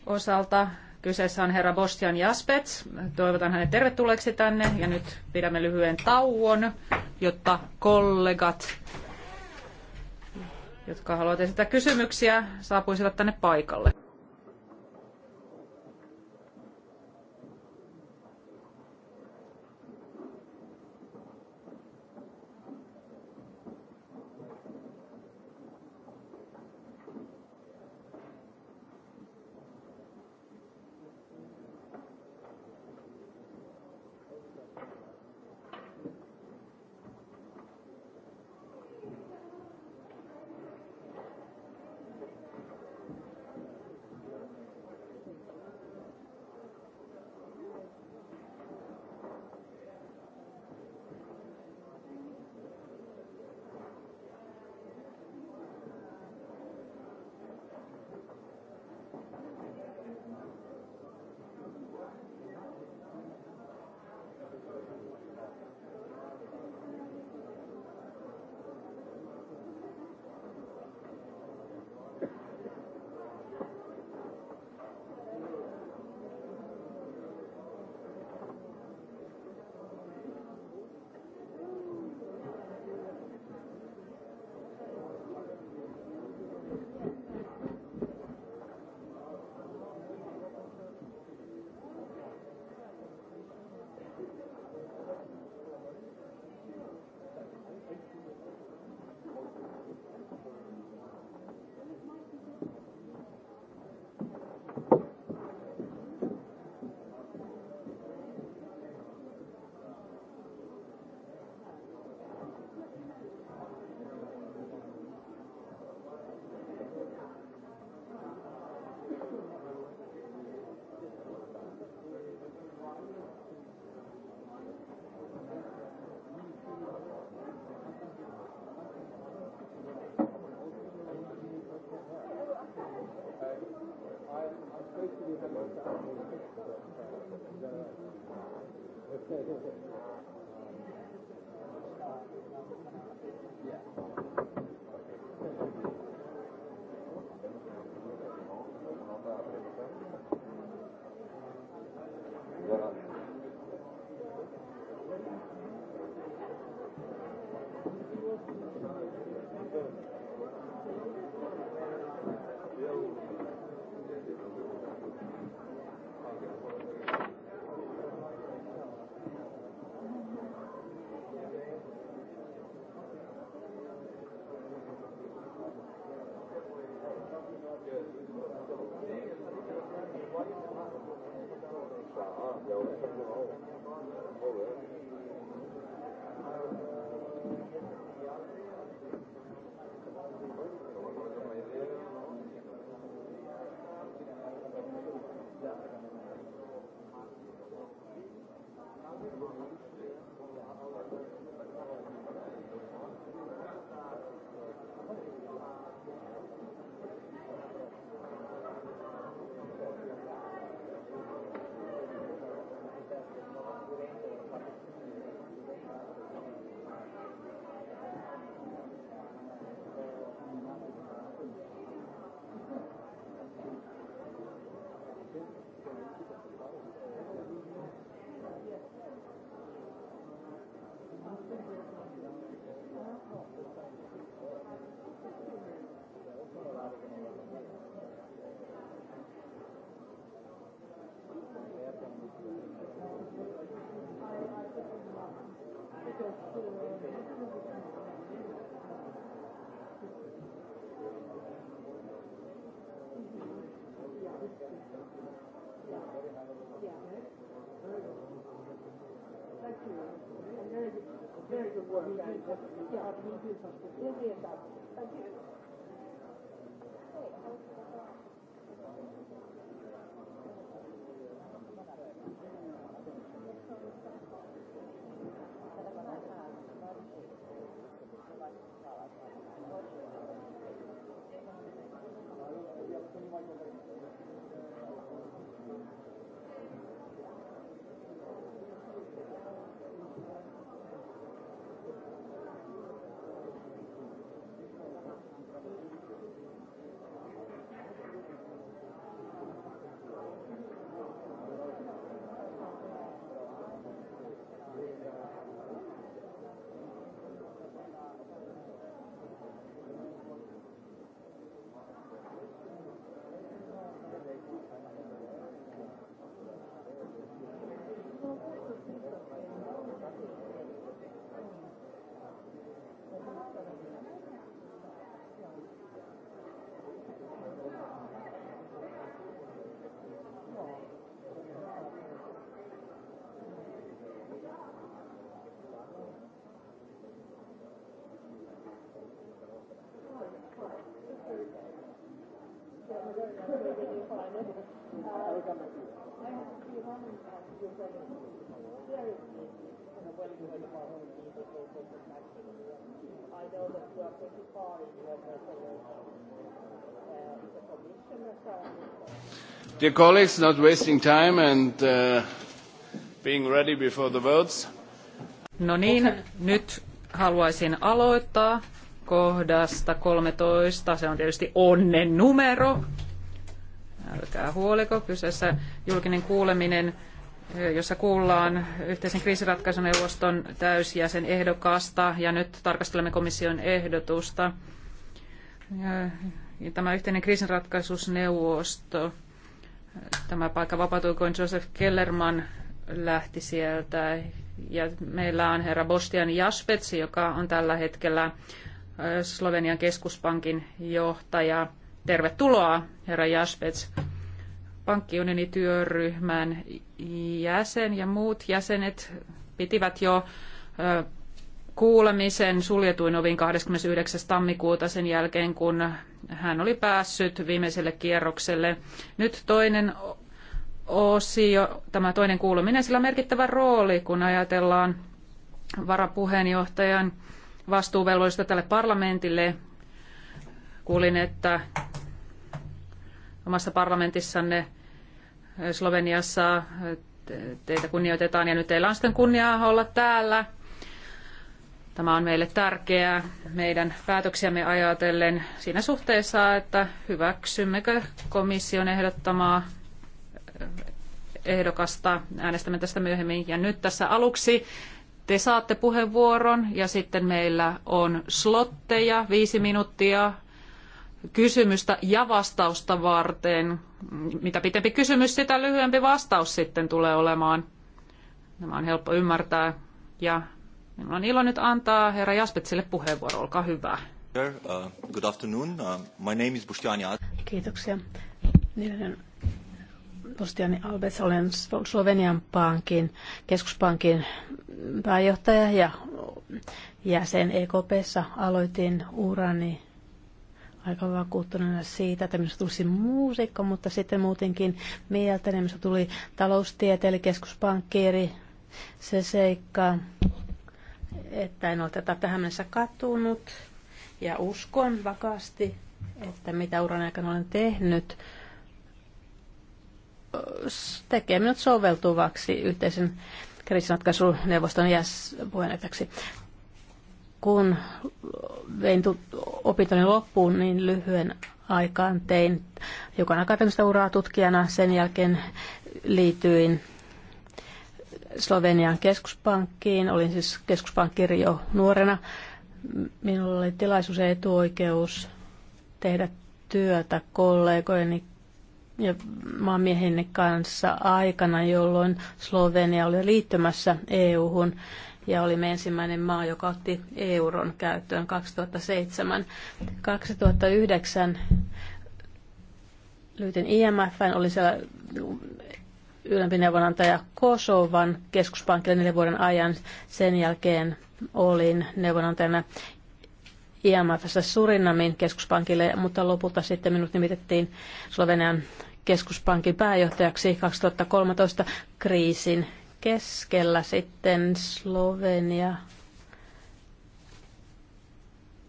osalta Kyseessä on herra Bostian Jaspets. Toivotan hänet tervetulleeksi tänne ja nyt pidämme lyhyen tauon, jotta kollegat, jotka haluavat esittää kysymyksiä, saapuisivat tänne paikalle. Vielen Thank you. Dear colleagues, not wasting time and uh, being ready before the votes. No niin, nyt haluaisin aloittaa kohdasta 13. Se on tietysti onnen numero. Älkää huoliko, kyseessä julkinen kuuleminen jossa kuullaan yhteisen kriisiratkaisuneuvoston täysjäsen ehdokasta ja nyt tarkastelemme komission ehdotusta. Tämä yhteinen kriisinratkaisuneuvosto, tämä paikka vapautui, kun Joseph Kellerman lähti sieltä. Ja meillä on herra Bostian Jaspets, joka on tällä hetkellä äh, Slovenian keskuspankin johtaja. Tervetuloa, herra Jaspets pankkiunionityöryhmän jäsen ja muut jäsenet pitivät jo kuulemisen suljetuin ovin 29. tammikuuta sen jälkeen, kun hän oli päässyt viimeiselle kierrokselle. Nyt toinen osio, tämä toinen kuuleminen, sillä on merkittävä rooli, kun ajatellaan varapuheenjohtajan vastuuvelvollisuutta tälle parlamentille. Kuulin, että omassa parlamentissanne Sloveniassa teitä kunnioitetaan ja nyt teillä on sitten kunniaa olla täällä. Tämä on meille tärkeää meidän päätöksiämme ajatellen siinä suhteessa, että hyväksymmekö komission ehdottamaa ehdokasta. Äänestämme tästä myöhemmin. Ja nyt tässä aluksi te saatte puheenvuoron ja sitten meillä on slotteja, viisi minuuttia kysymystä ja vastausta varten mitä pitempi kysymys, sitä lyhyempi vastaus sitten tulee olemaan. Nämä on helppo ymmärtää. Ja minulla on ilo nyt antaa herra Jaspetsille puheenvuoro. Olkaa hyvä. Uh, good afternoon. Uh, my name is Bustiani Kiitoksia. Nimeni Bustiani Albets. Olen Slovenian pankin, keskuspankin pääjohtaja ja jäsen EKPssä. Aloitin urani aika vakuuttuneena siitä, että minusta tulisi muusikko, mutta sitten muutenkin mieltä, niin minusta tuli taloustieteellinen keskuspankkiiri, se seikka, että en ole tätä tähän mennessä katunut ja uskon vakaasti, että mitä uran aikana olen tehnyt, tekee minut soveltuvaksi yhteisen kriisinratkaisuneuvoston jäs- puheenjohtajaksi kun vein opintoni loppuun, niin lyhyen aikaan tein jokana akateemista uraa tutkijana. Sen jälkeen liityin Slovenian keskuspankkiin. Olin siis keskuspankkiri jo nuorena. Minulla oli tilaisuus ja etuoikeus tehdä työtä kollegojeni ja maamiehenne kanssa aikana, jolloin Slovenia oli liittymässä EU-hun ja olimme ensimmäinen maa, joka otti euron käyttöön 2007. 2009 löytin IMF, oli siellä ylempi neuvonantaja Kosovan keskuspankille neljän vuoden ajan. Sen jälkeen olin neuvonantajana IMF Surinamin keskuspankille, mutta lopulta sitten minut nimitettiin Slovenian keskuspankin pääjohtajaksi 2013 kriisin keskellä sitten Slovenia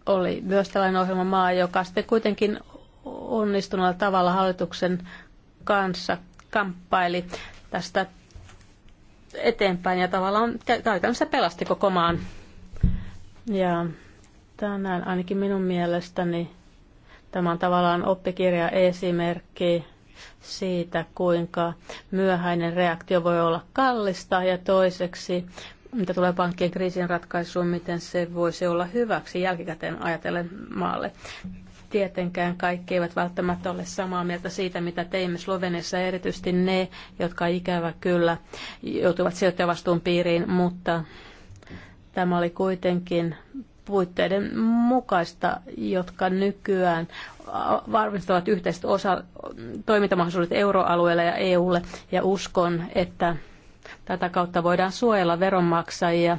oli myös tällainen ohjelmamaa, joka sitten kuitenkin onnistuneella tavalla hallituksen kanssa kamppaili tästä eteenpäin ja tavallaan käytännössä pelasti koko maan. Ja tänään ainakin minun mielestäni tämä on tavallaan oppikirja esimerkki siitä, kuinka myöhäinen reaktio voi olla kallista ja toiseksi, mitä tulee pankkien kriisin ratkaisuun, miten se voisi olla hyväksi jälkikäteen ajatellen maalle. Tietenkään kaikki eivät välttämättä ole samaa mieltä siitä, mitä teimme Sloveniassa, erityisesti ne, jotka ikävä kyllä joutuvat sijoittajavastuun piiriin, mutta tämä oli kuitenkin puitteiden mukaista, jotka nykyään varmistavat yhteiset osa toimintamahdollisuudet euroalueelle ja EUlle. Ja uskon, että tätä kautta voidaan suojella veronmaksajia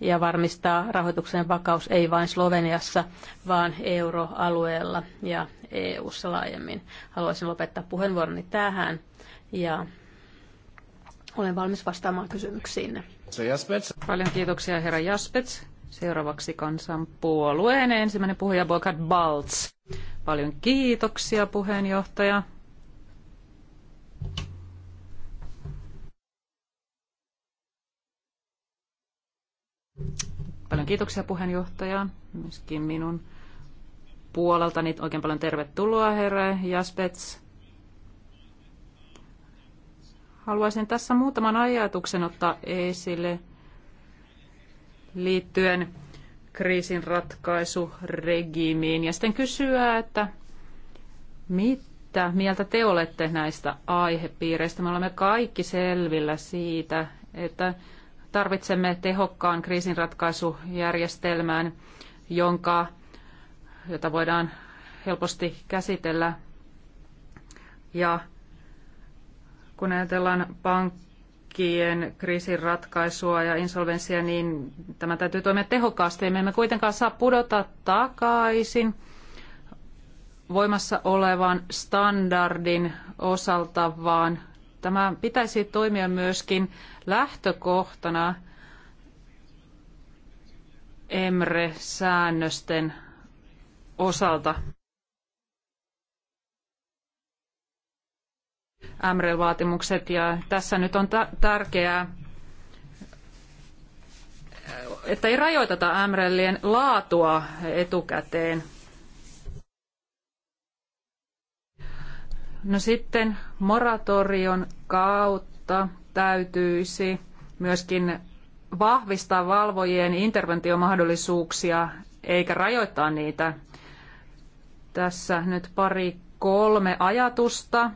ja varmistaa rahoituksen vakaus ei vain Sloveniassa, vaan euroalueella ja EUssa laajemmin. Haluaisin lopettaa puheenvuoroni tähän ja olen valmis vastaamaan kysymyksiin. Paljon kiitoksia herra Jaspets. Seuraavaksi kansanpuolueen ensimmäinen puhuja Bokat Balts. Paljon kiitoksia puheenjohtaja. Paljon kiitoksia puheenjohtaja, myöskin minun puolelta niitä oikein paljon tervetuloa herra Jaspets. Haluaisin tässä muutaman ajatuksen ottaa esille liittyen kriisin ratkaisuregiimiin ja sitten kysyä, että mitä mieltä te olette näistä aihepiireistä. Me olemme kaikki selvillä siitä, että tarvitsemme tehokkaan kriisinratkaisujärjestelmään, jonka, jota voidaan helposti käsitellä. Ja kun ajatellaan pankkia, pankkien kriisin ratkaisua ja insolvenssia, niin tämä täytyy toimia tehokkaasti. Me emme kuitenkaan saa pudota takaisin voimassa olevan standardin osalta, vaan tämä pitäisi toimia myöskin lähtökohtana EMRE-säännösten osalta. MREL-vaatimukset ja tässä nyt on tärkeää, että ei rajoiteta MRELien laatua etukäteen. No sitten moratorion kautta täytyisi myöskin vahvistaa valvojien interventiomahdollisuuksia eikä rajoittaa niitä. Tässä nyt pari kolme ajatusta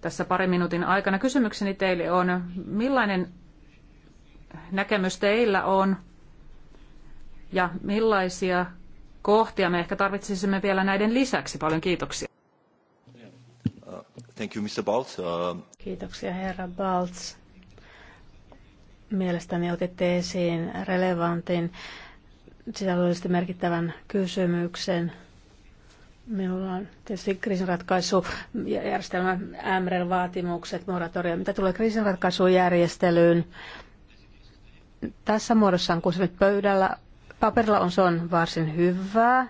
tässä parin minuutin aikana. Kysymykseni teille on, millainen näkemys teillä on ja millaisia kohtia me ehkä tarvitsisimme vielä näiden lisäksi? Paljon kiitoksia. Uh, thank you, Mr. Baltz. Uh, kiitoksia, herra Baltz. Mielestäni otitte esiin relevantin sisällöllisesti merkittävän kysymyksen – Meillä on tietysti kriisinratkaisujärjestelmä, mrl vaatimukset moratoria. Mitä tulee kriisinratkaisujärjestelyyn, tässä muodossa, kun se nyt pöydällä, paperilla on, se on varsin hyvää.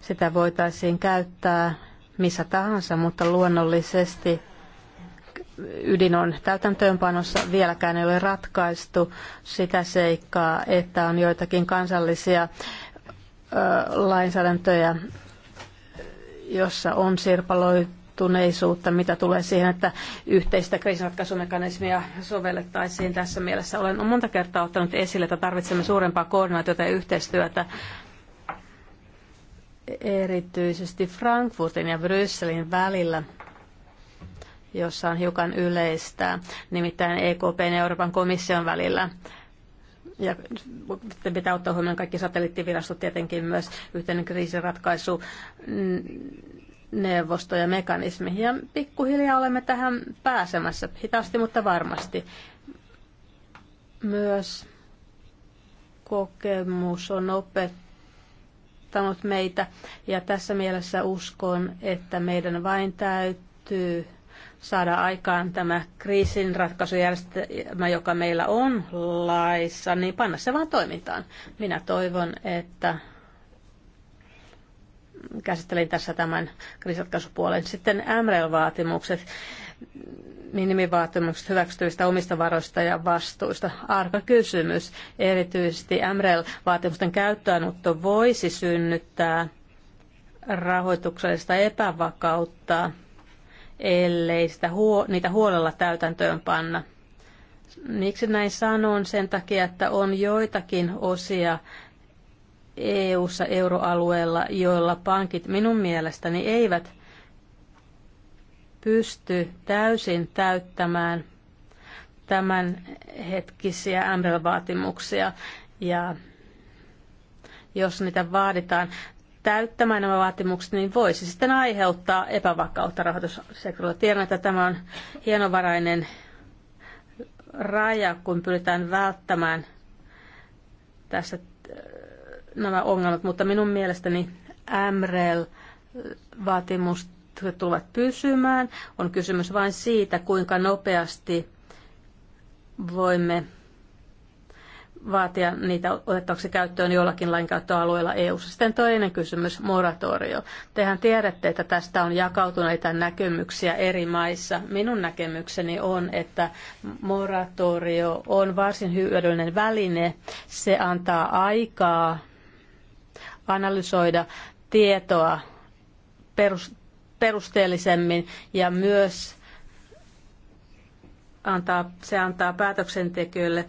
Sitä voitaisiin käyttää missä tahansa, mutta luonnollisesti ydin on täytäntöönpanossa. Vieläkään ei ole ratkaistu sitä seikkaa, että on joitakin kansallisia lainsäädäntöjä jossa on sirpaloituneisuutta, mitä tulee siihen, että yhteistä kriisinratkaisumekanismia sovellettaisiin tässä mielessä. Olen monta kertaa ottanut esille, että tarvitsemme suurempaa koordinaatiota ja yhteistyötä erityisesti Frankfurtin ja Brysselin välillä jossa on hiukan yleistä, nimittäin EKPn ja Euroopan komission välillä ja sitten pitää ottaa huomioon kaikki satelliittivirastot tietenkin myös yhteinen kriisiratkaisu mm, neuvosto ja mekanismi. Ja pikkuhiljaa olemme tähän pääsemässä, hitaasti mutta varmasti. Myös kokemus on opettanut meitä ja tässä mielessä uskon, että meidän vain täytyy saada aikaan tämä kriisinratkaisujärjestelmä, joka meillä on laissa, niin panna se vaan toimintaan. Minä toivon, että käsittelin tässä tämän kriisiratkaisupuolen. Sitten MREL-vaatimukset, minimivaatimukset hyväksytyistä omista varoista ja vastuista. Arka kysymys. Erityisesti MREL-vaatimusten käyttöönotto voisi synnyttää rahoituksellista epävakautta ellei sitä huo, niitä huolella täytäntöön panna. Miksi näin sanon? Sen takia, että on joitakin osia EU-ssa euroalueella, joilla pankit minun mielestäni eivät pysty täysin täyttämään tämän hetkisiä MREL-vaatimuksia ja jos niitä vaaditaan täyttämään nämä vaatimukset, niin voisi sitten aiheuttaa epävakautta rahoitussektorilla. Tiedän, että tämä on hienovarainen raja, kun pyritään välttämään tässä äh, nämä ongelmat, mutta minun mielestäni MREL-vaatimukset tulevat pysymään. On kysymys vain siitä, kuinka nopeasti voimme vaatia niitä otettavaksi käyttöön jollakin lainkäyttöalueella eu -ssa. Sitten toinen kysymys, moratorio. Tehän tiedätte, että tästä on jakautuneita näkemyksiä eri maissa. Minun näkemykseni on, että moratorio on varsin hyödyllinen väline. Se antaa aikaa analysoida tietoa perusteellisemmin ja myös antaa, se antaa päätöksentekijöille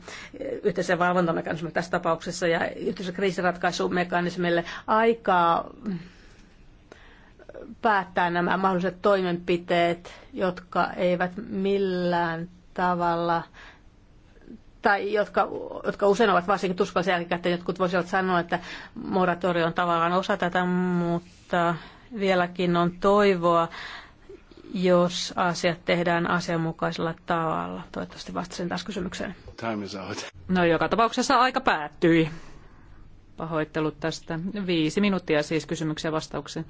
yhteisen valvontamekanismille tässä tapauksessa ja yhteisen kriisiratkaisumekanismille aikaa päättää nämä mahdolliset toimenpiteet, jotka eivät millään tavalla tai jotka, jotka usein ovat varsinkin tuskallisia jälkikäteen. Jotkut voisivat sanoa, että moratorio on tavallaan osa tätä, mutta vieläkin on toivoa jos asiat tehdään asianmukaisella tavalla. Toivottavasti vastasin taas kysymykseen. Time is out. No joka tapauksessa aika päättyi. Pahoittelut tästä. Viisi minuuttia siis kysymyksiä ja vastauksia.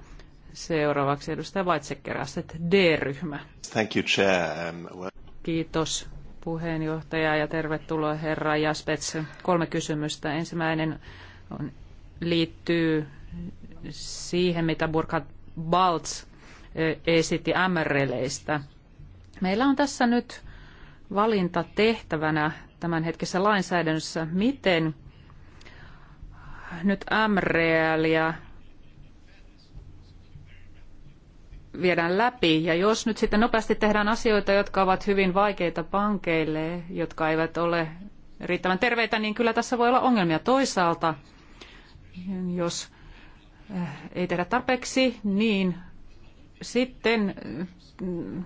Seuraavaksi edustaja Vaitsekeräset, D-ryhmä. Thank you, chair. Um, Kiitos puheenjohtaja ja tervetuloa herra Jaspets. Kolme kysymystä. Ensimmäinen on, liittyy siihen, mitä Burkhard Baltz esitti MRLeistä. Meillä on tässä nyt valinta tehtävänä tämänhetkisessä lainsäädännössä, miten nyt MRLiä viedään läpi. Ja jos nyt sitten nopeasti tehdään asioita, jotka ovat hyvin vaikeita pankeille, jotka eivät ole riittävän terveitä, niin kyllä tässä voi olla ongelmia. Toisaalta, jos eh, ei tehdä tarpeeksi, niin sitten mm,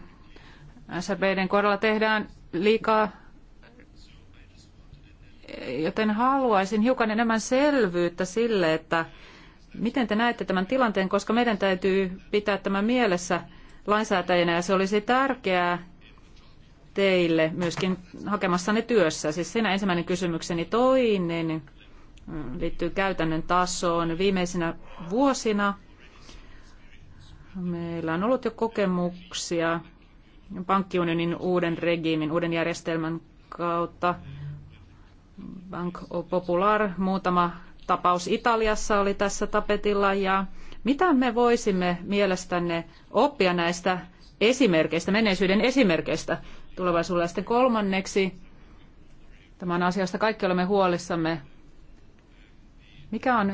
SRBiden kohdalla tehdään liikaa, joten haluaisin hiukan enemmän selvyyttä sille, että miten te näette tämän tilanteen, koska meidän täytyy pitää tämä mielessä lainsäätäjänä ja se olisi tärkeää teille myöskin hakemassanne työssä. Siis siinä ensimmäinen kysymykseni toinen mm, liittyy käytännön tasoon. Viimeisinä vuosina Meillä on ollut jo kokemuksia pankkiunionin uuden regiimin, uuden järjestelmän kautta. Bank Popular, muutama tapaus Italiassa oli tässä tapetilla ja mitä me voisimme mielestänne oppia näistä esimerkeistä, menneisyyden esimerkeistä tulevaisuudelle sitten kolmanneksi? Tämän asiasta kaikki olemme huolissamme. Mikä on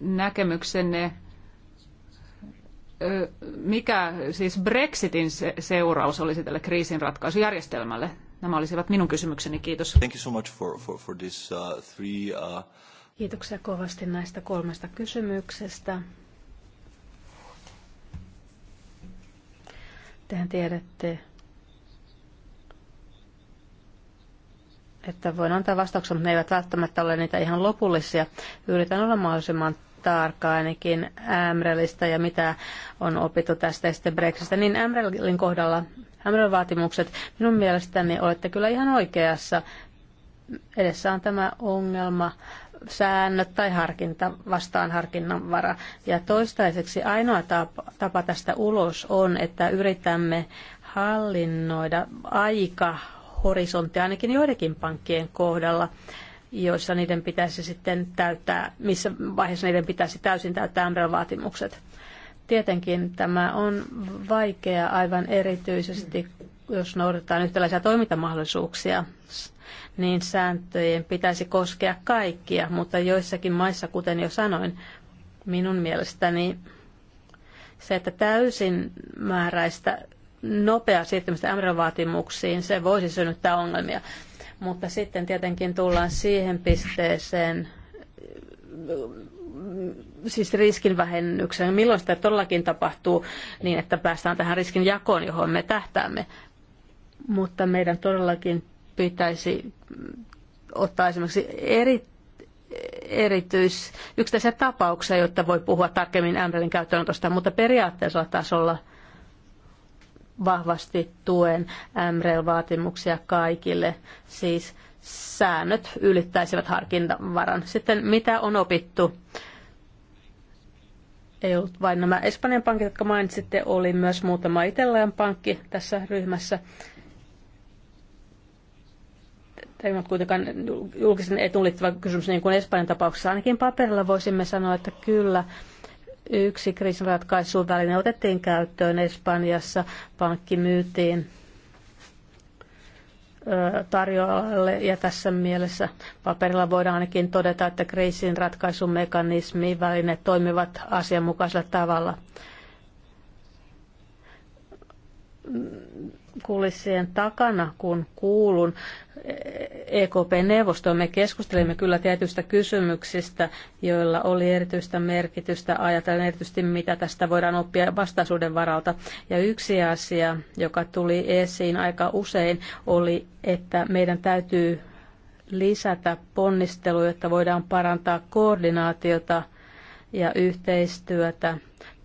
näkemyksenne mikä siis Brexitin seuraus olisi tälle kriisinratkaisujärjestelmälle? Nämä olisivat minun kysymykseni. Kiitos. Thank you so much for, for, for this, uh, three, uh... Kiitoksia kovasti näistä kolmesta kysymyksestä. Tehän tiedätte, että voin antaa vastauksia, mutta ne eivät välttämättä ole niitä ihan lopullisia. Yritän olla mahdollisimman ainakin Amrelista ja mitä on opittu tästä ja sitten Brexistä, niin Amrelin kohdalla Amrelin vaatimukset minun mielestäni olette kyllä ihan oikeassa. Edessä on tämä ongelma, säännöt tai harkinta vastaan harkinnanvara. Ja toistaiseksi ainoa tapa, tapa tästä ulos on, että yritämme hallinnoida aika horisontti ainakin joidenkin pankkien kohdalla joissa niiden pitäisi sitten täyttää, missä vaiheessa niiden pitäisi täysin täyttää MREL-vaatimukset. Tietenkin tämä on vaikea aivan erityisesti, jos noudatetaan yhtäläisiä toimintamahdollisuuksia, niin sääntöjen pitäisi koskea kaikkia, mutta joissakin maissa, kuten jo sanoin, minun mielestäni se, että täysin määräistä nopeaa siirtymistä MREL-vaatimuksiin, se voisi synnyttää ongelmia. Mutta sitten tietenkin tullaan siihen pisteeseen, siis riskin vähennykseen. Milloin sitä todellakin tapahtuu niin, että päästään tähän riskin jakoon, johon me tähtäämme? Mutta meidän todellakin pitäisi ottaa esimerkiksi eri, erityis yksittäisiä tapauksia, jotta voi puhua tarkemmin MRLin käyttöönotosta, mutta periaatteessa tasolla – vahvasti tuen MREL-vaatimuksia kaikille, siis säännöt ylittäisivät harkintavaran. Sitten mitä on opittu? Ei ollut vain nämä Espanjan pankit, jotka mainitsitte, oli myös muutama Italian pankki tässä ryhmässä. Tämä on kuitenkaan julkisen etuun liittyvä kysymys, niin kuin Espanjan tapauksessa. Ainakin paperilla voisimme sanoa, että kyllä, Yksi kriisinratkaisuväline otettiin käyttöön Espanjassa, pankki myytiin tarjoajalle ja tässä mielessä paperilla voidaan ainakin todeta, että kriisin ratkaisumekanismi väline toimivat asianmukaisella tavalla kulissien takana, kun kuulun EKP-neuvostoon. Me keskustelimme kyllä tietyistä kysymyksistä, joilla oli erityistä merkitystä ajatellen erityisesti, mitä tästä voidaan oppia vastaisuuden varalta. Ja yksi asia, joka tuli esiin aika usein, oli, että meidän täytyy lisätä ponnisteluja, jotta voidaan parantaa koordinaatiota ja yhteistyötä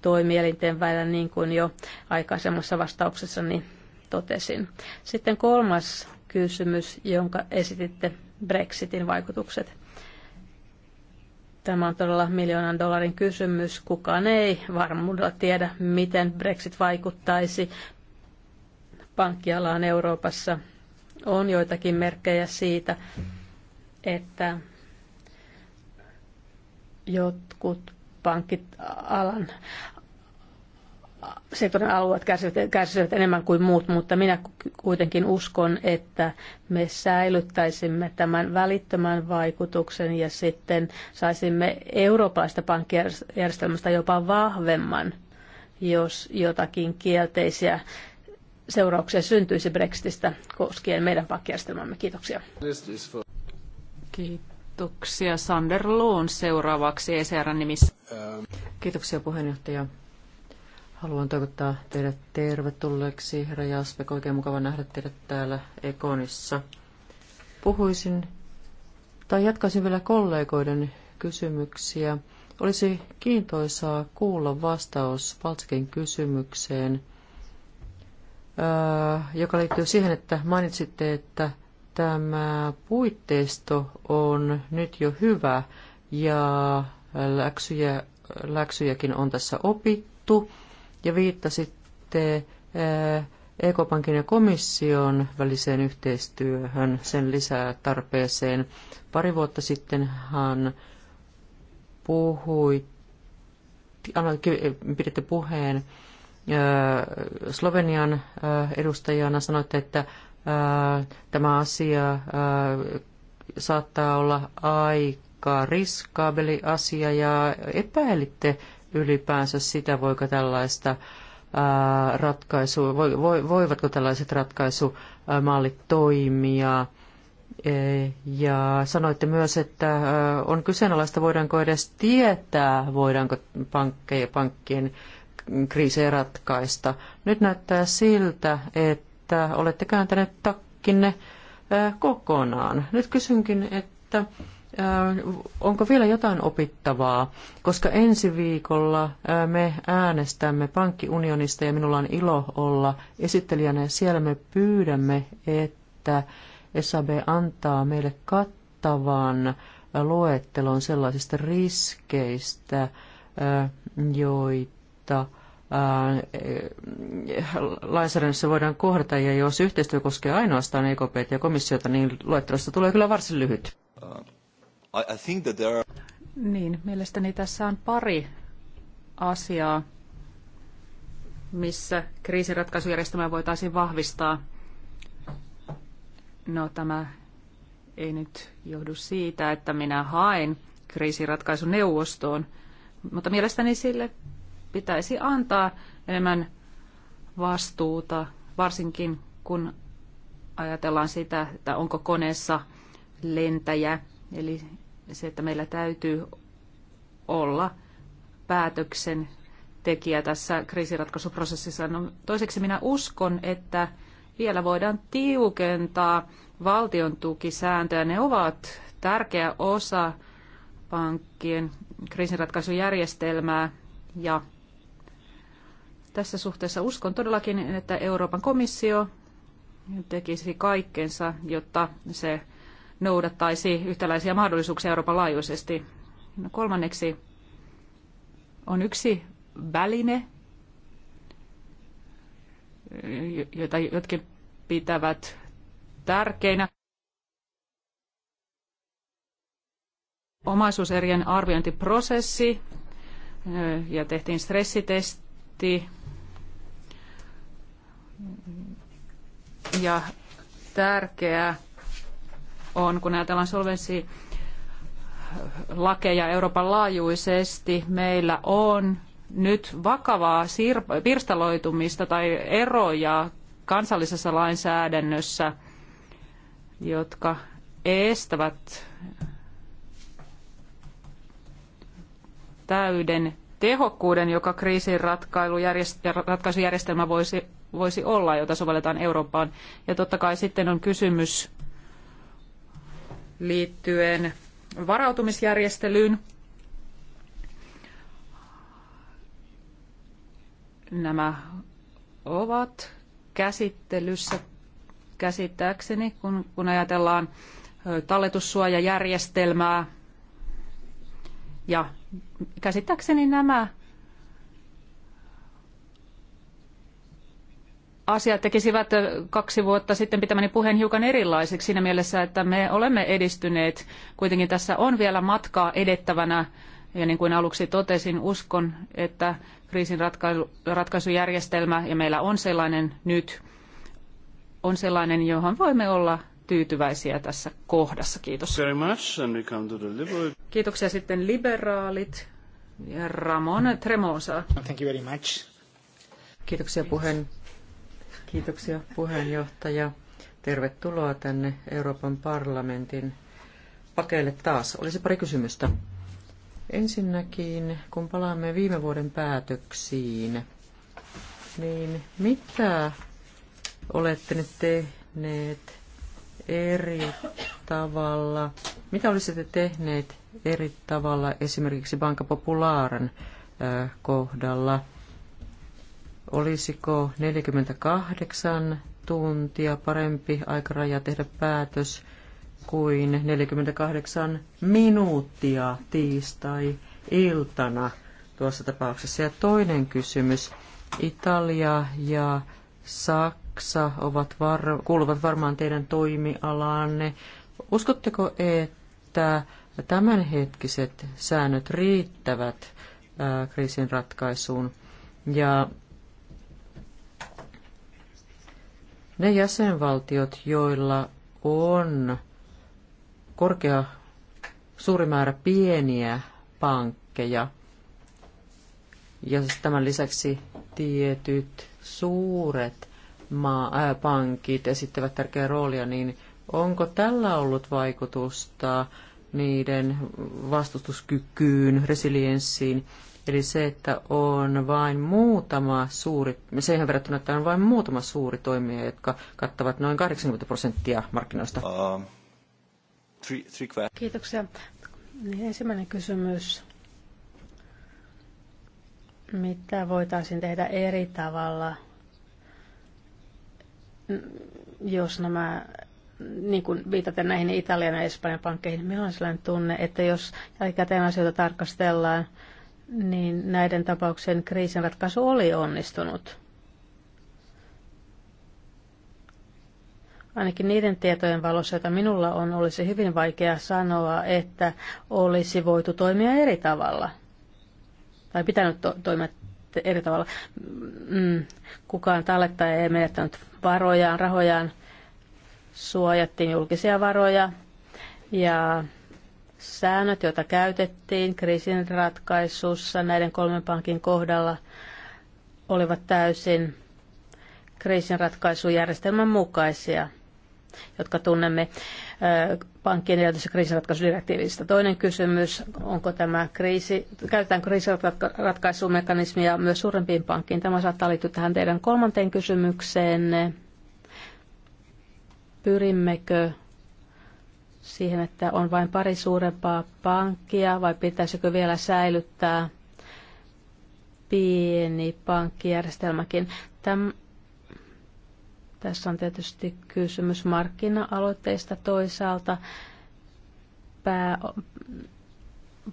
toimielinten välillä, niin kuin jo aikaisemmassa vastauksessani totesin. Sitten kolmas kysymys, jonka esititte, Brexitin vaikutukset. Tämä on todella miljoonan dollarin kysymys. Kukaan ei varmuudella tiedä, miten Brexit vaikuttaisi pankkialaan Euroopassa. On joitakin merkkejä siitä, että jotkut pankit alan sektorin alueet kärsivät, kärsivät enemmän kuin muut, mutta minä kuitenkin uskon, että me säilyttäisimme tämän välittömän vaikutuksen ja sitten saisimme eurooppalaista pankkijärjestelmästä jopa vahvemman, jos jotakin kielteisiä seurauksia syntyisi Brexitistä koskien meidän pankkijärjestelmämme. Kiitoksia. Kiitoksia. Sander Loon seuraavaksi ECRn nimissä. Kiitoksia puheenjohtaja. Haluan toivottaa teidät tervetulleeksi, herra Jaspe. Oikein mukava nähdä teidät täällä Ekonissa. Puhuisin tai jatkaisin vielä kollegoiden kysymyksiä. Olisi kiintoisaa kuulla vastaus Valtsikin kysymykseen, öö, joka liittyy siihen, että mainitsitte, että tämä puitteisto on nyt jo hyvä ja läksyjä, läksyjäkin on tässä opittu ja viittasitte EK-pankin eh, e ja komission väliseen yhteistyöhön, sen lisätarpeeseen. Pari vuotta hän puhui, piditte puheen eh, Slovenian eh, edustajana, sanoitte, että tämä asia saattaa olla aika riskaabeli asia ja epäilitte ylipäänsä sitä, voiko tällaista ratkaisu, voivatko tällaiset ratkaisumallit toimia. E, ja sanoitte myös, että on kyseenalaista, voidaanko edes tietää, voidaanko pankkien kriisejä ratkaista. Nyt näyttää siltä, että olette kääntäneet takkinne kokonaan. Nyt kysynkin, että Äh, onko vielä jotain opittavaa, koska ensi viikolla äh, me äänestämme pankkiunionista ja minulla on ilo olla esittelijänä siellä me pyydämme, että SAB antaa meille kattavan äh, luettelon sellaisista riskeistä, joita lainsäädännössä voidaan kohdata, ja jos yhteistyö koskee ainoastaan EKP ja komissiota, niin luettelosta tulee kyllä varsin lyhyt. I, I think that there are... Niin, mielestäni tässä on pari asiaa, missä kriisiratkaisujärjestelmää voitaisiin vahvistaa. No tämä ei nyt johdu siitä, että minä haen kriisiratkaisuneuvostoon, mutta mielestäni sille pitäisi antaa enemmän vastuuta, varsinkin kun ajatellaan sitä, että onko koneessa lentäjä Eli se, että meillä täytyy olla päätöksen tekijä tässä kriisiratkaisuprosessissa. No, toiseksi minä uskon, että vielä voidaan tiukentaa valtion tukisääntöjä. Ne ovat tärkeä osa pankkien kriisinratkaisujärjestelmää ja tässä suhteessa uskon todellakin, että Euroopan komissio tekisi kaikkensa, jotta se noudattaisi yhtäläisiä mahdollisuuksia Euroopan laajuisesti. No kolmanneksi on yksi väline, jota jotkin pitävät tärkeinä. Omaisuuserien arviointiprosessi ja tehtiin stressitesti ja tärkeää on, kun ajatellaan solvenssi lakeja Euroopan laajuisesti, meillä on nyt vakavaa sir- pirstaloitumista tai eroja kansallisessa lainsäädännössä, jotka estävät täyden tehokkuuden, joka kriisin ratkaisujärjestelmä voisi, voisi olla, jota sovelletaan Eurooppaan. Ja totta kai sitten on kysymys liittyen varautumisjärjestelyyn. Nämä ovat käsittelyssä käsittääkseni, kun, kun ajatellaan talletussuojajärjestelmää. Ja käsittääkseni nämä asiat tekisivät kaksi vuotta sitten pitämäni puheen hiukan erilaiseksi siinä mielessä, että me olemme edistyneet. Kuitenkin tässä on vielä matkaa edettävänä ja niin kuin aluksi totesin, uskon, että kriisin ratkaisujärjestelmä, ja meillä on sellainen nyt, on sellainen, johon voimme olla tyytyväisiä tässä kohdassa. Kiitos. Kiitoksia sitten liberaalit ja Ramon Tremosa. Thank you very much. Kiitoksia puheen Kiitoksia puheenjohtaja. Tervetuloa tänne Euroopan parlamentin pakeille taas. Olisi pari kysymystä. Ensinnäkin, kun palaamme viime vuoden päätöksiin, niin mitä olette nyt tehneet eri tavalla? Mitä olisitte tehneet eri tavalla esimerkiksi Banka Popularan äh, kohdalla? Olisiko 48 tuntia parempi aikaraja tehdä päätös kuin 48 minuuttia tiistai-iltana tuossa tapauksessa? Ja toinen kysymys. Italia ja Saksa ovat var- kuuluvat varmaan teidän toimialaanne. Uskotteko, että tämänhetkiset säännöt riittävät kriisin ratkaisuun? Ja Ne jäsenvaltiot, joilla on korkea suuri määrä pieniä pankkeja ja tämän lisäksi tietyt suuret maa, ää, pankit esittävät tärkeää roolia, niin onko tällä ollut vaikutusta niiden vastustuskykyyn, resilienssiin Eli se, että on vain muutama suuri, sehän verrattuna, että on vain muutama suuri toimija, jotka kattavat noin 80 prosenttia markkinoista. Um, three, three Kiitoksia. Niin, ensimmäinen kysymys. Mitä voitaisiin tehdä eri tavalla, jos nämä niin kuin viitaten näihin Italian ja Espanjan pankkeihin, minulla on sellainen tunne, että jos jälkikäteen asioita tarkastellaan, niin näiden tapauksen kriisinratkaisu oli onnistunut. Ainakin niiden tietojen valossa, joita minulla on, olisi hyvin vaikea sanoa, että olisi voitu toimia eri tavalla. Tai pitänyt to- toimia eri tavalla. Mm, kukaan tallettaja ei menettänyt varojaan, rahojaan. Suojattiin julkisia varoja ja Säännöt, joita käytettiin kriisin ratkaisussa näiden kolmen pankin kohdalla, olivat täysin kriisinratkaisujärjestelmän mukaisia, jotka tunnemme pankkien edellisestä kriisinratkaisudirektiivistä. Toinen kysymys, onko tämä kriisi, käytetäänkö kriisinratkaisumekanismia myös suurempiin pankkiin? Tämä saattaa liittyä tähän teidän kolmanteen kysymykseenne. Pyrimmekö siihen, että on vain pari suurempaa pankkia vai pitäisikö vielä säilyttää pieni pankkijärjestelmäkin? Täm, tässä on tietysti kysymys markkina-aloitteista toisaalta, pää,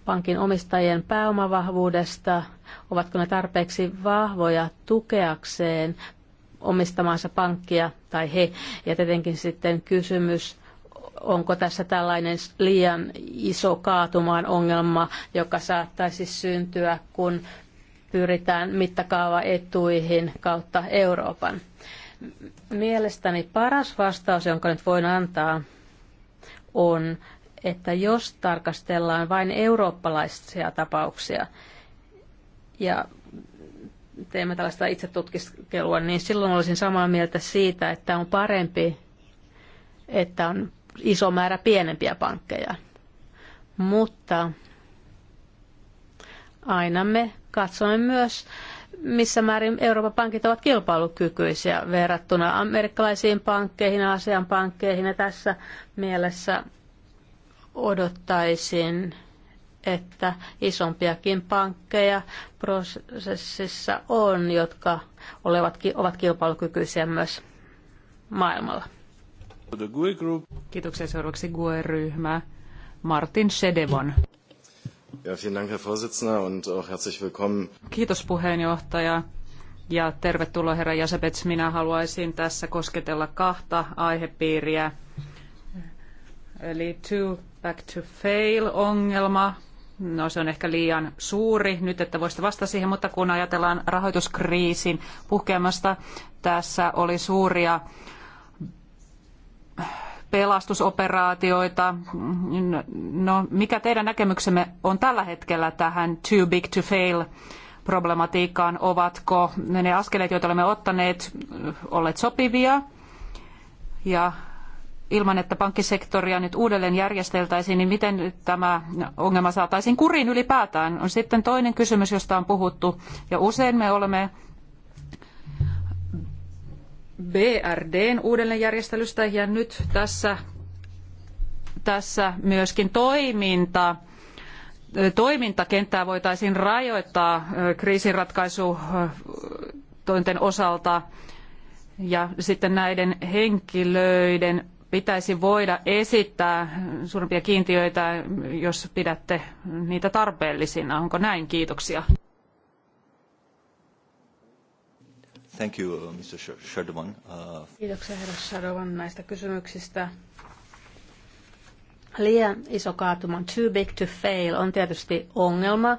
pankin omistajien pääomavahvuudesta, ovatko ne tarpeeksi vahvoja tukeakseen omistamaansa pankkia tai he. Ja tietenkin sitten kysymys onko tässä tällainen liian iso kaatumaan ongelma, joka saattaisi syntyä, kun pyritään mittakaavaetuihin kautta Euroopan. Mielestäni paras vastaus, jonka nyt voin antaa, on, että jos tarkastellaan vain eurooppalaisia tapauksia ja teemme tällaista itsetutkiskelua, niin silloin olisin samaa mieltä siitä, että on parempi, että on iso määrä pienempiä pankkeja. Mutta aina me katsomme myös, missä määrin Euroopan pankit ovat kilpailukykyisiä verrattuna amerikkalaisiin pankkeihin, Aasian pankkeihin. Ja tässä mielessä odottaisin, että isompiakin pankkeja prosessissa on, jotka olevat, ovat kilpailukykyisiä myös maailmalla. The GUE Group. Kiitoksia seuraavaksi GUE-ryhmä. Martin Shedevon. Ja, vielen Dank, Herr Vorsitzender, und auch herzlich willkommen. Kiitos puheenjohtaja. Ja tervetuloa herra Jasepets. Minä haluaisin tässä kosketella kahta aihepiiriä. Eli two back to fail ongelma. No se on ehkä liian suuri nyt, että voisitte vastata siihen, mutta kun ajatellaan rahoituskriisin puhkeamasta, tässä oli suuria pelastusoperaatioita. No, mikä teidän näkemyksemme on tällä hetkellä tähän too big to fail problematiikkaan? Ovatko ne askeleet, joita olemme ottaneet, olleet sopivia? Ja ilman, että pankkisektoria nyt uudelleen järjesteltäisiin, niin miten tämä ongelma saataisiin kuriin ylipäätään? On sitten toinen kysymys, josta on puhuttu, ja usein me olemme BRDn uudelleenjärjestelystä ja nyt tässä, tässä myöskin toiminta, toimintakenttää voitaisiin rajoittaa kriisinratkaisutointen osalta ja sitten näiden henkilöiden pitäisi voida esittää suurempia kiintiöitä, jos pidätte niitä tarpeellisina. Onko näin? Kiitoksia. Thank you, uh, Mr. Uh, Kiitoksia, herra näistä kysymyksistä. Liian iso kaatuma, too big to fail, on tietysti ongelma,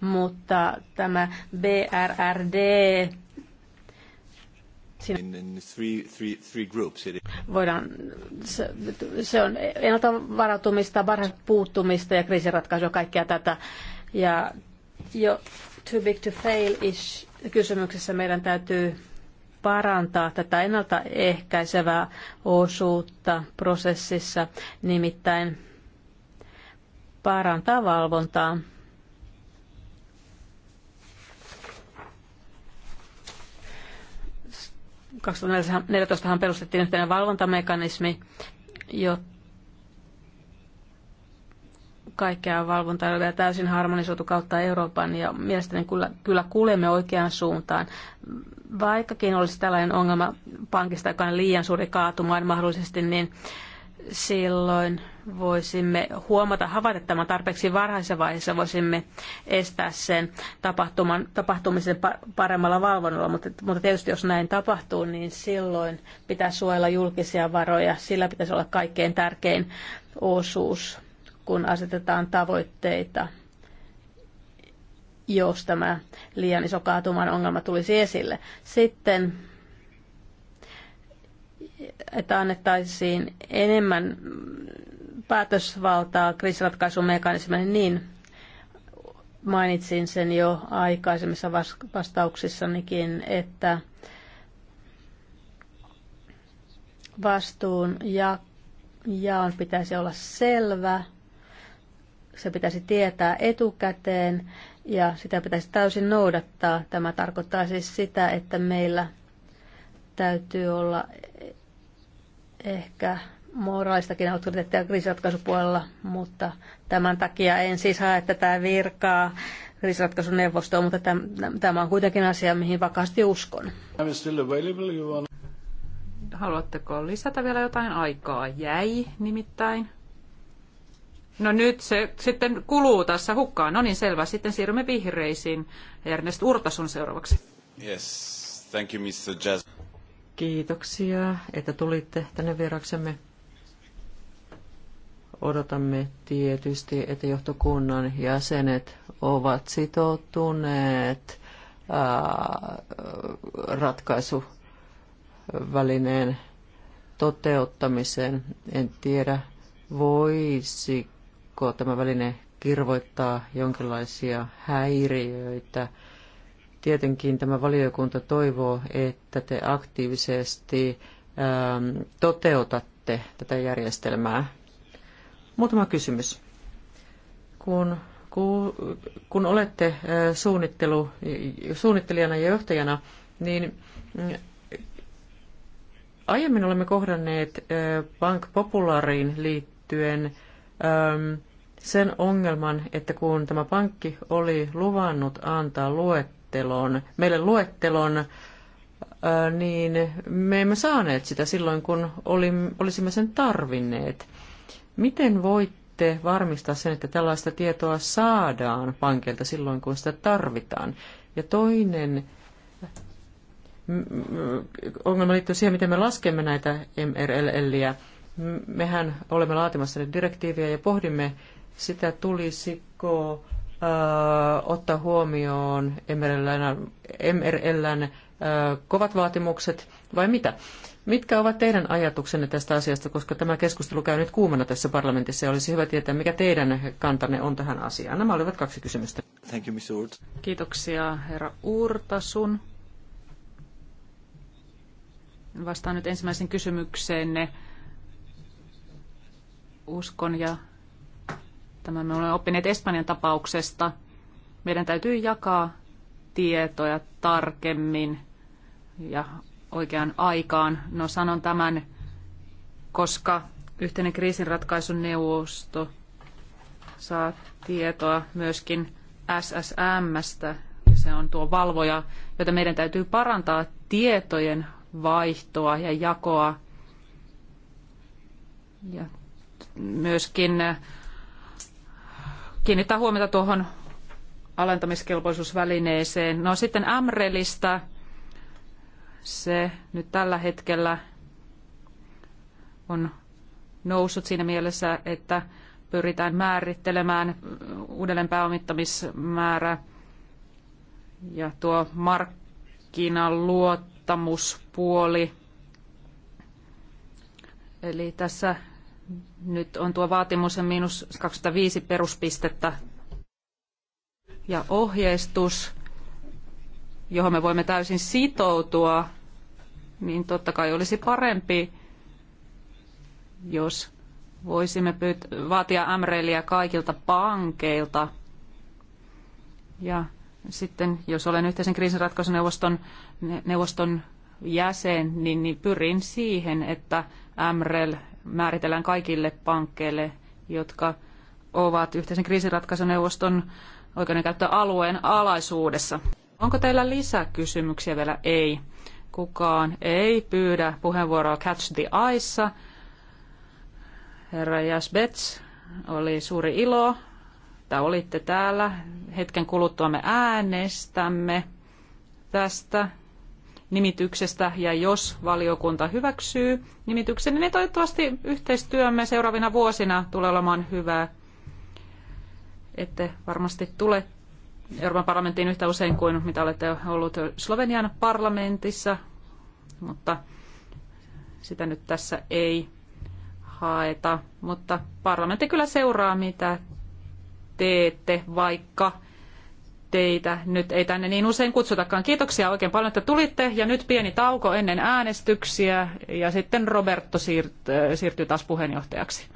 mutta tämä BRRD Siinä in, three, three, three groups. Voidaan, se, se on ennalta varautumista, varhaista puuttumista ja kriisiratkaisua, kaikkea tätä. Ja jo too big to fail is kysymyksessä meidän täytyy parantaa tätä ennaltaehkäisevää osuutta prosessissa, nimittäin parantaa valvontaa. 2014 perustettiin yhteinen valvontamekanismi, jotta kaikkea valvontaa ja ole täysin harmonisoitu kautta Euroopan ja mielestäni kyllä, kyllä kuljemme oikeaan suuntaan. Vaikkakin olisi tällainen ongelma pankista, joka on liian suuri kaatumaan mahdollisesti, niin silloin voisimme huomata, havaita tämän tarpeeksi varhaisessa vaiheessa, voisimme estää sen tapahtuman, tapahtumisen paremmalla valvonnalla, mutta, mutta tietysti jos näin tapahtuu, niin silloin pitää suojella julkisia varoja, sillä pitäisi olla kaikkein tärkein osuus kun asetetaan tavoitteita, jos tämä liian iso kaatuman ongelma tulisi esille. Sitten että annettaisiin enemmän päätösvaltaa kriisiratkaisumekanismille, niin mainitsin sen jo aikaisemmissa vastauksissanikin, että vastuun ja jaon pitäisi olla selvä se pitäisi tietää etukäteen ja sitä pitäisi täysin noudattaa. Tämä tarkoittaa siis sitä, että meillä täytyy olla ehkä moraalistakin autoriteettia kriisiratkaisupuolella, mutta tämän takia en siis hae tätä virkaa kriisiratkaisuneuvostoon, mutta tämä on kuitenkin asia, mihin vakaasti uskon. Haluatteko lisätä vielä jotain aikaa? Jäi nimittäin. No nyt se sitten kuluu tässä hukkaan. No niin, selvä. Sitten siirrymme vihreisiin. Ernest on seuraavaksi. Yes, thank you, Mr. Jazz. Kiitoksia, että tulitte tänne vieraksemme. Odotamme tietysti, että johtokunnan jäsenet ovat sitoutuneet ää, ratkaisuvälineen toteuttamiseen. En tiedä, voisi pakko tämä väline kirvoittaa jonkinlaisia häiriöitä. Tietenkin tämä valiokunta toivoo, että te aktiivisesti ähm, toteutatte tätä järjestelmää. Muutama kysymys. Kun, kun olette äh, suunnittelu, suunnittelijana ja johtajana, niin äh, aiemmin olemme kohdanneet äh, Bank Popularin liittyen – sen ongelman, että kun tämä pankki oli luvannut antaa luettelon, meille luettelon, niin me emme saaneet sitä silloin, kun olisimme sen tarvinneet. Miten voitte varmistaa sen, että tällaista tietoa saadaan pankilta silloin, kun sitä tarvitaan? Ja toinen ongelma liittyy siihen, miten me laskemme näitä MRLLiä mehän olemme laatimassa direktiiviä ja pohdimme sitä, tulisiko äh, ottaa huomioon MRLn, äh, kovat vaatimukset vai mitä? Mitkä ovat teidän ajatuksenne tästä asiasta, koska tämä keskustelu käy nyt kuumana tässä parlamentissa ja olisi hyvä tietää, mikä teidän kantanne on tähän asiaan. Nämä olivat kaksi kysymystä. Thank you, Mr. Urt. Kiitoksia, herra Urtasun. Vastaan nyt ensimmäisen kysymykseenne uskon ja tämän me olemme oppineet Espanjan tapauksesta. Meidän täytyy jakaa tietoja tarkemmin ja oikeaan aikaan. No sanon tämän, koska yhteinen neuvosto saa tietoa myöskin SSMstä, ja se on tuo valvoja, jota meidän täytyy parantaa tietojen vaihtoa ja jakoa. Ja myöskin äh, kiinnittää huomiota tuohon alentamiskelpoisuusvälineeseen. No sitten Amrelista se nyt tällä hetkellä on noussut siinä mielessä, että pyritään määrittelemään uudelleen pääomittamismäärä ja tuo markkinan luottamuspuoli. Eli tässä nyt on tuo vaatimus ja miinus 25 peruspistettä ja ohjeistus, johon me voimme täysin sitoutua, niin totta kai olisi parempi, jos voisimme pyyt- vaatia MRLiä kaikilta pankeilta. Ja sitten, jos olen yhteisen kriisinratkaisuneuvoston neuvoston jäsen, niin, niin pyrin siihen, että MREL määritellään kaikille pankkeille, jotka ovat yhteisen kriisinratkaisuneuvoston oikeudenkäyttöalueen alaisuudessa. Onko teillä lisäkysymyksiä vielä? Ei. Kukaan ei pyydä puheenvuoroa Catch the Eyeissa. Herra Jasbets, oli suuri ilo, että olitte täällä. Hetken kuluttua me äänestämme tästä nimityksestä ja jos valiokunta hyväksyy nimityksen, niin toivottavasti yhteistyömme seuraavina vuosina tulee olemaan hyvää. Ette varmasti tule Euroopan parlamenttiin yhtä usein kuin mitä olette ollut Slovenian parlamentissa, mutta sitä nyt tässä ei haeta. Mutta parlamentti kyllä seuraa, mitä teette, vaikka teitä nyt ei tänne niin usein kutsutakaan. Kiitoksia oikein paljon, että tulitte. Ja nyt pieni tauko ennen äänestyksiä ja sitten Roberto äh, siirtyy taas puheenjohtajaksi.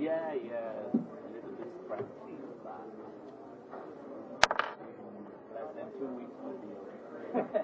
Yeah, yeah. A little bit scratchy, but less than two weeks will be [laughs]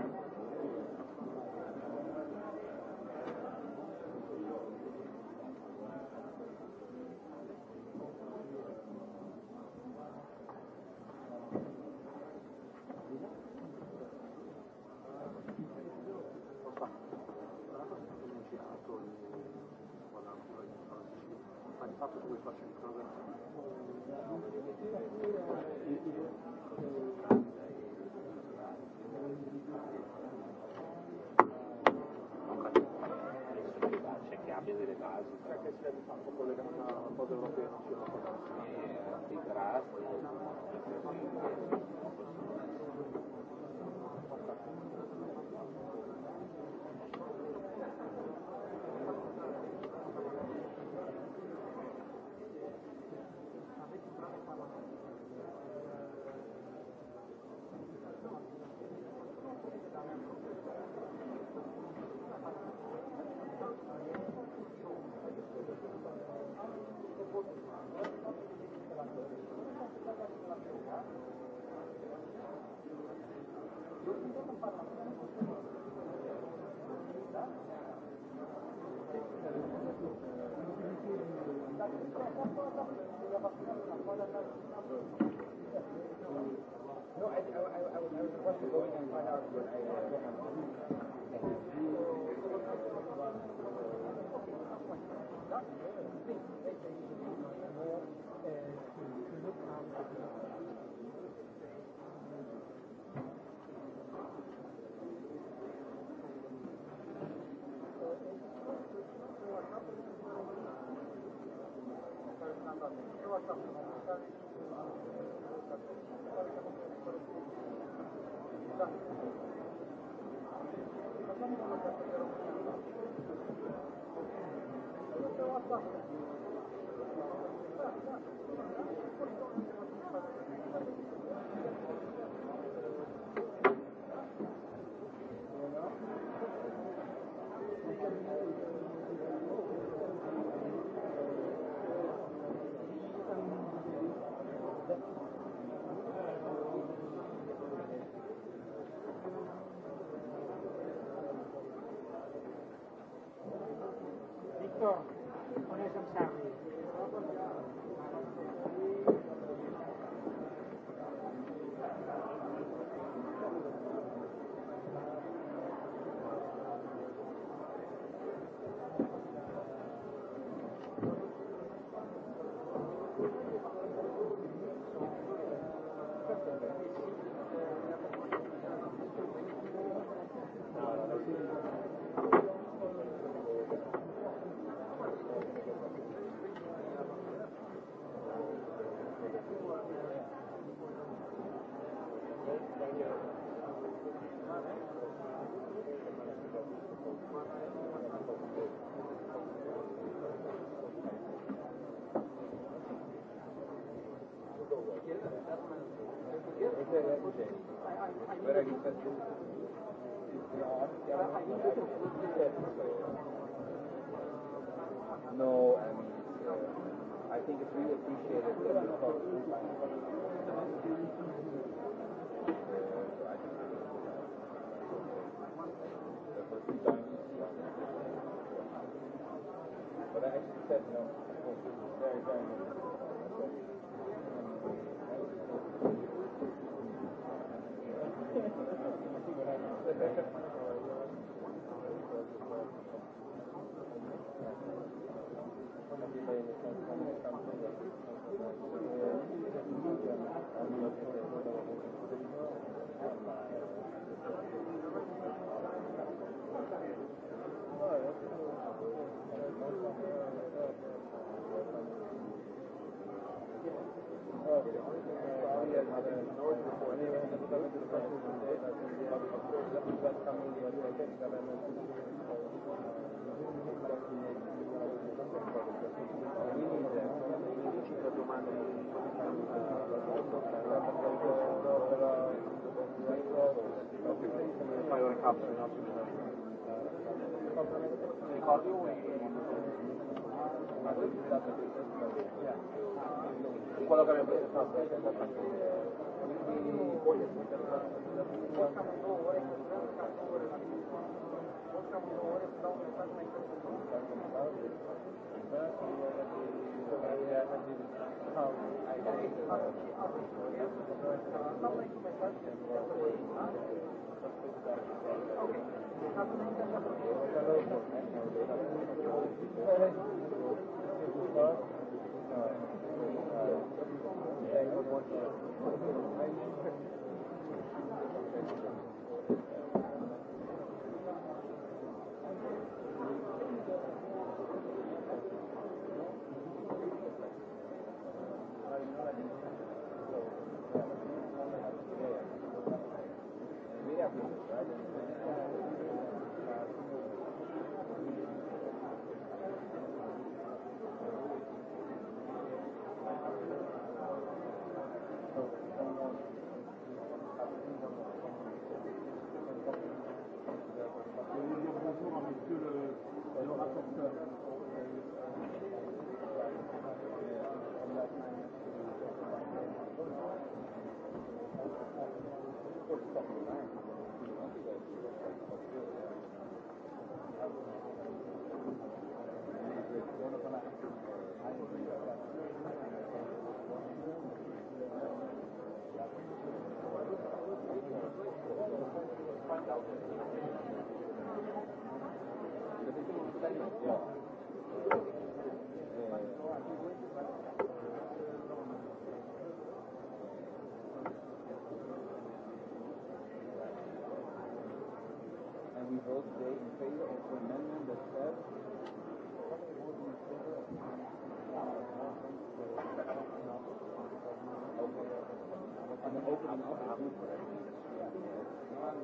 No, I, I, I, I was, I was the question going and find out what I, what I No, I mean, uh, I think it's really appreciated that you But I actually said no. Very, very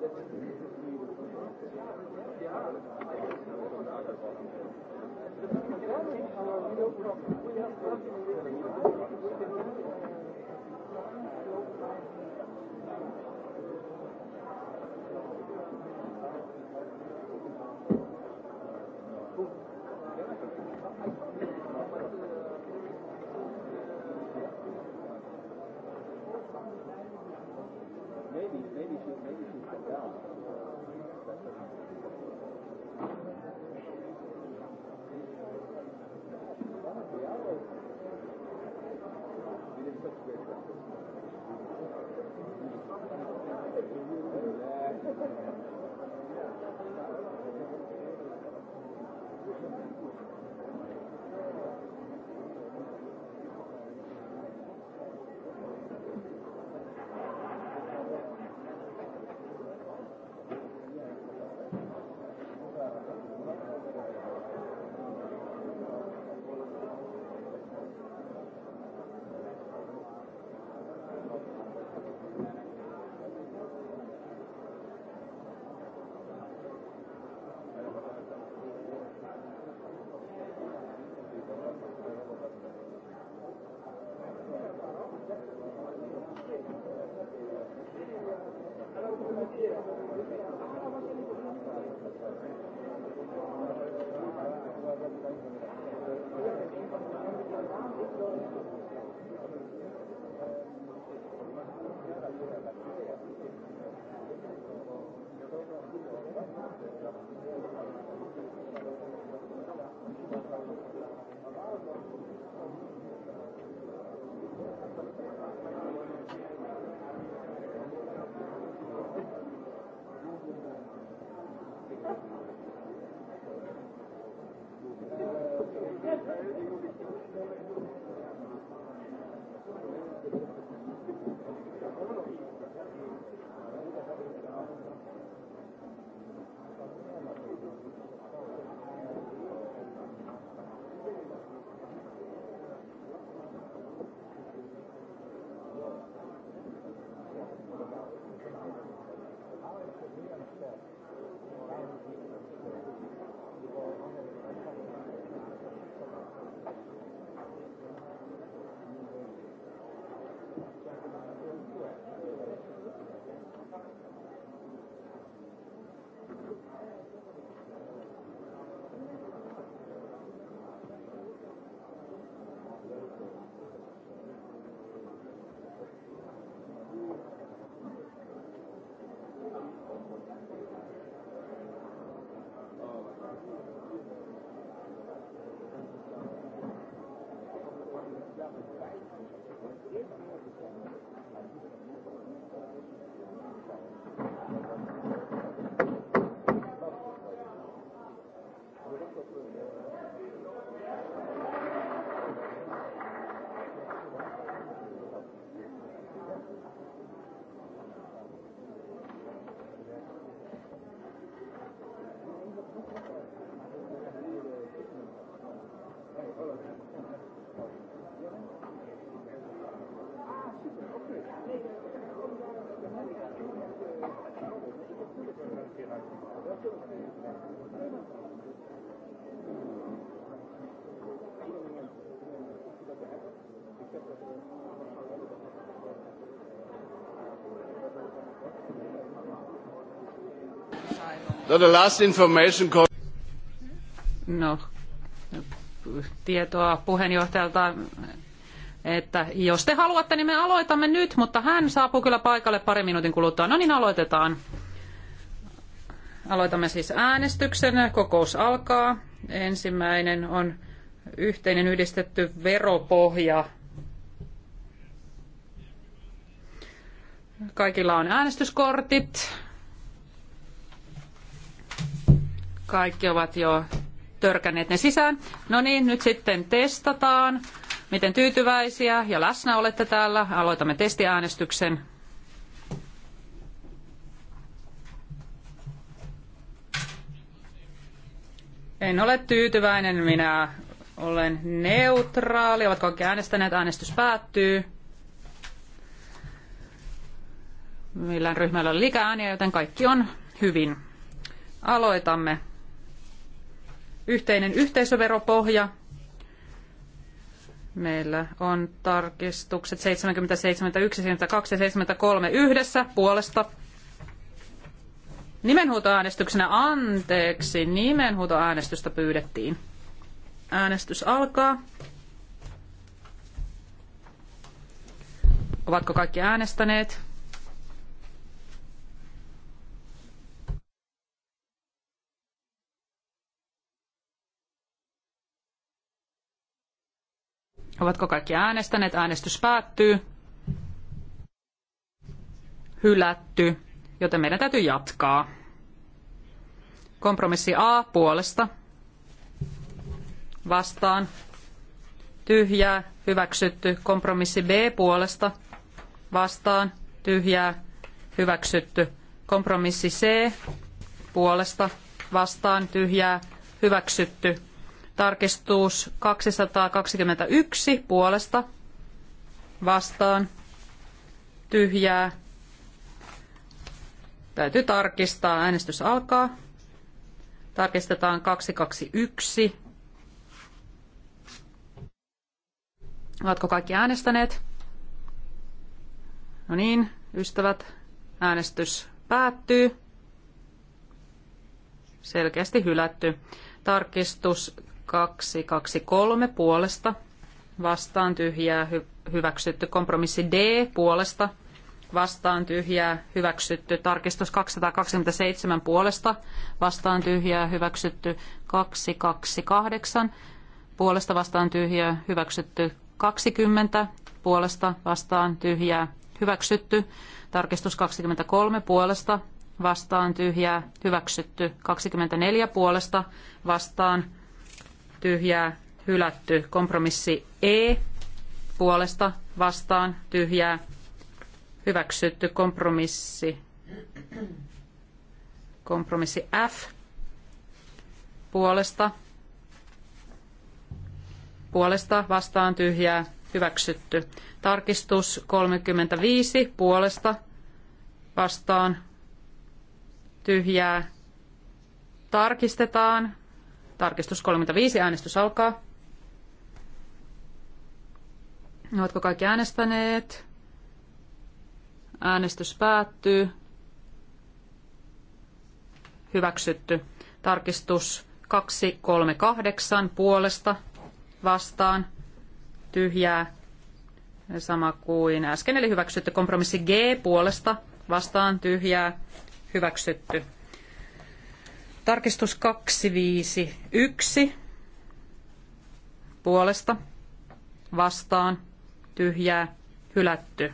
Thank you. No, the last information... No, tietoa puheenjohtajalta, että jos te haluatte, niin me aloitamme nyt, mutta hän saapuu kyllä paikalle pari minuutin kuluttua. No niin, aloitetaan. Aloitamme siis äänestyksen. Kokous alkaa. Ensimmäinen on yhteinen yhdistetty veropohja. Kaikilla on äänestyskortit. Kaikki ovat jo törkänneet ne sisään. No niin, nyt sitten testataan, miten tyytyväisiä ja läsnä olette täällä. Aloitamme testiäänestyksen. En ole tyytyväinen, minä olen neutraali. Ovatko kaikki äänestäneet, äänestys päättyy. Millään ryhmällä on liikaa ääniä, joten kaikki on hyvin. Aloitamme yhteinen yhteisöveropohja. Meillä on tarkistukset 70, 71, 72 ja 73 yhdessä puolesta. Nimenhuutoäänestyksenä, anteeksi, nimenhuutoäänestystä pyydettiin. Äänestys alkaa. Ovatko kaikki äänestäneet? Ovatko kaikki äänestäneet? Äänestys päättyy. Hylätty, joten meidän täytyy jatkaa. Kompromissi A puolesta. Vastaan. Tyhjää. Hyväksytty. Kompromissi B puolesta. Vastaan. Tyhjää. Hyväksytty. Kompromissi C puolesta. Vastaan. Tyhjää. Hyväksytty. Tarkistus 221 puolesta vastaan tyhjää. Täytyy tarkistaa. Äänestys alkaa. Tarkistetaan 221. Ovatko kaikki äänestäneet? No niin, ystävät, äänestys päättyy. Selkeästi hylätty. Tarkistus kaksi kaksi kolme puolesta vastaan tyhjää hy- hyväksytty. Kompromissi D puolesta vastaan tyhjää hyväksytty. Tarkistus 227 puolesta vastaan tyhjää hyväksytty. 228 puolesta vastaan tyhjää hyväksytty. 20 puolesta vastaan tyhjää hyväksytty. Tarkistus 23 puolesta vastaan tyhjää hyväksytty. 24 puolesta vastaan tyhjää, hylätty. Kompromissi E puolesta vastaan tyhjää, hyväksytty. Kompromissi kompromissi F puolesta puolesta vastaan tyhjää hyväksytty. Tarkistus 35 puolesta vastaan tyhjää tarkistetaan Tarkistus 35. Äänestys alkaa. Oletko kaikki äänestäneet? Äänestys päättyy. Hyväksytty. Tarkistus 238 puolesta vastaan tyhjää sama kuin äsken, eli hyväksytty kompromissi G puolesta vastaan tyhjää hyväksytty. Tarkistus 251 puolesta vastaan tyhjää hylätty.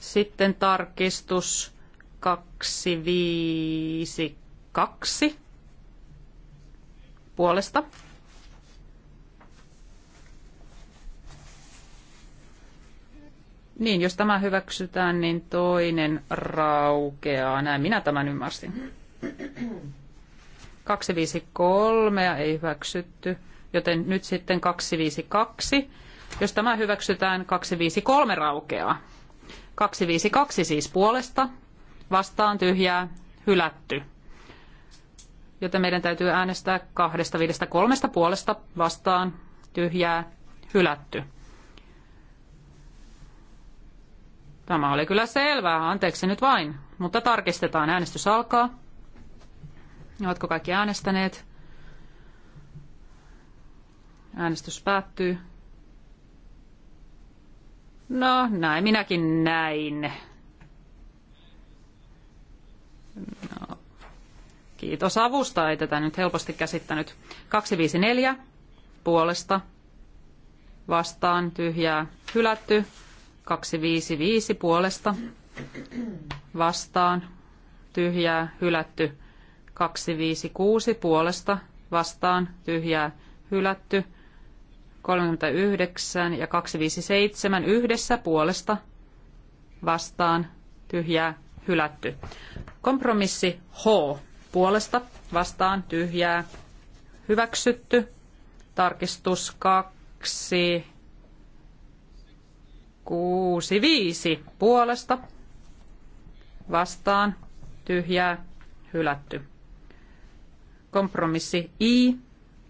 Sitten tarkistus 252 puolesta. Niin, jos tämä hyväksytään, niin toinen raukeaa. Näin minä tämän ymmärsin. 253 ei hyväksytty, joten nyt sitten 252. Jos tämä hyväksytään, 253 raukeaa. 252 siis puolesta, vastaan tyhjää, hylätty. Joten meidän täytyy äänestää kahdesta viidestä kolmesta puolesta vastaan tyhjää hylätty. Tämä oli kyllä selvää, anteeksi nyt vain, mutta tarkistetaan. Äänestys alkaa. Ovatko kaikki äänestäneet? Äänestys päättyy. No, näin minäkin näin. No, kiitos avusta, ei tätä nyt helposti käsittänyt. 254 puolesta vastaan tyhjää hylätty. 255 puolesta vastaan tyhjää hylätty. 256 puolesta vastaan tyhjää hylätty. 39 ja 257 yhdessä puolesta vastaan tyhjää hylätty. Kompromissi H puolesta vastaan tyhjää hyväksytty. Tarkistus 2 6 5 puolesta vastaan tyhjää hylätty. Kompromissi I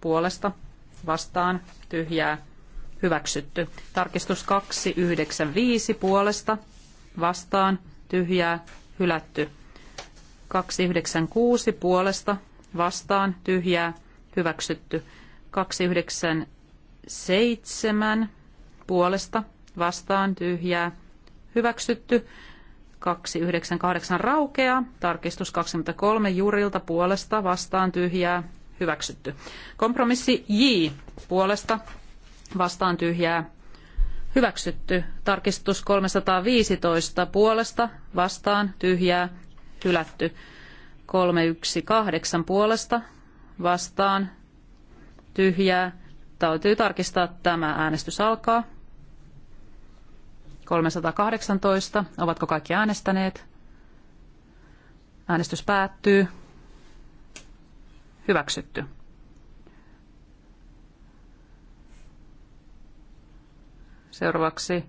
puolesta vastaan tyhjää hyväksytty. Tarkistus 295 puolesta vastaan tyhjää hylätty. 296 puolesta vastaan tyhjää hyväksytty. 297 puolesta vastaan tyhjää hyväksytty. 298 raukeaa. Tarkistus 23 jurilta puolesta vastaan tyhjää hyväksytty. Kompromissi J puolesta vastaan tyhjää hyväksytty. Tarkistus 315 puolesta vastaan tyhjää hylätty. 318 puolesta vastaan tyhjää. Täytyy tarkistaa tämä äänestys alkaa. 318. Ovatko kaikki äänestäneet? Äänestys päättyy. Hyväksytty. Seuraavaksi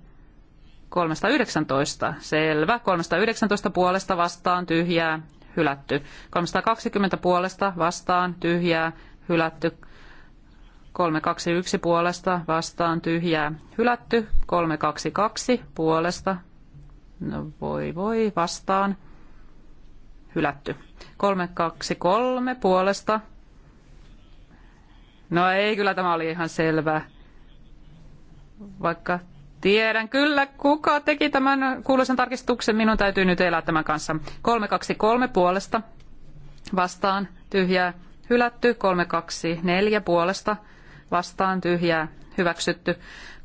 319. Selvä. 319 puolesta vastaan tyhjää, hylätty. 320 puolesta vastaan tyhjää, hylätty. 321 puolesta vastaan tyhjää hylätty. 322 puolesta. No voi voi vastaan hylätty. 323 puolesta. No ei, kyllä tämä oli ihan selvää Vaikka tiedän kyllä, kuka teki tämän kuuluisen tarkistuksen, minun täytyy nyt elää tämän kanssa. 323 puolesta vastaan tyhjää hylätty, 324 puolesta vastaan tyhjää hyväksytty.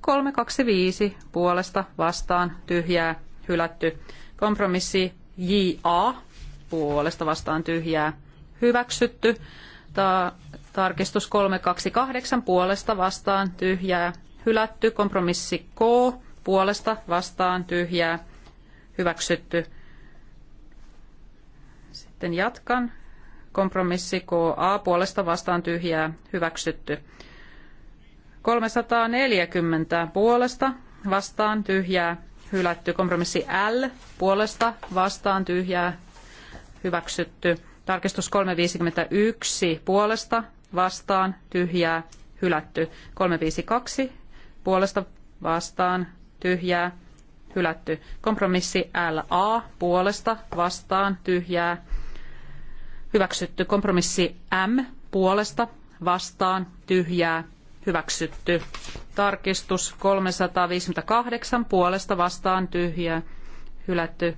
325 puolesta vastaan tyhjää hylätty. Kompromissi JA puolesta vastaan tyhjää hyväksytty. Ta- tarkistus 328 puolesta vastaan tyhjää hylätty. Kompromissi K puolesta vastaan tyhjää hyväksytty. Sitten jatkan. Kompromissi KA puolesta vastaan tyhjää hyväksytty. 340 puolesta vastaan tyhjää hylätty. Kompromissi L puolesta vastaan tyhjää hyväksytty. Tarkistus 351 puolesta vastaan tyhjää hylätty. 352 puolesta vastaan tyhjää hylätty. Kompromissi LA puolesta vastaan tyhjää hyväksytty. Kompromissi M puolesta vastaan tyhjää hyväksytty. Tarkistus 358 puolesta vastaan tyhjää, hylätty.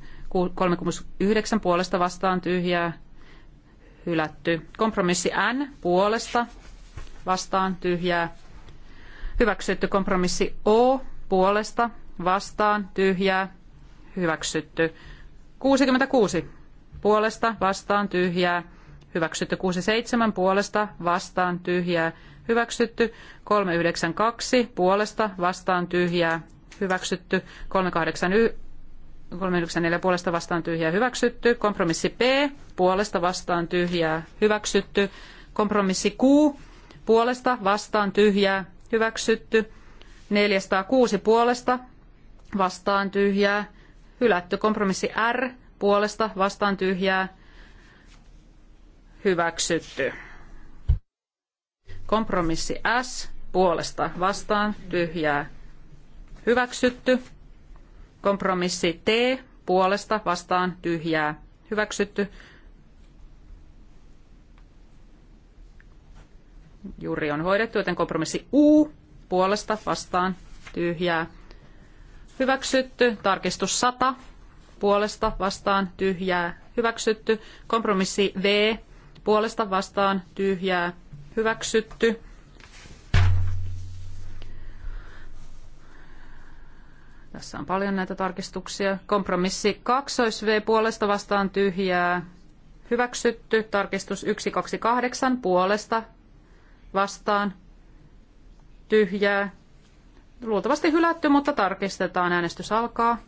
39 puolesta vastaan tyhjää, hylätty. Kompromissi N puolesta vastaan tyhjää, hyväksytty. Kompromissi O puolesta vastaan tyhjää, hyväksytty. 66 puolesta vastaan tyhjää, hyväksytty. 67 puolesta vastaan tyhjää, hyväksytty, 392 puolesta vastaan tyhjää, hyväksytty, 394 puolesta vastaan tyhjää, hyväksytty, kompromissi P puolesta vastaan tyhjää, hyväksytty, kompromissi Q puolesta vastaan tyhjää, hyväksytty, 406 puolesta vastaan tyhjää, hylätty, kompromissi R puolesta vastaan tyhjää, hyväksytty. Kompromissi S puolesta vastaan tyhjää hyväksytty. Kompromissi T puolesta vastaan tyhjää hyväksytty. Juuri on hoidettu, joten kompromissi U puolesta vastaan tyhjää hyväksytty. Tarkistus 100 puolesta vastaan tyhjää hyväksytty. Kompromissi V puolesta vastaan tyhjää hyväksytty. Tässä on paljon näitä tarkistuksia. Kompromissi 2 V puolesta vastaan tyhjää. Hyväksytty. Tarkistus 128 puolesta vastaan tyhjää. Luultavasti hylätty, mutta tarkistetaan. Äänestys alkaa.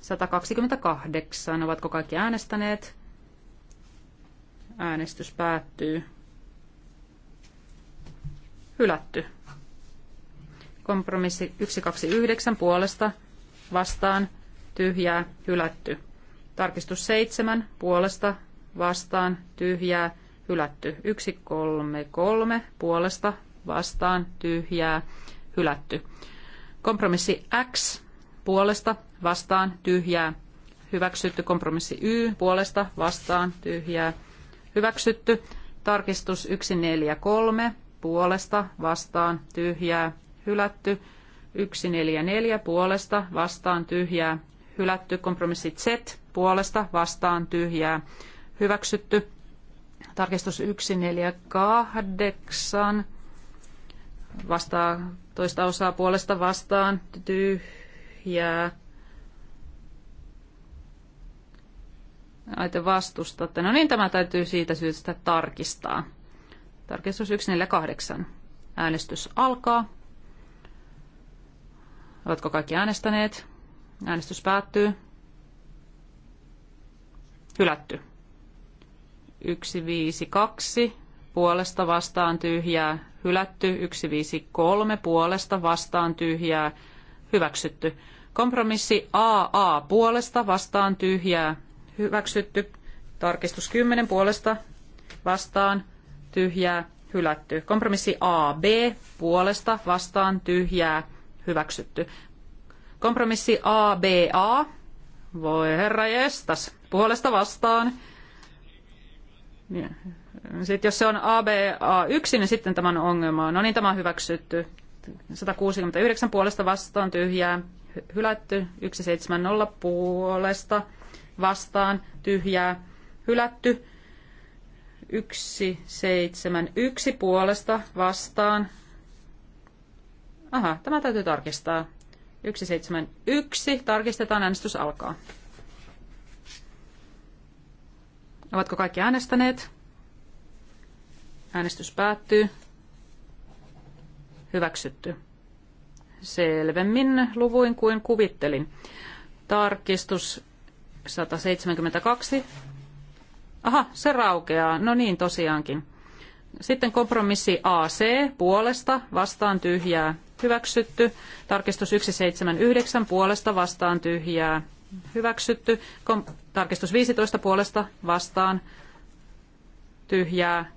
128. Ovatko kaikki äänestäneet? Äänestys päättyy. Hylätty. Kompromissi 129 puolesta vastaan tyhjää hylätty. Tarkistus 7 puolesta vastaan tyhjää hylätty. 133 puolesta vastaan tyhjää hylätty. Kompromissi X puolesta vastaan tyhjää hyväksytty. Kompromissi Y puolesta vastaan tyhjää Hyväksytty. Tarkistus 143 puolesta vastaan tyhjää hylätty. 144 puolesta vastaan tyhjää hylätty. Kompromissi Z puolesta vastaan tyhjää hyväksytty. Tarkistus 148 vastaa toista osaa puolesta vastaan tyhjää aiotte vastustatte. No niin, tämä täytyy siitä syystä tarkistaa. Tarkistus 148. Äänestys alkaa. Oletko kaikki äänestäneet? Äänestys päättyy. Hylätty. 152 puolesta vastaan tyhjää, hylätty. 153 puolesta vastaan tyhjää, hyväksytty. Kompromissi AA puolesta vastaan tyhjää, hyväksytty. Tarkistus 10 puolesta vastaan tyhjää hylätty. Kompromissi A B puolesta vastaan tyhjää hyväksytty. Kompromissi A B A voi herra jestas puolesta vastaan. Sitten jos se on ABA1, niin sitten tämän ongelma on. No niin, tämä on hyväksytty. 169 puolesta vastaan tyhjää, hylätty 170 puolesta vastaan tyhjää hylätty. yksi puolesta vastaan. Aha, tämä täytyy tarkistaa. 171. Tarkistetaan, äänestys alkaa. Ovatko kaikki äänestäneet? Äänestys päättyy. Hyväksytty. Selvemmin luvuin kuin kuvittelin. Tarkistus 172. Aha, se raukeaa. No niin, tosiaankin. Sitten kompromissi AC puolesta vastaan tyhjää hyväksytty. Tarkistus 179 puolesta vastaan tyhjää hyväksytty. Kom- tarkistus 15 puolesta vastaan tyhjää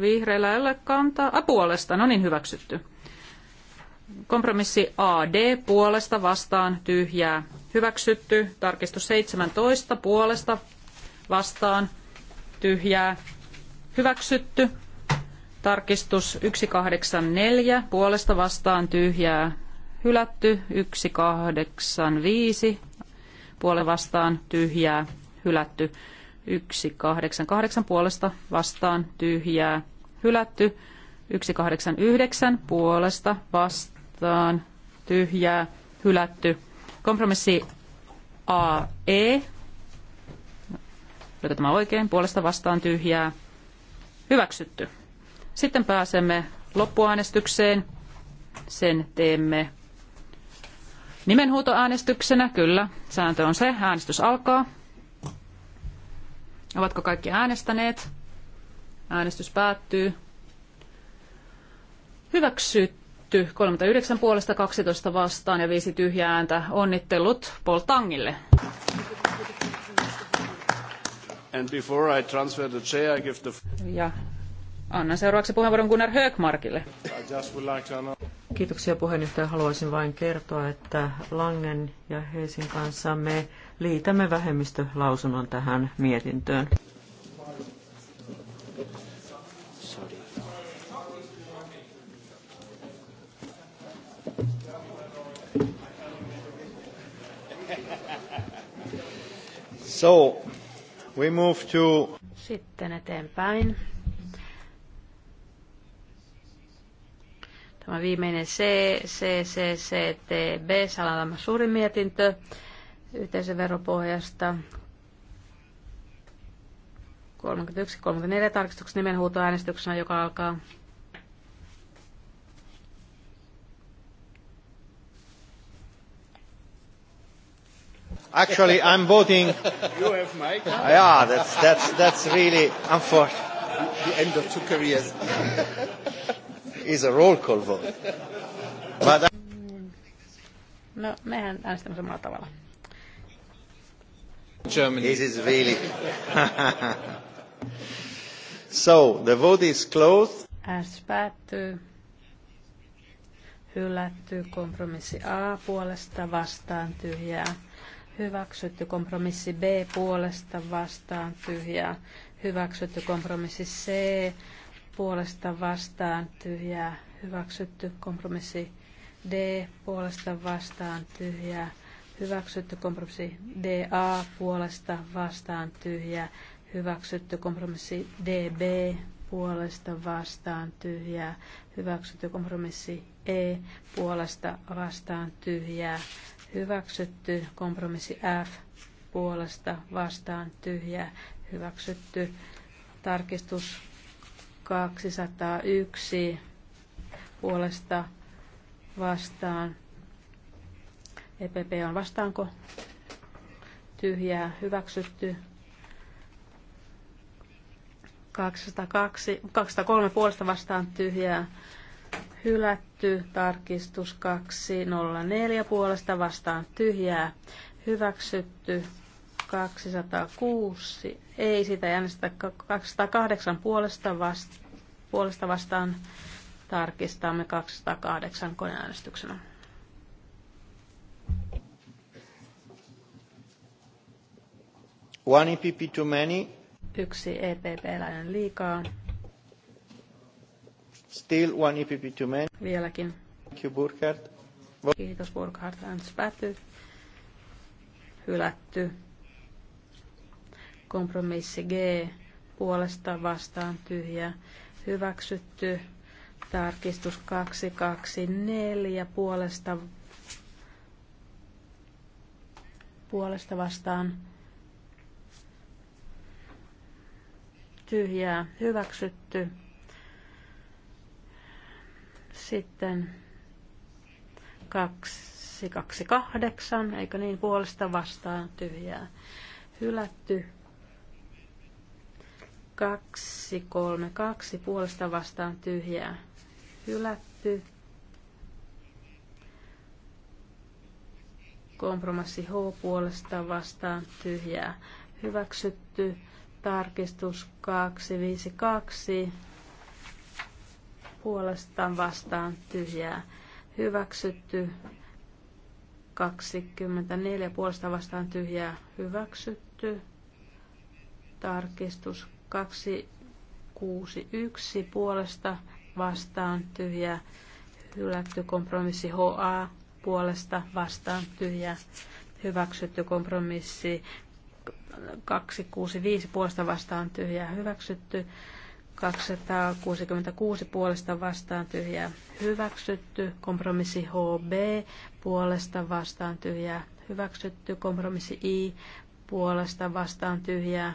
vihreillä ei kantaa. A, puolesta, no niin hyväksytty. Kompromissi AD puolesta vastaan tyhjää hyväksytty. Tarkistus 17 puolesta vastaan tyhjää hyväksytty. Tarkistus 184 puolesta vastaan tyhjää hylätty. 185 puolesta vastaan tyhjää hylätty. 188 puolesta vastaan tyhjää hylätty. 189 puolesta vastaan tyhjää hylätty. Kompromissi AE. Oliko tämä oikein? Puolesta vastaan tyhjää. Hyväksytty. Sitten pääsemme loppuäänestykseen. Sen teemme nimenhuutoäänestyksenä, kyllä. Sääntö on se. Äänestys alkaa. Ovatko kaikki äänestäneet? Äänestys päättyy. Hyväksyt äänestetty 39 puolesta 12 vastaan ja viisi tyhjää ääntä. Onnittelut Paul Tangille. And before I transfer the chair, I give the... Ja annan seuraavaksi puheenvuoron Gunnar Högmarkille. Kiitoksia puheenjohtaja. Haluaisin vain kertoa, että Langen ja Heisin kanssa me liitämme vähemmistölausunnon tähän mietintöön. So, we move to... Sitten eteenpäin. Tämä viimeinen B salalama suuri mietintö yhteisöveropohjasta. 31-34 tarkistuksen nimenhuutoäänestyksenä, joka alkaa. Actually, I'm voting. [laughs] You have my card. Yeah, that's that's that's really unfortunate. The end of two careers. [laughs] is a roll call vote. But uh, no, mehän äänestämme samalla tavalla. Germany. This is really. [laughs] so, the vote is closed. Äänestys päättyy. Hylätty kompromissi A puolesta vastaan tyhjää Hyväksytty kompromissi B puolesta vastaan tyhjää. Hyväksytty kompromissi C puolesta vastaan tyhjää. Hyväksytty kompromissi D puolesta vastaan tyhjää. Hyväksytty kompromissi DA puolesta vastaan tyhjää. Hyväksytty kompromissi DB puolesta vastaan tyhjää. Hyväksytty kompromissi E puolesta vastaan tyhjää hyväksytty, kompromissi F puolesta vastaan tyhjää hyväksytty, tarkistus 201 puolesta vastaan. EPP on vastaanko? Tyhjää hyväksytty. 202, 203 puolesta vastaan tyhjää hylätty hylätty. Tarkistus 204 puolesta vastaan tyhjää hyväksytty. 206, ei sitä äänestä 208 puolesta, vast puolesta vastaan tarkistamme 208 koneäänestyksenä. One EPP too many. Yksi EPP-läinen liikaa. Still one EPP too many. Vieläkin. Thank you, Burkhardt. Kiitos Burkhardt. Äänestys päättyy. Hylätty. Kompromissi G. Puolesta vastaan tyhjä. Hyväksytty. Tarkistus 224 puolesta puolesta vastaan tyhjää hyväksytty. Sitten 228, eikö niin, puolesta vastaan tyhjää. Hylätty. 232, puolesta vastaan tyhjää. Hylätty. Kompromissi H puolesta vastaan tyhjää. Hyväksytty. Tarkistus 252 puolestaan vastaan tyhjää hyväksytty. 24 puolestaan vastaan tyhjää hyväksytty. Tarkistus 261 puolesta vastaan tyhjää hylätty kompromissi HA puolesta vastaan tyhjää hyväksytty kompromissi 265 puolesta vastaan tyhjää hyväksytty 266 puolesta vastaan tyhjää hyväksytty. Kompromissi HB puolesta vastaan tyhjää hyväksytty. Kompromissi I puolesta vastaan tyhjää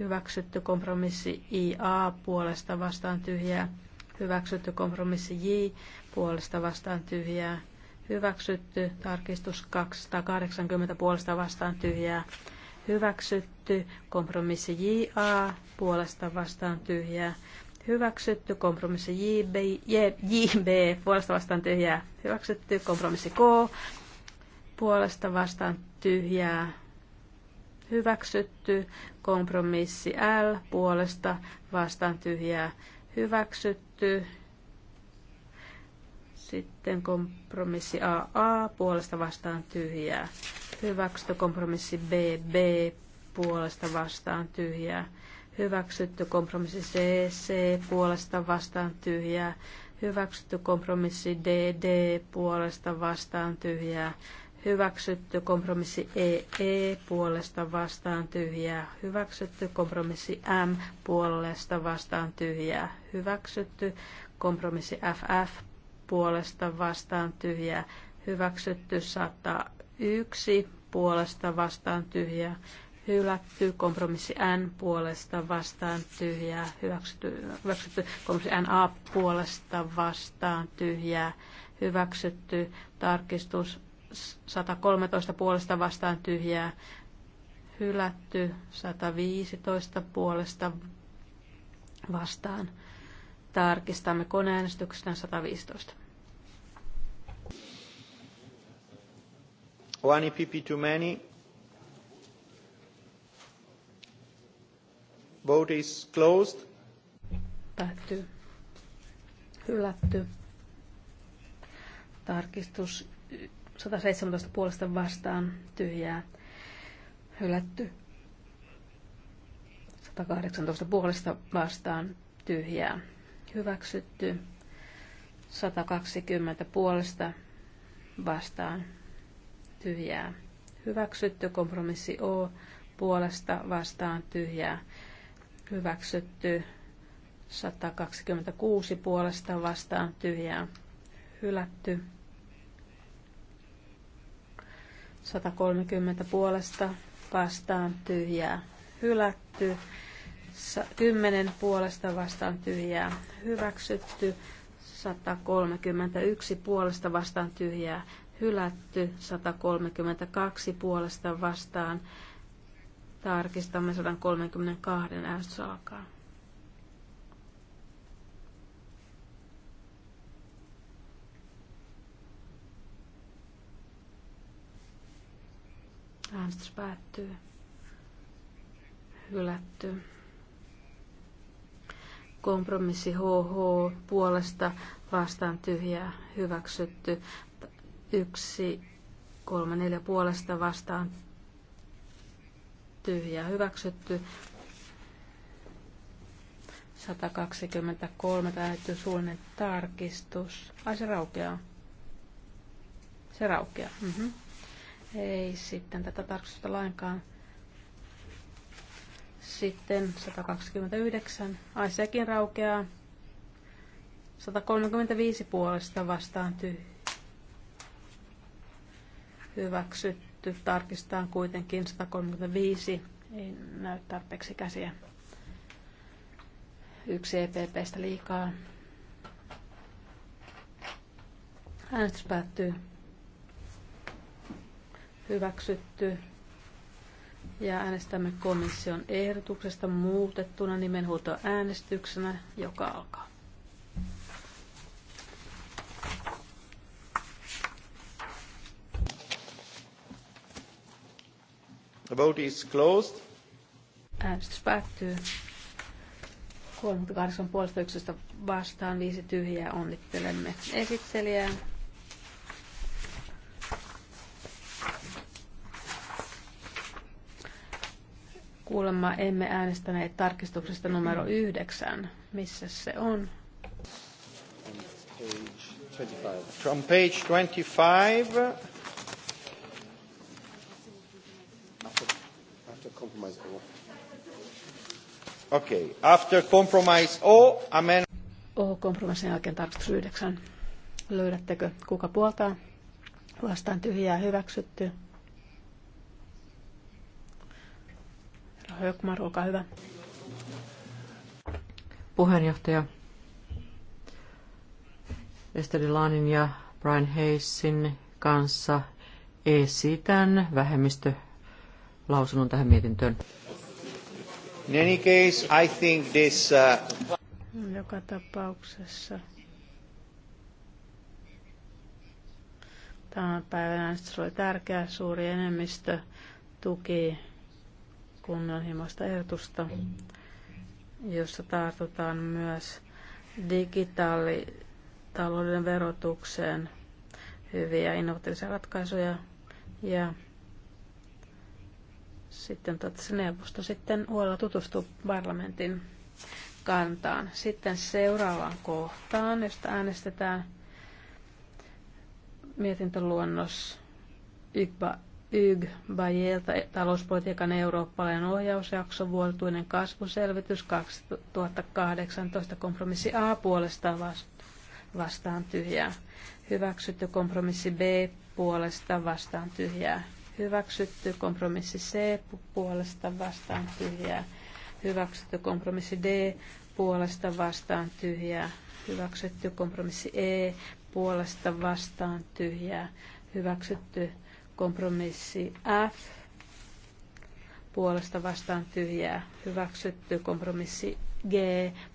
hyväksytty. Kompromissi IA puolesta vastaan tyhjää hyväksytty. Kompromissi J puolesta vastaan tyhjää hyväksytty. Tarkistus 280 puolesta vastaan tyhjää hyväksytty. Kompromissi JA puolesta vastaan tyhjää hyväksytty. Kompromissi JB, JB puolesta vastaan tyhjää hyväksytty. Kompromissi K puolesta vastaan tyhjää hyväksytty. Kompromissi L puolesta vastaan tyhjää hyväksytty. Sitten kompromissi AA puolesta vastaan tyhjää Hyväksytty kompromissi B B puolesta vastaan tyhjää. Hyväksytty kompromissi C C puolesta vastaan tyhjää. Hyväksytty kompromissi D D puolesta vastaan tyhjää. Hyväksytty kompromissi E E puolesta vastaan tyhjää. Hyväksytty kompromissi M puolesta vastaan tyhjää. Hyväksytty kompromissi FF puolesta vastaan tyhjää. Hyväksytty saattaa Yksi puolesta vastaan tyhjää hylätty, kompromissi N puolesta vastaan tyhjää, hyväksytty, hyväksytty kompromissi A. puolesta vastaan tyhjää, hyväksytty, tarkistus 113 puolesta vastaan tyhjää, hylätty, 115 puolesta vastaan. Tarkistamme koneäänestyksenä 115. One EPP too many. Vote is closed. Päättyy. Hylätty. Tarkistus 117 puolesta vastaan tyhjää. Hylätty. 118 puolesta vastaan tyhjää. Hyväksytty. 120 puolesta vastaan tyhjää. Hyväksytty kompromissi O puolesta vastaan tyhjää. Hyväksytty 126 puolesta vastaan tyhjää. Hylätty 130 puolesta vastaan tyhjää. Hylätty 10 puolesta vastaan tyhjää. Hyväksytty 131 puolesta vastaan tyhjää hylätty 132 puolesta vastaan. Tarkistamme 132 äänestys Äänestys päättyy. Hylätty. Kompromissi HH puolesta vastaan tyhjää hyväksytty. Yksi, kolme, neljä puolesta vastaan tyhjä hyväksytty. 123 täytyy suullinen tarkistus. Ai se raukeaa. Se raukeaa. Mm-hmm. Ei sitten tätä tarkistusta lainkaan. Sitten 129. Ai sekin raukeaa. 135 puolesta vastaan tyhjä hyväksytty. Tarkistetaan kuitenkin 135. Ei näy tarpeeksi käsiä. Yksi EPPstä liikaa. Äänestys päättyy. Hyväksytty. Ja äänestämme komission ehdotuksesta muutettuna nimenhuutoäänestyksenä, joka alkaa. The vote is closed. Äänestys päättyy. 38 vastaan, viisi tyhjää. Onnittelemme esittelijää. Kuulemma emme äänestäneet tarkistuksesta numero yhdeksän. Missä se on? From page 25. compromise O. Okay. After compromise O, amen. O kompromissin jälkeen tarkistus 9. Löydättekö kuka puoltaa? Vastaan tyhjää hyväksytty. Herra Höökmar, olkaa hyvä. Puheenjohtaja Esteri Laanin ja Brian Heissin kanssa esitän vähemmistö lausunnon tähän mietintöön. In any case, I think this, uh... Joka tapauksessa tämän päivän äänestys oli tärkeä, suuri enemmistö tuki kunnianhimoista ehdotusta, jossa tartutaan myös digitaalitalouden verotukseen hyviä innovatiivisia ratkaisuja ja sitten toivottavasti neuvosto sitten huolella tutustuu parlamentin kantaan. Sitten seuraavaan kohtaan, josta äänestetään mietintöluonnos YGBA, YGBAJelta talouspolitiikan eurooppalainen ohjausjakso, vuotuinen kasvuselvitys 2018, kompromissi A puolesta vastaan tyhjää. Hyväksytty kompromissi B puolesta vastaan tyhjää Hyväksytty kompromissi C puolesta vastaan tyhjää. Hyväksytty kompromissi D puolesta vastaan tyhjää. Hyväksytty kompromissi E puolesta vastaan tyhjää. Hyväksytty kompromissi F puolesta vastaan tyhjää. Hyväksytty kompromissi G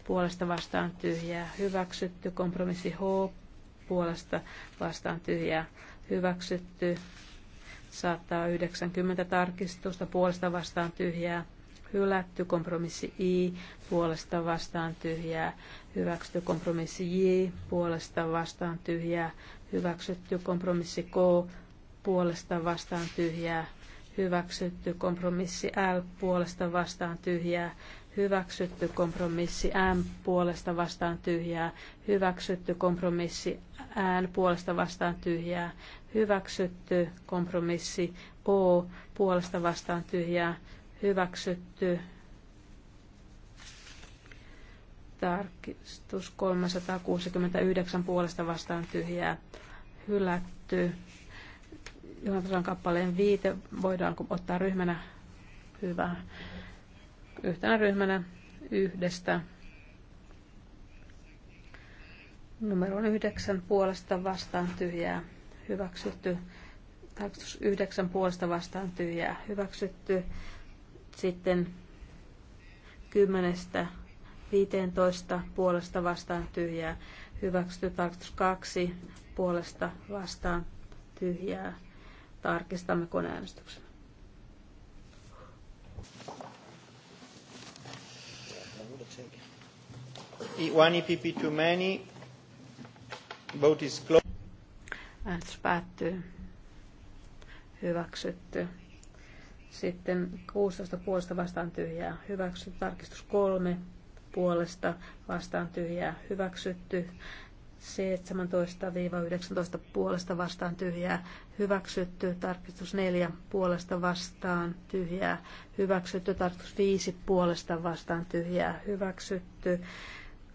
puolesta vastaan tyhjää. Hyväksytty kompromissi H puolesta vastaan tyhjää. Hyväksytty saattaa 90 tarkistusta puolesta vastaan tyhjää hylätty, kompromissi I puolesta vastaan tyhjää, hyväksytty kompromissi J puolesta vastaan tyhjää, hyväksytty kompromissi K puolesta vastaan tyhjää, hyväksytty kompromissi L puolesta vastaan tyhjää, hyväksytty kompromissi M puolesta vastaan tyhjää, hyväksytty kompromissi N puolesta vastaan tyhjää, hyväksytty, kompromissi O puolesta vastaan tyhjää hyväksytty, tarkistus 369 puolesta vastaan tyhjää hylätty. Johnatason kappaleen viite voidaan ottaa ryhmänä hyvä. Yhtenä ryhmänä yhdestä numeron yhdeksän puolesta vastaan tyhjää hyväksytty. Tarkistus yhdeksän puolesta vastaan tyhjää hyväksytty. Sitten kymmenestä 15 puolesta vastaan tyhjää hyväksytty. Tarkistus 2 puolesta vastaan tyhjää. Tarkistamme koneäänestyksen. One EPP too many. Vote is closed. Äänestys päättyy. Hyväksytty. Sitten 16 puolesta vastaan tyhjää. Hyväksytty. Tarkistus 3 puolesta vastaan tyhjää. Hyväksytty. 17-19 puolesta vastaan tyhjää, hyväksytty, tarkistus 4 puolesta vastaan tyhjää, hyväksytty, tarkistus 5 puolesta vastaan tyhjää, hyväksytty,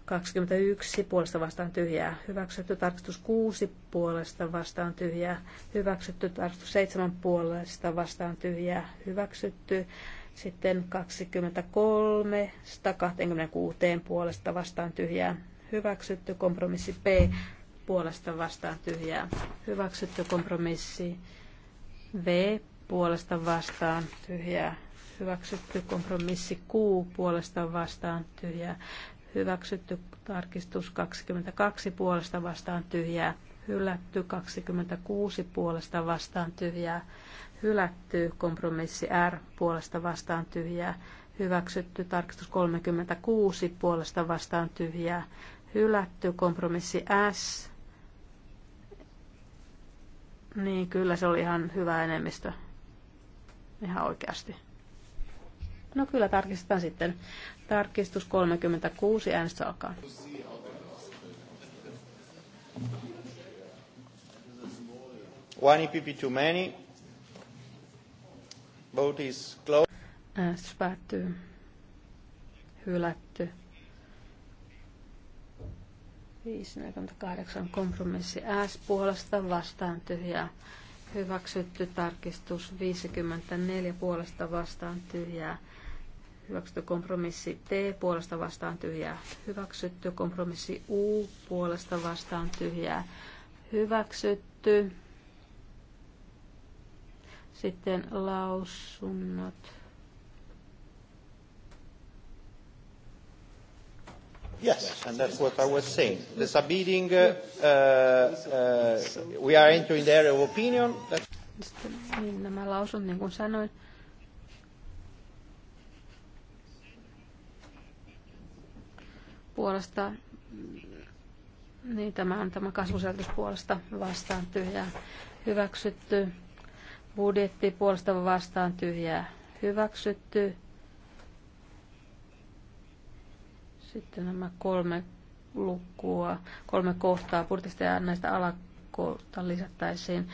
21 puolesta vastaan tyhjää, hyväksytty tarkistus 6 puolesta vastaan tyhjää, hyväksytty tarkistus 7 puolesta vastaan tyhjää, hyväksytty sitten 23 126 puolesta vastaan tyhjää, hyväksytty kompromissi B puolesta vastaan tyhjää, hyväksytty kompromissi V puolesta vastaan tyhjää, hyväksytty kompromissi Q puolesta vastaan tyhjää, hyväksytty tarkistus 22 puolesta vastaan tyhjää, hylätty 26 puolesta vastaan tyhjää, hylätty kompromissi R puolesta vastaan tyhjää, hyväksytty tarkistus 36 puolesta vastaan tyhjää, hylätty kompromissi S. Niin kyllä se oli ihan hyvä enemmistö. Ihan oikeasti. No kyllä tarkistetaan sitten. Tarkistus 36, äänestys alkaa. One EPP too many. Vote is closed. Äänestys päättyy. Hylätty. 548 kompromissi S puolesta vastaan tyhjää. Hyväksytty tarkistus 54 puolesta vastaan tyhjää Hyväksytty kompromissi T puolesta vastaan tyhjää. Hyväksytty kompromissi U puolesta vastaan tyhjää. Hyväksytty. Sitten lausunnot. Yes, and that's what I was saying. The submitting, uh, uh, uh, we are entering the area of opinion. That... Sitten, niin nämä lausunnot, niin kuin sanoin, puolesta, niin tämä on tämä kasvuselitys puolesta vastaan tyhjää hyväksytty. Budjetti puolesta vastaan tyhjää hyväksytty. Sitten nämä kolme lukua, kolme kohtaa budjetista ja näistä alakohta lisättäisiin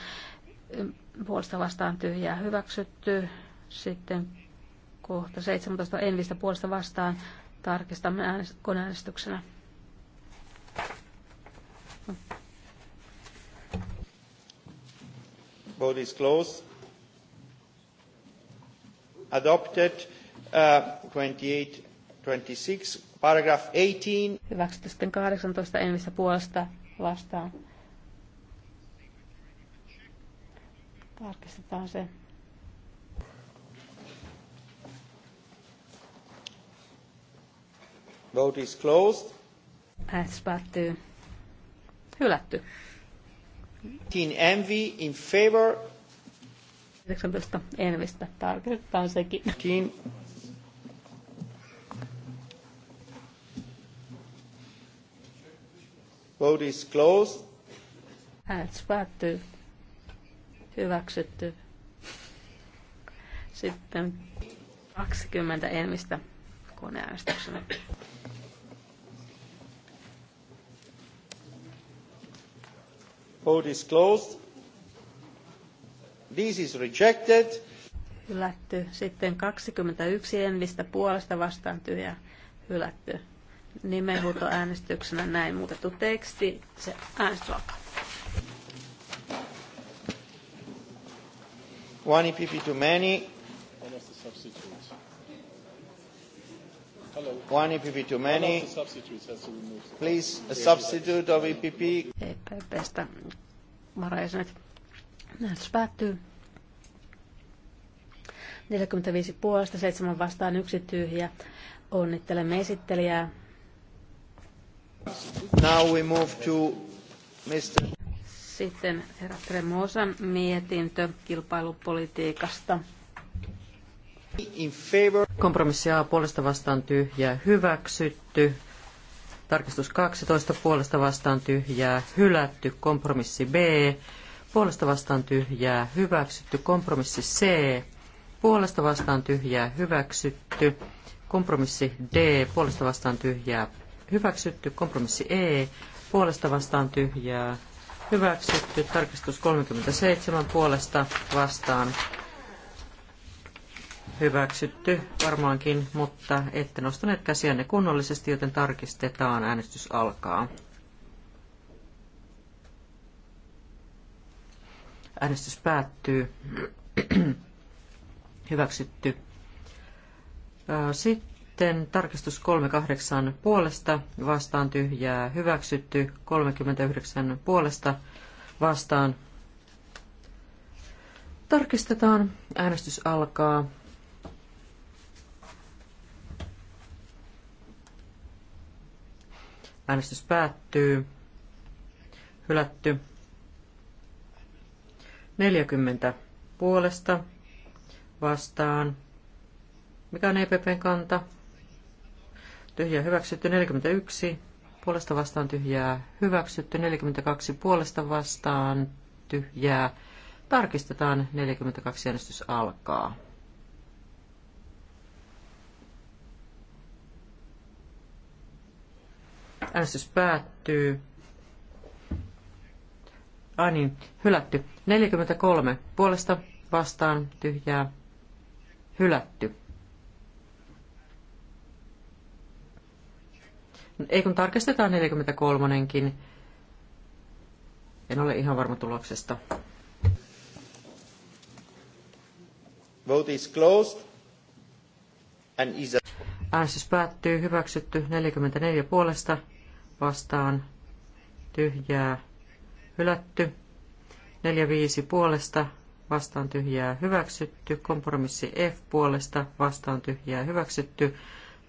puolesta vastaan tyhjää hyväksytty. Sitten kohta 17 envistä puolesta vastaan Tarkistamme äänest- koneäänestyksenä. Vote is closed. Adopted uh, 28, 26, paragraph 18. Hyväksytty sitten 18 enemmistä puolesta vastaan. Tarkistetaan se. Vote is closed. Äänestys päättyy. Hylätty. 19 envy in favor. 19 envistä. Tarkistetaan sekin. 19. Vote is closed. Äänestys päättyy. Hyväksytty. Sitten 20 envistä koneäänestyksellä. Vote is closed. This is rejected. Hylätty. Sitten 21 ennistä puolesta vastaan tyhjää hylätty. Nimenhuuto äänestyksenä näin muutettu teksti. Se äänestys alkaa. One EPP too many. substitute. One EPP too many. Please, a substitute of EPP. EPPstä Marais nyt. Näytös päättyy. 45 puolesta, 7 vastaan, yksi tyhjä. Onnittelemme esittelijää. Now we move to Mr. Sitten herra Tremosan mietintö kilpailupolitiikasta. Kompromissi A puolesta vastaan tyhjää hyväksytty. Tarkistus 12 puolesta vastaan tyhjää hylätty. Kompromissi B puolesta vastaan tyhjää hyväksytty. Kompromissi C puolesta vastaan tyhjää hyväksytty. Kompromissi D puolesta vastaan tyhjää hyväksytty. Kompromissi E puolesta vastaan tyhjää hyväksytty. Tarkistus 37 puolesta vastaan hyväksytty varmaankin, mutta ette nostaneet käsiänne kunnollisesti, joten tarkistetaan. Äänestys alkaa. Äänestys päättyy. [clears throat] Hyväksytty. Sitten tarkistus 38 puolesta, vastaan tyhjää, hyväksytty. 39 puolesta, vastaan. Tarkistetaan. Äänestys alkaa. Äänestys päättyy. Hylätty. 40 puolesta vastaan. Mikä on EPPn kanta? Tyhjä hyväksytty 41, puolesta vastaan tyhjää hyväksytty 42, puolesta vastaan tyhjää. Tarkistetaan 42 äänestys alkaa. Äänestys päättyy. Ai niin, hylätty. 43 puolesta vastaan tyhjää. Hylätty. Ei kun tarkistetaan 43kin. En ole ihan varma tuloksesta. Vote is closed. And is a... Äänestys päättyy. Hyväksytty 44 puolesta vastaan tyhjää hylätty. 4-5 puolesta vastaan tyhjää hyväksytty. Kompromissi F puolesta vastaan tyhjää hyväksytty.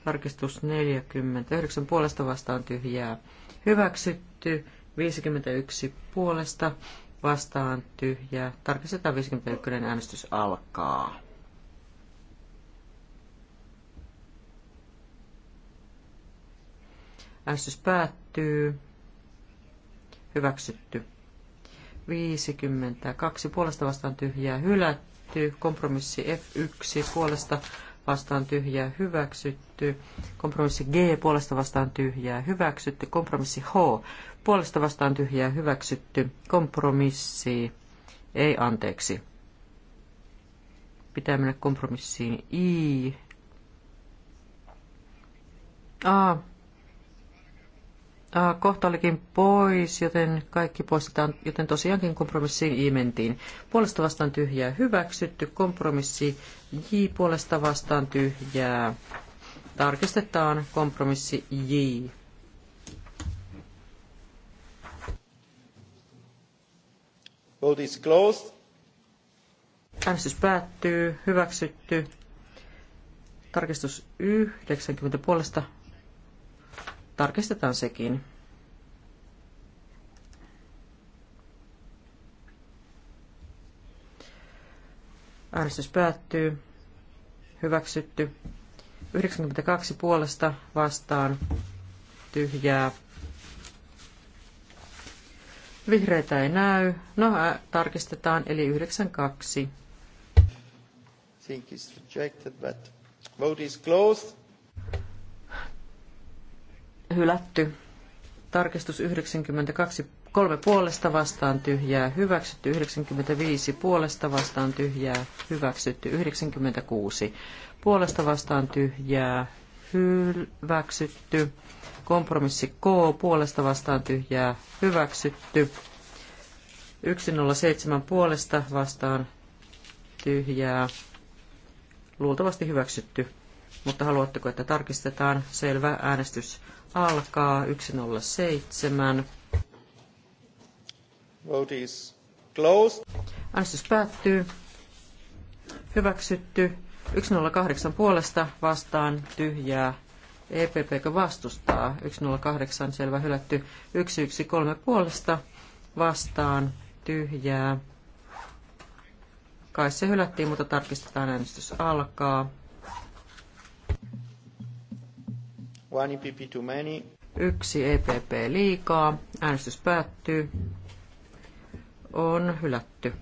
Tarkistus 49 puolesta vastaan tyhjää hyväksytty. 51 puolesta vastaan tyhjää. Tarkistetaan 51 äänestys alkaa. Äänestys päättyy. Hyväksytty. 52 puolesta vastaan tyhjää hylätty. Kompromissi F1 puolesta vastaan tyhjää hyväksytty. Kompromissi G puolesta vastaan tyhjää hyväksytty. Kompromissi H puolesta vastaan tyhjää hyväksytty. Kompromissi ei anteeksi. Pitää mennä kompromissiin I. A kohta olikin pois, joten kaikki poistetaan, joten tosiaankin kompromissiin I mentiin. Puolesta vastaan tyhjää hyväksytty, kompromissi J puolesta vastaan tyhjää. Tarkistetaan kompromissi J. Vote is closed. Äänestys päättyy, hyväksytty. Tarkistus 90 puolesta Tarkistetaan sekin. Äänestys päättyy. Hyväksytty. 92 puolesta vastaan tyhjää. Vihreitä ei näy. No, ää, tarkistetaan, eli 92. Think is rejected, but vote is closed hylätty. Tarkistus 92 kolme puolesta vastaan tyhjää, hyväksytty 95, puolesta vastaan tyhjää, hyväksytty 96, puolesta vastaan tyhjää, hyväksytty, kompromissi K, puolesta vastaan tyhjää, hyväksytty, 107 puolesta vastaan tyhjää, luultavasti hyväksytty mutta haluatteko, että tarkistetaan? Selvä, äänestys alkaa 107. Vote is closed. Äänestys päättyy. Hyväksytty. 108 puolesta vastaan tyhjää. EPP vastustaa? 108 selvä hylätty. 113 puolesta vastaan tyhjää. Kai se hylättiin, mutta tarkistetaan äänestys alkaa. One EPP too many. Yksi EPP liikaa. Äänestys päättyy. On hylätty.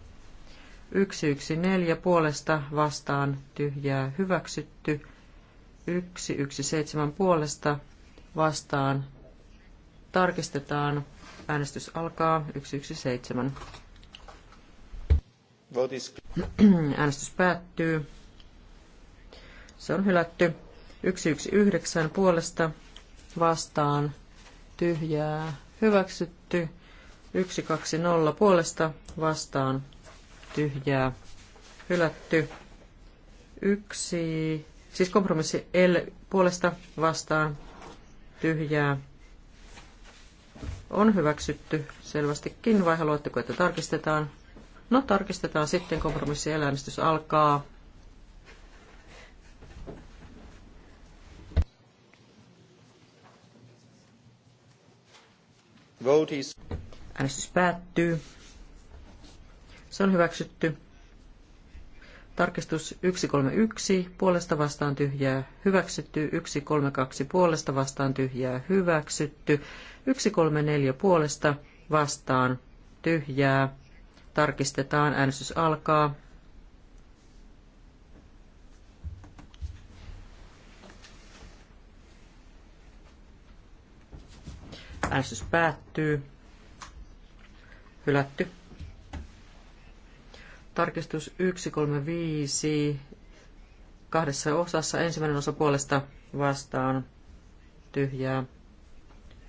114 puolesta vastaan tyhjää hyväksytty. 117 puolesta vastaan tarkistetaan. Äänestys alkaa 117. Äänestys päättyy. Se on hylätty. 119 puolesta vastaan tyhjää hyväksytty. 120 puolesta vastaan tyhjää hylätty. Yksi, siis kompromissi L puolesta vastaan tyhjää on hyväksytty selvästikin, vai haluatteko, että tarkistetaan? No tarkistetaan sitten, kompromissi alkaa. Vote is... Äänestys päättyy. Se on hyväksytty. Tarkistus 131 puolesta vastaan tyhjää hyväksytty, 132 puolesta vastaan tyhjää hyväksytty, 134 puolesta vastaan tyhjää. Tarkistetaan, äänestys alkaa. Äänestys päättyy. Hylätty. Tarkistus 135 kahdessa osassa. Ensimmäinen osa puolesta vastaan tyhjää.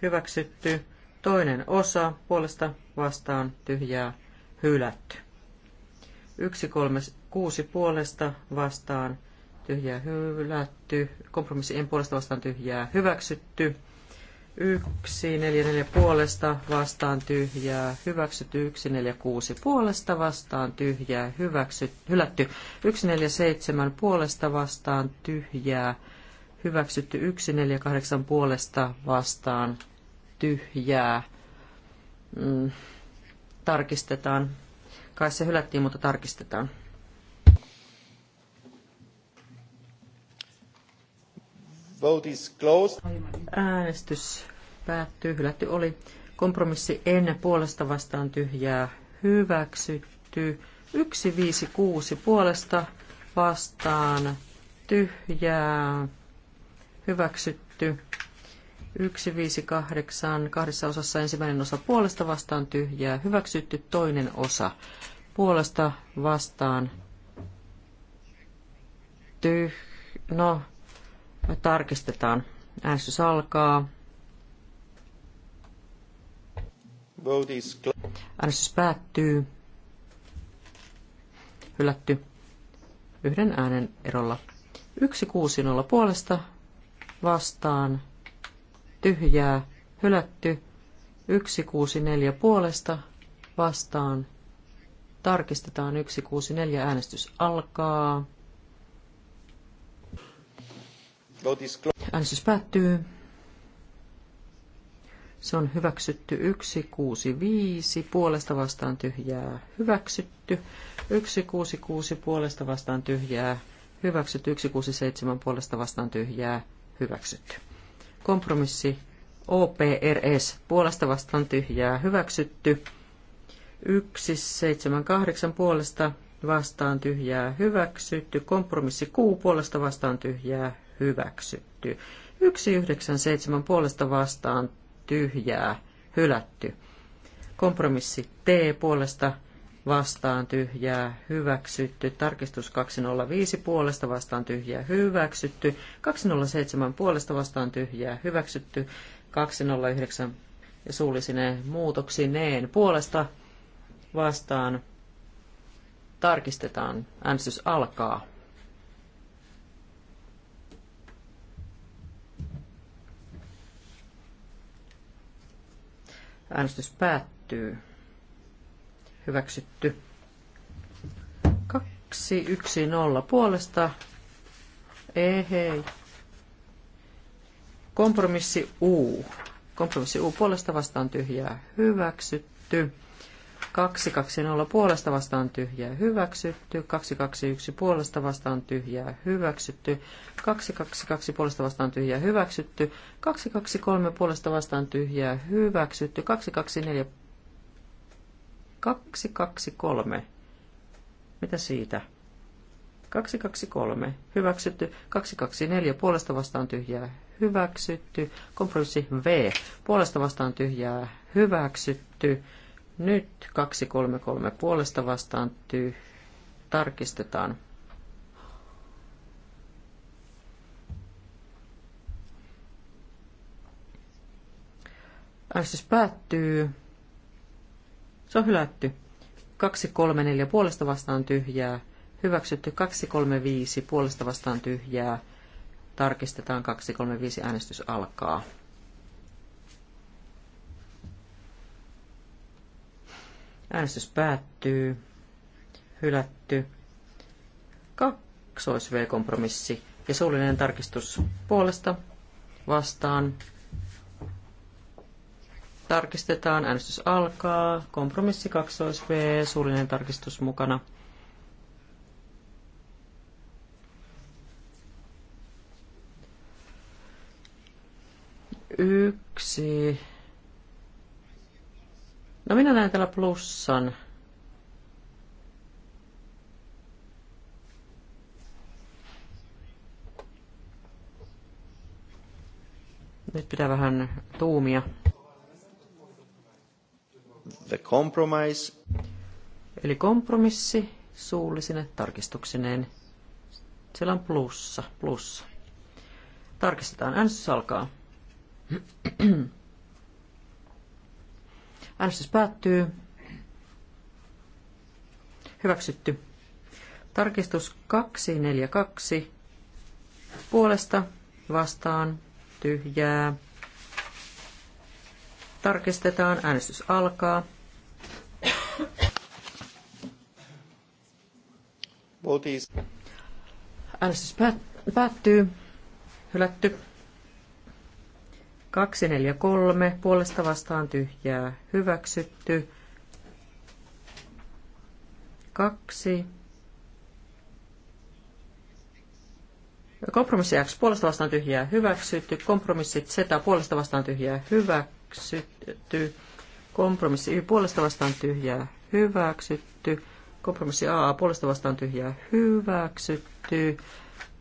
Hyväksytty. Toinen osa puolesta vastaan tyhjää. Hylätty. 136 puolesta vastaan tyhjää hylätty. Kompromissi en puolesta vastaan tyhjää hyväksytty. 1, 4, puolesta vastaan tyhjää, hyväksytty 1, neljä kuusi puolesta vastaan tyhjää, hyväksytty, hylätty 1, neljä seitsemän puolesta vastaan tyhjää, hyväksytty 1, neljä kahdeksan puolesta vastaan tyhjää. Mm, tarkistetaan. Kai se hylättiin, mutta tarkistetaan. Vote is closed. Äänestys päättyy, hylätty oli. Kompromissi ennen puolesta vastaan tyhjää hyväksytty. 156 puolesta vastaan tyhjää hyväksytty. 158 kahdessa osassa ensimmäinen osa puolesta vastaan tyhjää hyväksytty toinen osa puolesta vastaan tyh... No, Tarkistetaan. Äänestys alkaa. Äänestys päättyy. Hylätty. Yhden äänen erolla. 160 puolesta vastaan. Tyhjää. Hylätty. 164 puolesta vastaan. Tarkistetaan 164 äänestys alkaa. Äänestys päättyy. Se on hyväksytty 165, puolesta vastaan tyhjää hyväksytty. 166 puolesta vastaan tyhjää hyväksytty. 167 puolesta vastaan tyhjää hyväksytty. Kompromissi OPRS puolesta vastaan tyhjää hyväksytty. 178 puolesta vastaan tyhjää hyväksytty. Kompromissi Q puolesta vastaan tyhjää hyväksytty. 197 puolesta vastaan tyhjää hylätty. Kompromissi T puolesta vastaan tyhjää hyväksytty. Tarkistus 205 puolesta vastaan tyhjää hyväksytty. 207 puolesta vastaan tyhjää hyväksytty. 209 ja suullisineen muutoksineen puolesta vastaan tarkistetaan. Äänestys alkaa. Äänestys päättyy. Hyväksytty. 0 puolesta. Ei hei. Kompromissi U. Kompromissi U puolesta vastaan tyhjää hyväksytty. 220 puolesta vastaan tyhjää hyväksytty, 221 puolesta vastaan tyhjää hyväksytty, 222 puolesta vastaan tyhjää hyväksytty, 223 puolesta vastaan tyhjää hyväksytty, 224 223. Mitä siitä? 223. Hyväksytty. 224. Puolesta vastaan tyhjää. Hyväksytty. Kompromissi V. Puolesta vastaan tyhjää. Hyväksytty. Nyt 233 puolesta vastaan tyy. Tarkistetaan. Äänestys päättyy. Se on hylätty. 234 puolesta vastaan tyhjää. Hyväksytty 235 puolesta vastaan tyhjää. Tarkistetaan 235 äänestys alkaa. Äänestys päättyy. Hylätty. Kaksois V-kompromissi ja suullinen tarkistus puolesta vastaan. Tarkistetaan. Äänestys alkaa. Kompromissi kaksois V, suullinen tarkistus mukana. Yksi No minä näen täällä plussan. Nyt pitää vähän tuumia. The compromise. Eli kompromissi suullisine tarkistuksineen. Siellä on plussa, plussa. Tarkistetaan. Äänestys alkaa. Äänestys päättyy. Hyväksytty. Tarkistus 242. Puolesta vastaan tyhjää. Tarkistetaan. Äänestys alkaa. Äänestys päättyy. Hylätty. 243 puolesta vastaan tyhjää hyväksytty. 2. Kompromissi X puolesta vastaan tyhjää hyväksytty. Kompromissi Z puolesta vastaan tyhjää hyväksytty. Kompromissi Y puolesta vastaan tyhjää hyväksytty. Kompromissi AA puolesta vastaan tyhjää hyväksytty.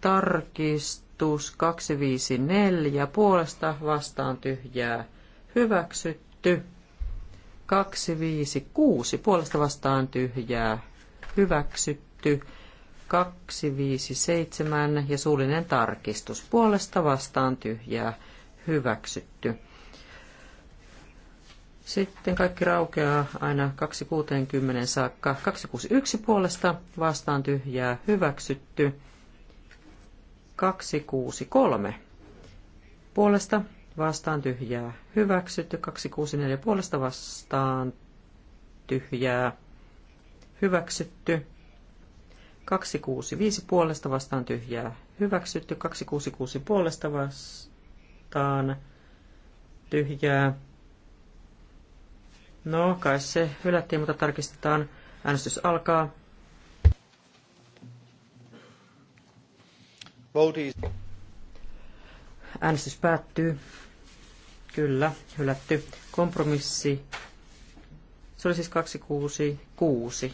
Tarkist tarkistus 254 puolesta vastaan tyhjää hyväksytty. 256 puolesta vastaan tyhjää hyväksytty. 257 ja suullinen tarkistus puolesta vastaan tyhjää hyväksytty. Sitten kaikki raukeaa aina 260 saakka. 261 puolesta vastaan tyhjää hyväksytty. 263 puolesta vastaan tyhjää hyväksytty, 264 puolesta vastaan tyhjää hyväksytty, 265 puolesta vastaan tyhjää hyväksytty, 266 puolesta vastaan tyhjää. No, kai se hylättiin, mutta tarkistetaan. Äänestys alkaa. Äänestys päättyy. Kyllä, hylätty. Kompromissi. Se oli siis 266.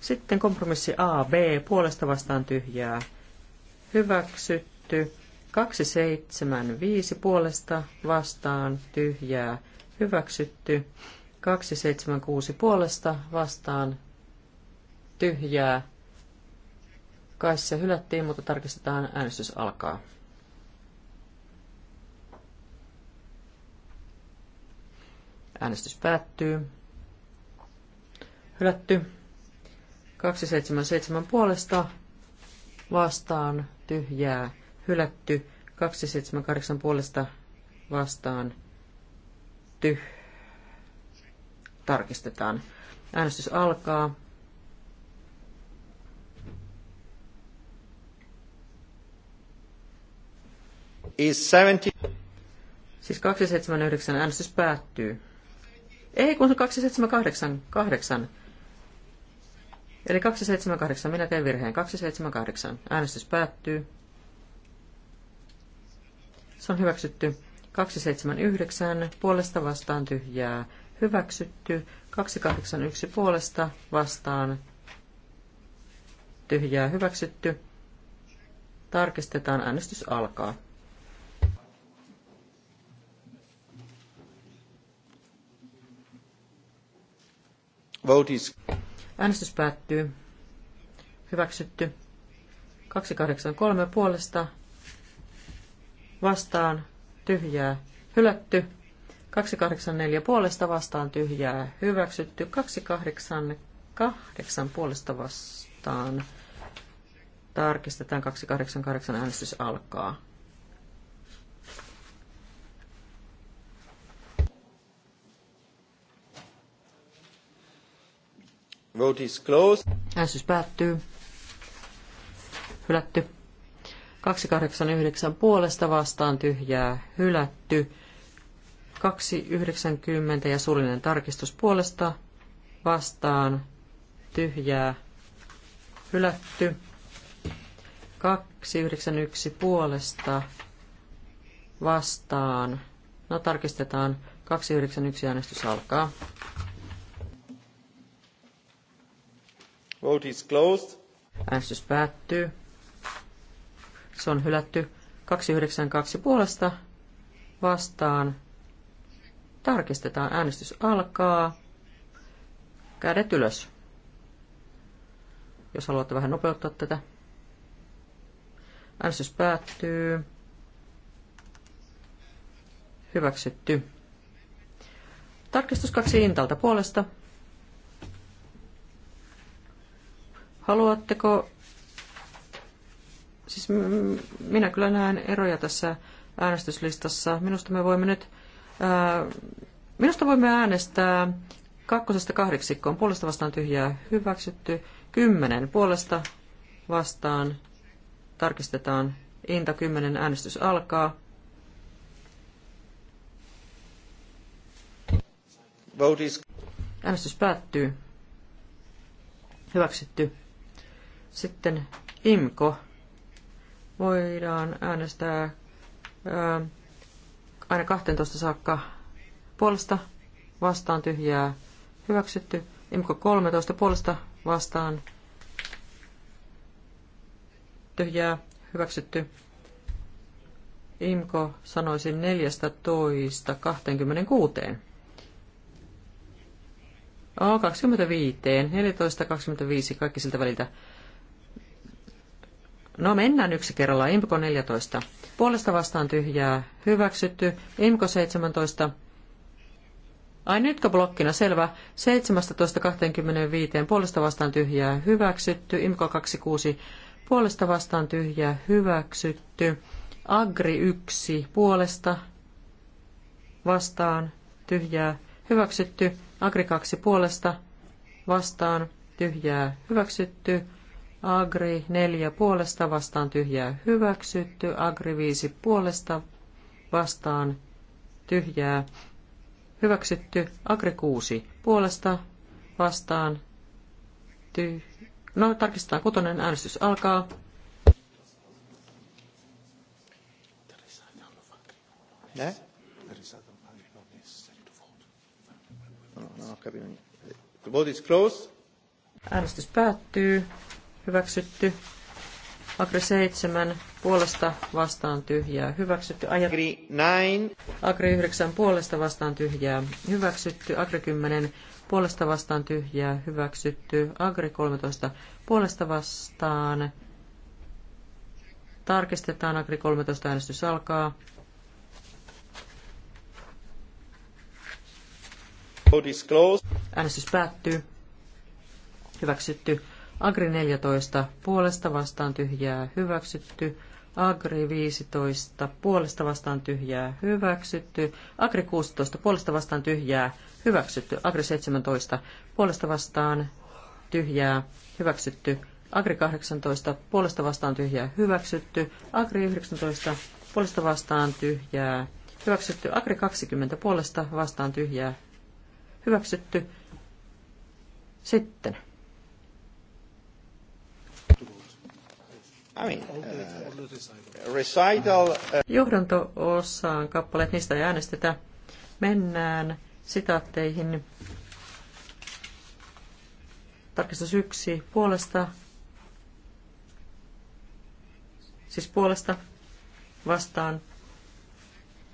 Sitten kompromissi A, B, puolesta vastaan tyhjää. Hyväksytty. 275 puolesta vastaan tyhjää. Hyväksytty. 276 puolesta vastaan tyhjää Kai se hylättiin, mutta tarkistetaan äänestys alkaa. Äänestys päättyy. Hylätty. 277 puolesta vastaan tyhjää. Hylätty. 278 puolesta vastaan tyh. Tarkistetaan. Äänestys alkaa. is 70... Siis 279 äänestys päättyy. Ei, kun 278, 8. Eli 278, minä teen virheen. 278, äänestys päättyy. Se on hyväksytty. 279, puolesta vastaan tyhjää. Hyväksytty. 281, puolesta vastaan tyhjää. Hyväksytty. Tarkistetaan, äänestys alkaa. Vote is... Äänestys päättyy. Hyväksytty. 283 puolesta. Vastaan. Tyhjää. Hylätty. 284 puolesta vastaan tyhjää hyväksytty. 288 puolesta vastaan. Tarkistetaan 288 äänestys alkaa. Vote is closed. Äänestys päättyy. Hylätty. 289 puolesta vastaan tyhjää hylätty. 290 ja suullinen tarkistus puolesta vastaan tyhjää hylätty. 291 puolesta vastaan. No tarkistetaan. 291 äänestys alkaa. Vote is closed. Äänestys päättyy. Se on hylätty. 292 puolesta vastaan. Tarkistetaan. Äänestys alkaa. Kädet ylös. Jos haluatte vähän nopeuttaa tätä. Äänestys päättyy. Hyväksytty. Tarkistus kaksi Intalta puolesta Haluatteko, siis minä kyllä näen eroja tässä äänestyslistassa. Minusta me voimme nyt, ää, minusta voimme äänestää kakkosesta kahdeksikkoon puolesta vastaan tyhjää hyväksytty, kymmenen puolesta vastaan tarkistetaan Inta 10 äänestys alkaa. Vote is... Äänestys päättyy. Hyväksytty. Sitten IMKO. Voidaan äänestää ää, aina 12 saakka puolesta vastaan tyhjää hyväksytty. IMKO 13 puolesta vastaan tyhjää hyväksytty. IMKO sanoisin 14 26. O, 25. 14, 25, Kaikki siltä väliltä No mennään yksi kerrallaan. Imko 14. Puolesta vastaan tyhjää. Hyväksytty. Imko 17. Ai nytkö blokkina, selvä. 17.25 puolesta vastaan tyhjää hyväksytty. Imko 26 puolesta vastaan tyhjää hyväksytty. Agri 1 puolesta vastaan tyhjää hyväksytty. Agri 2 puolesta vastaan tyhjää hyväksytty. Agri 4 puolesta vastaan tyhjää hyväksytty. Agri 5 puolesta vastaan tyhjää hyväksytty. Agri 6 puolesta vastaan tyhjää. No, tarkistetaan kotonen äänestys alkaa. Eh? Äänestys päättyy hyväksytty. Agri 7 puolesta vastaan tyhjää hyväksytty. Agri 9. Agri 9 puolesta vastaan tyhjää hyväksytty. Agri 10 puolesta vastaan tyhjää hyväksytty. Agri 13 puolesta vastaan. Tarkistetaan Agri 13 äänestys alkaa. Äänestys päättyy. Hyväksytty. Agri 14 puolesta vastaan tyhjää hyväksytty. Agri 15 puolesta vastaan tyhjää hyväksytty. Agri 16 puolesta vastaan tyhjää hyväksytty. Agri 17 puolesta vastaan tyhjää hyväksytty. Agri 18 puolesta vastaan tyhjää hyväksytty. Agri 19 puolesta vastaan tyhjää hyväksytty. Agri 20 puolesta vastaan tyhjää hyväksytty. Sitten Uh, uh, Johdanto-osaan kappaleet, niistä ei äänestetä. Mennään sitaatteihin. Tarkistus yksi puolesta. Siis puolesta vastaan.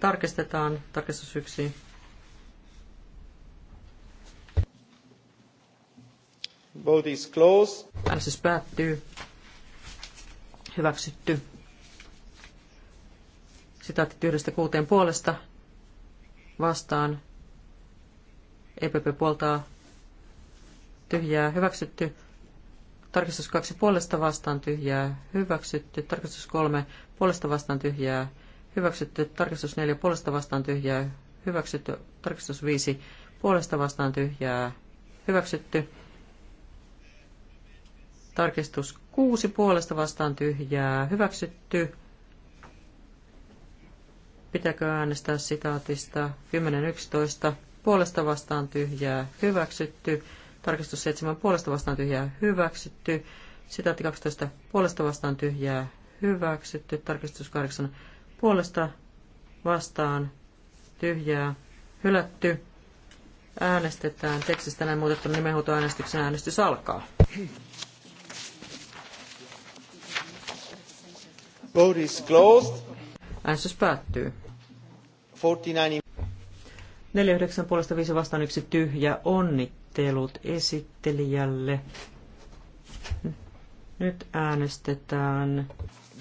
Tarkistetaan tarkistus yksi. Vote is closed. Äänestys päättyy hyväksytty. Sitaatit yhdestä kuuteen puolesta vastaan. EPP puoltaa tyhjää hyväksytty. Tarkistus kaksi puolesta vastaan tyhjää hyväksytty. Tarkistus kolme puolesta vastaan tyhjää hyväksytty. Tarkistus neljä puolesta vastaan tyhjää hyväksytty. Tarkistus viisi puolesta vastaan tyhjää hyväksytty. Tarkistus Kuusi puolesta vastaan tyhjää hyväksytty. Pitääkö äänestää sitaatista 10.11. Puolesta vastaan tyhjää hyväksytty. Tarkistus 7. Puolesta vastaan tyhjää hyväksytty. Sitaatti 12. Puolesta vastaan tyhjää hyväksytty. Tarkistus 8. Puolesta vastaan tyhjää hylätty. Äänestetään tekstistä näin muutettuna nimenhuutoäänestyksen äänestys alkaa. Vote is closed. Äänestys päättyy. 49. 49 puolesta 5 vastaan yksi tyhjä. Onnittelut esittelijälle. Nyt äänestetään.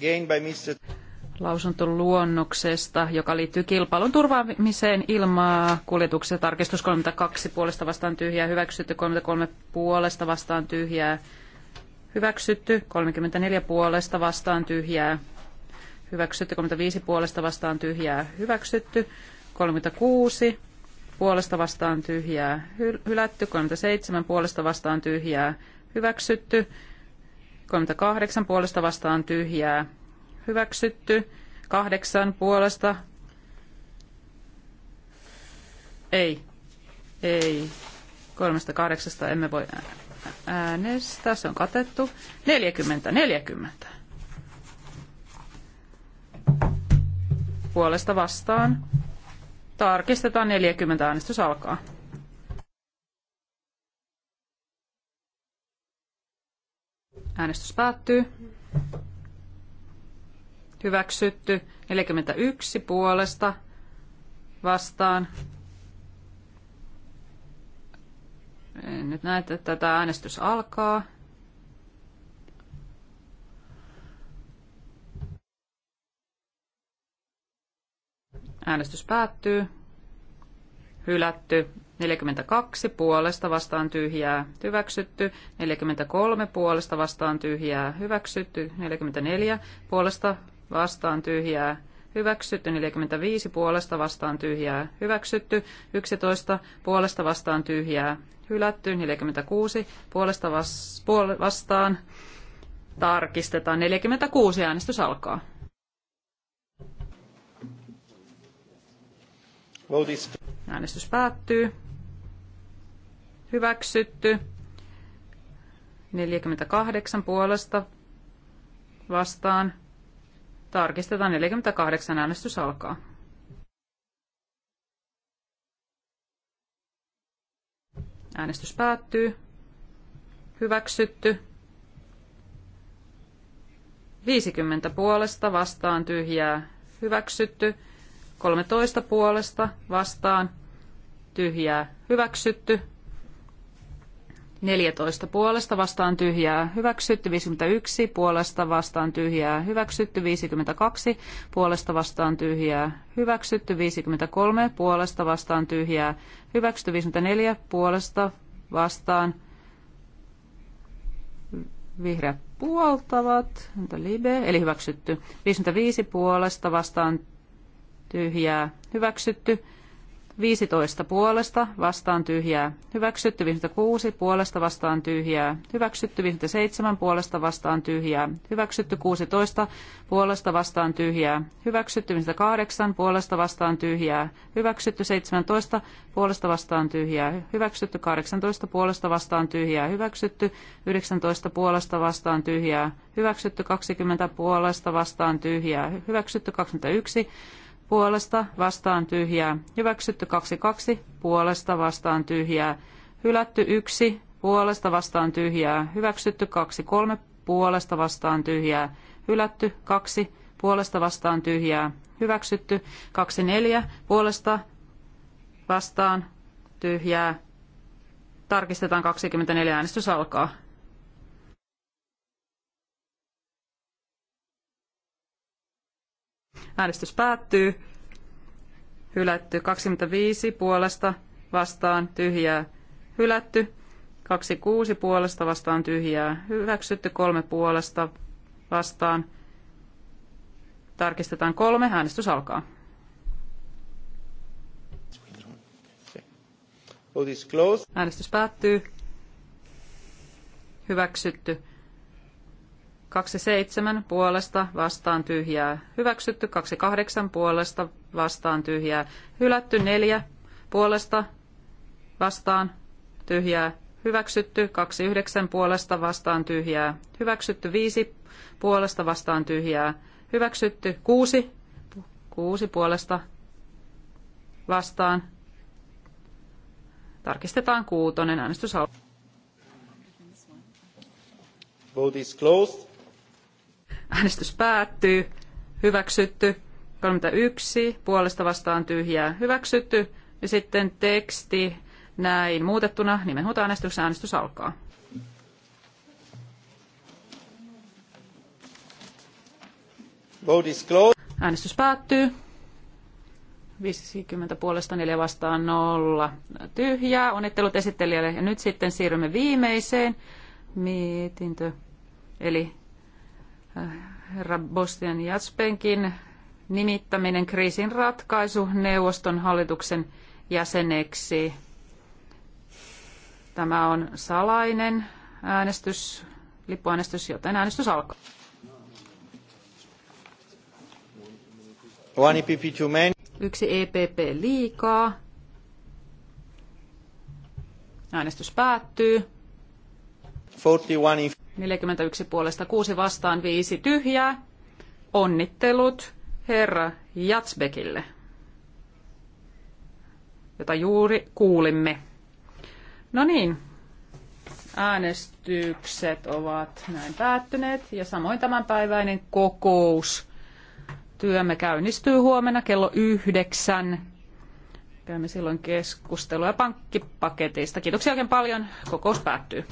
Gain by Mr. Lausuntoluonnoksesta, joka liittyy kilpailun turvaamiseen ilmaa kuljetuksessa. Tarkistus 32 puolesta vastaan tyhjää, hyväksytty 33 puolesta vastaan tyhjää, hyväksytty 34 puolesta vastaan tyhjää, hyväksytty, 35 puolesta vastaan tyhjää hyväksytty, 36 puolesta vastaan tyhjää hylätty, 37 puolesta vastaan tyhjää hyväksytty, 38 puolesta vastaan tyhjää hyväksytty, 8 puolesta ei, ei, kolmesta kahdeksasta emme voi äänestää, se on katettu, 40, 40 puolesta vastaan. Tarkistetaan 40. Äänestys alkaa. Äänestys päättyy. Hyväksytty 41 puolesta vastaan. En nyt näet, että tätä äänestys alkaa. Äänestys päättyy. Hylätty. 42 puolesta vastaan tyhjää hyväksytty, 43 puolesta vastaan tyhjää hyväksytty, 44 puolesta vastaan tyhjää hyväksytty, 45 puolesta vastaan tyhjää hyväksytty, 11 puolesta vastaan tyhjää hylätty, 46 puolesta vas- puol- vastaan tarkistetaan, 46 äänestys alkaa. Äänestys päättyy. Hyväksytty. 48 puolesta vastaan. Tarkistetaan 48 äänestys alkaa. Äänestys päättyy. Hyväksytty. 50 puolesta vastaan tyhjää. Hyväksytty. 13 puolesta vastaan tyhjää hyväksytty. 14 puolesta vastaan tyhjää hyväksytty, 51 puolesta vastaan tyhjää hyväksytty, 52 puolesta vastaan tyhjää hyväksytty, 53 puolesta vastaan tyhjää hyväksytty, 54 puolesta vastaan vihreät puoltavat, entä libe, eli hyväksytty, 55 puolesta vastaan tyhjää hyväksytty. 15 puolesta vastaan tyhjää hyväksytty, 56 puolesta vastaan tyhjää hyväksytty, 57 puolesta vastaan tyhjää hyväksytty, 16 puolesta vastaan tyhjää hyväksytty, kahdeksan puolesta vastaan tyhjää hyväksytty, 17 puolesta vastaan tyhjää hyväksytty, 18 puolesta vastaan tyhjää hyväksytty, 19 puolesta vastaan tyhjää hyväksytty, 20 puolesta vastaan tyhjää hyväksytty, 21 puolesta vastaan tyhjää, hyväksytty 22, puolesta vastaan tyhjää, hylätty 1, puolesta vastaan tyhjää, hyväksytty 23, puolesta vastaan tyhjää, hylätty 2, puolesta vastaan tyhjää, hyväksytty 24, puolesta vastaan tyhjää, tarkistetaan 24, äänestys alkaa. Äänestys päättyy. Hylätty 25 puolesta vastaan tyhjää. Hylätty 26 puolesta vastaan tyhjää. Hyväksytty 3 puolesta vastaan. Tarkistetaan kolme. Äänestys alkaa. Äänestys päättyy. Hyväksytty 27 puolesta vastaan tyhjää hyväksytty, 28 puolesta vastaan tyhjää hylätty, 4 puolesta vastaan tyhjää hyväksytty, 29 puolesta vastaan tyhjää hyväksytty, 5 puolesta vastaan tyhjää hyväksytty, 6 6 puolesta vastaan. Tarkistetaan kuutonen äänestys. Vote is closed. Äänestys päättyy. Hyväksytty. 31. Puolesta vastaan tyhjää. Hyväksytty. Ja sitten teksti näin muutettuna. Nimenhuutoäänestyksen äänestys alkaa. Vote is closed. Äänestys päättyy. 50 puolesta 4 vastaan 0. Tyhjää. Onnittelut esittelijälle. Ja nyt sitten siirrymme viimeiseen mietintö. Eli herra Bostian Jatspenkin nimittäminen kriisin ratkaisu neuvoston hallituksen jäseneksi. Tämä on salainen äänestys, lippuäänestys, joten äänestys alkaa. E Yksi EPP liikaa. Äänestys päättyy. 41 41 puolesta, 6 vastaan, 5 tyhjää. Onnittelut herra Jatsbekille, jota juuri kuulimme. No niin, äänestykset ovat näin päättyneet ja samoin tämänpäiväinen kokous. Työmme käynnistyy huomenna kello yhdeksän. Käymme silloin keskustelua pankkipaketista. Kiitoksia oikein paljon. Kokous päättyy.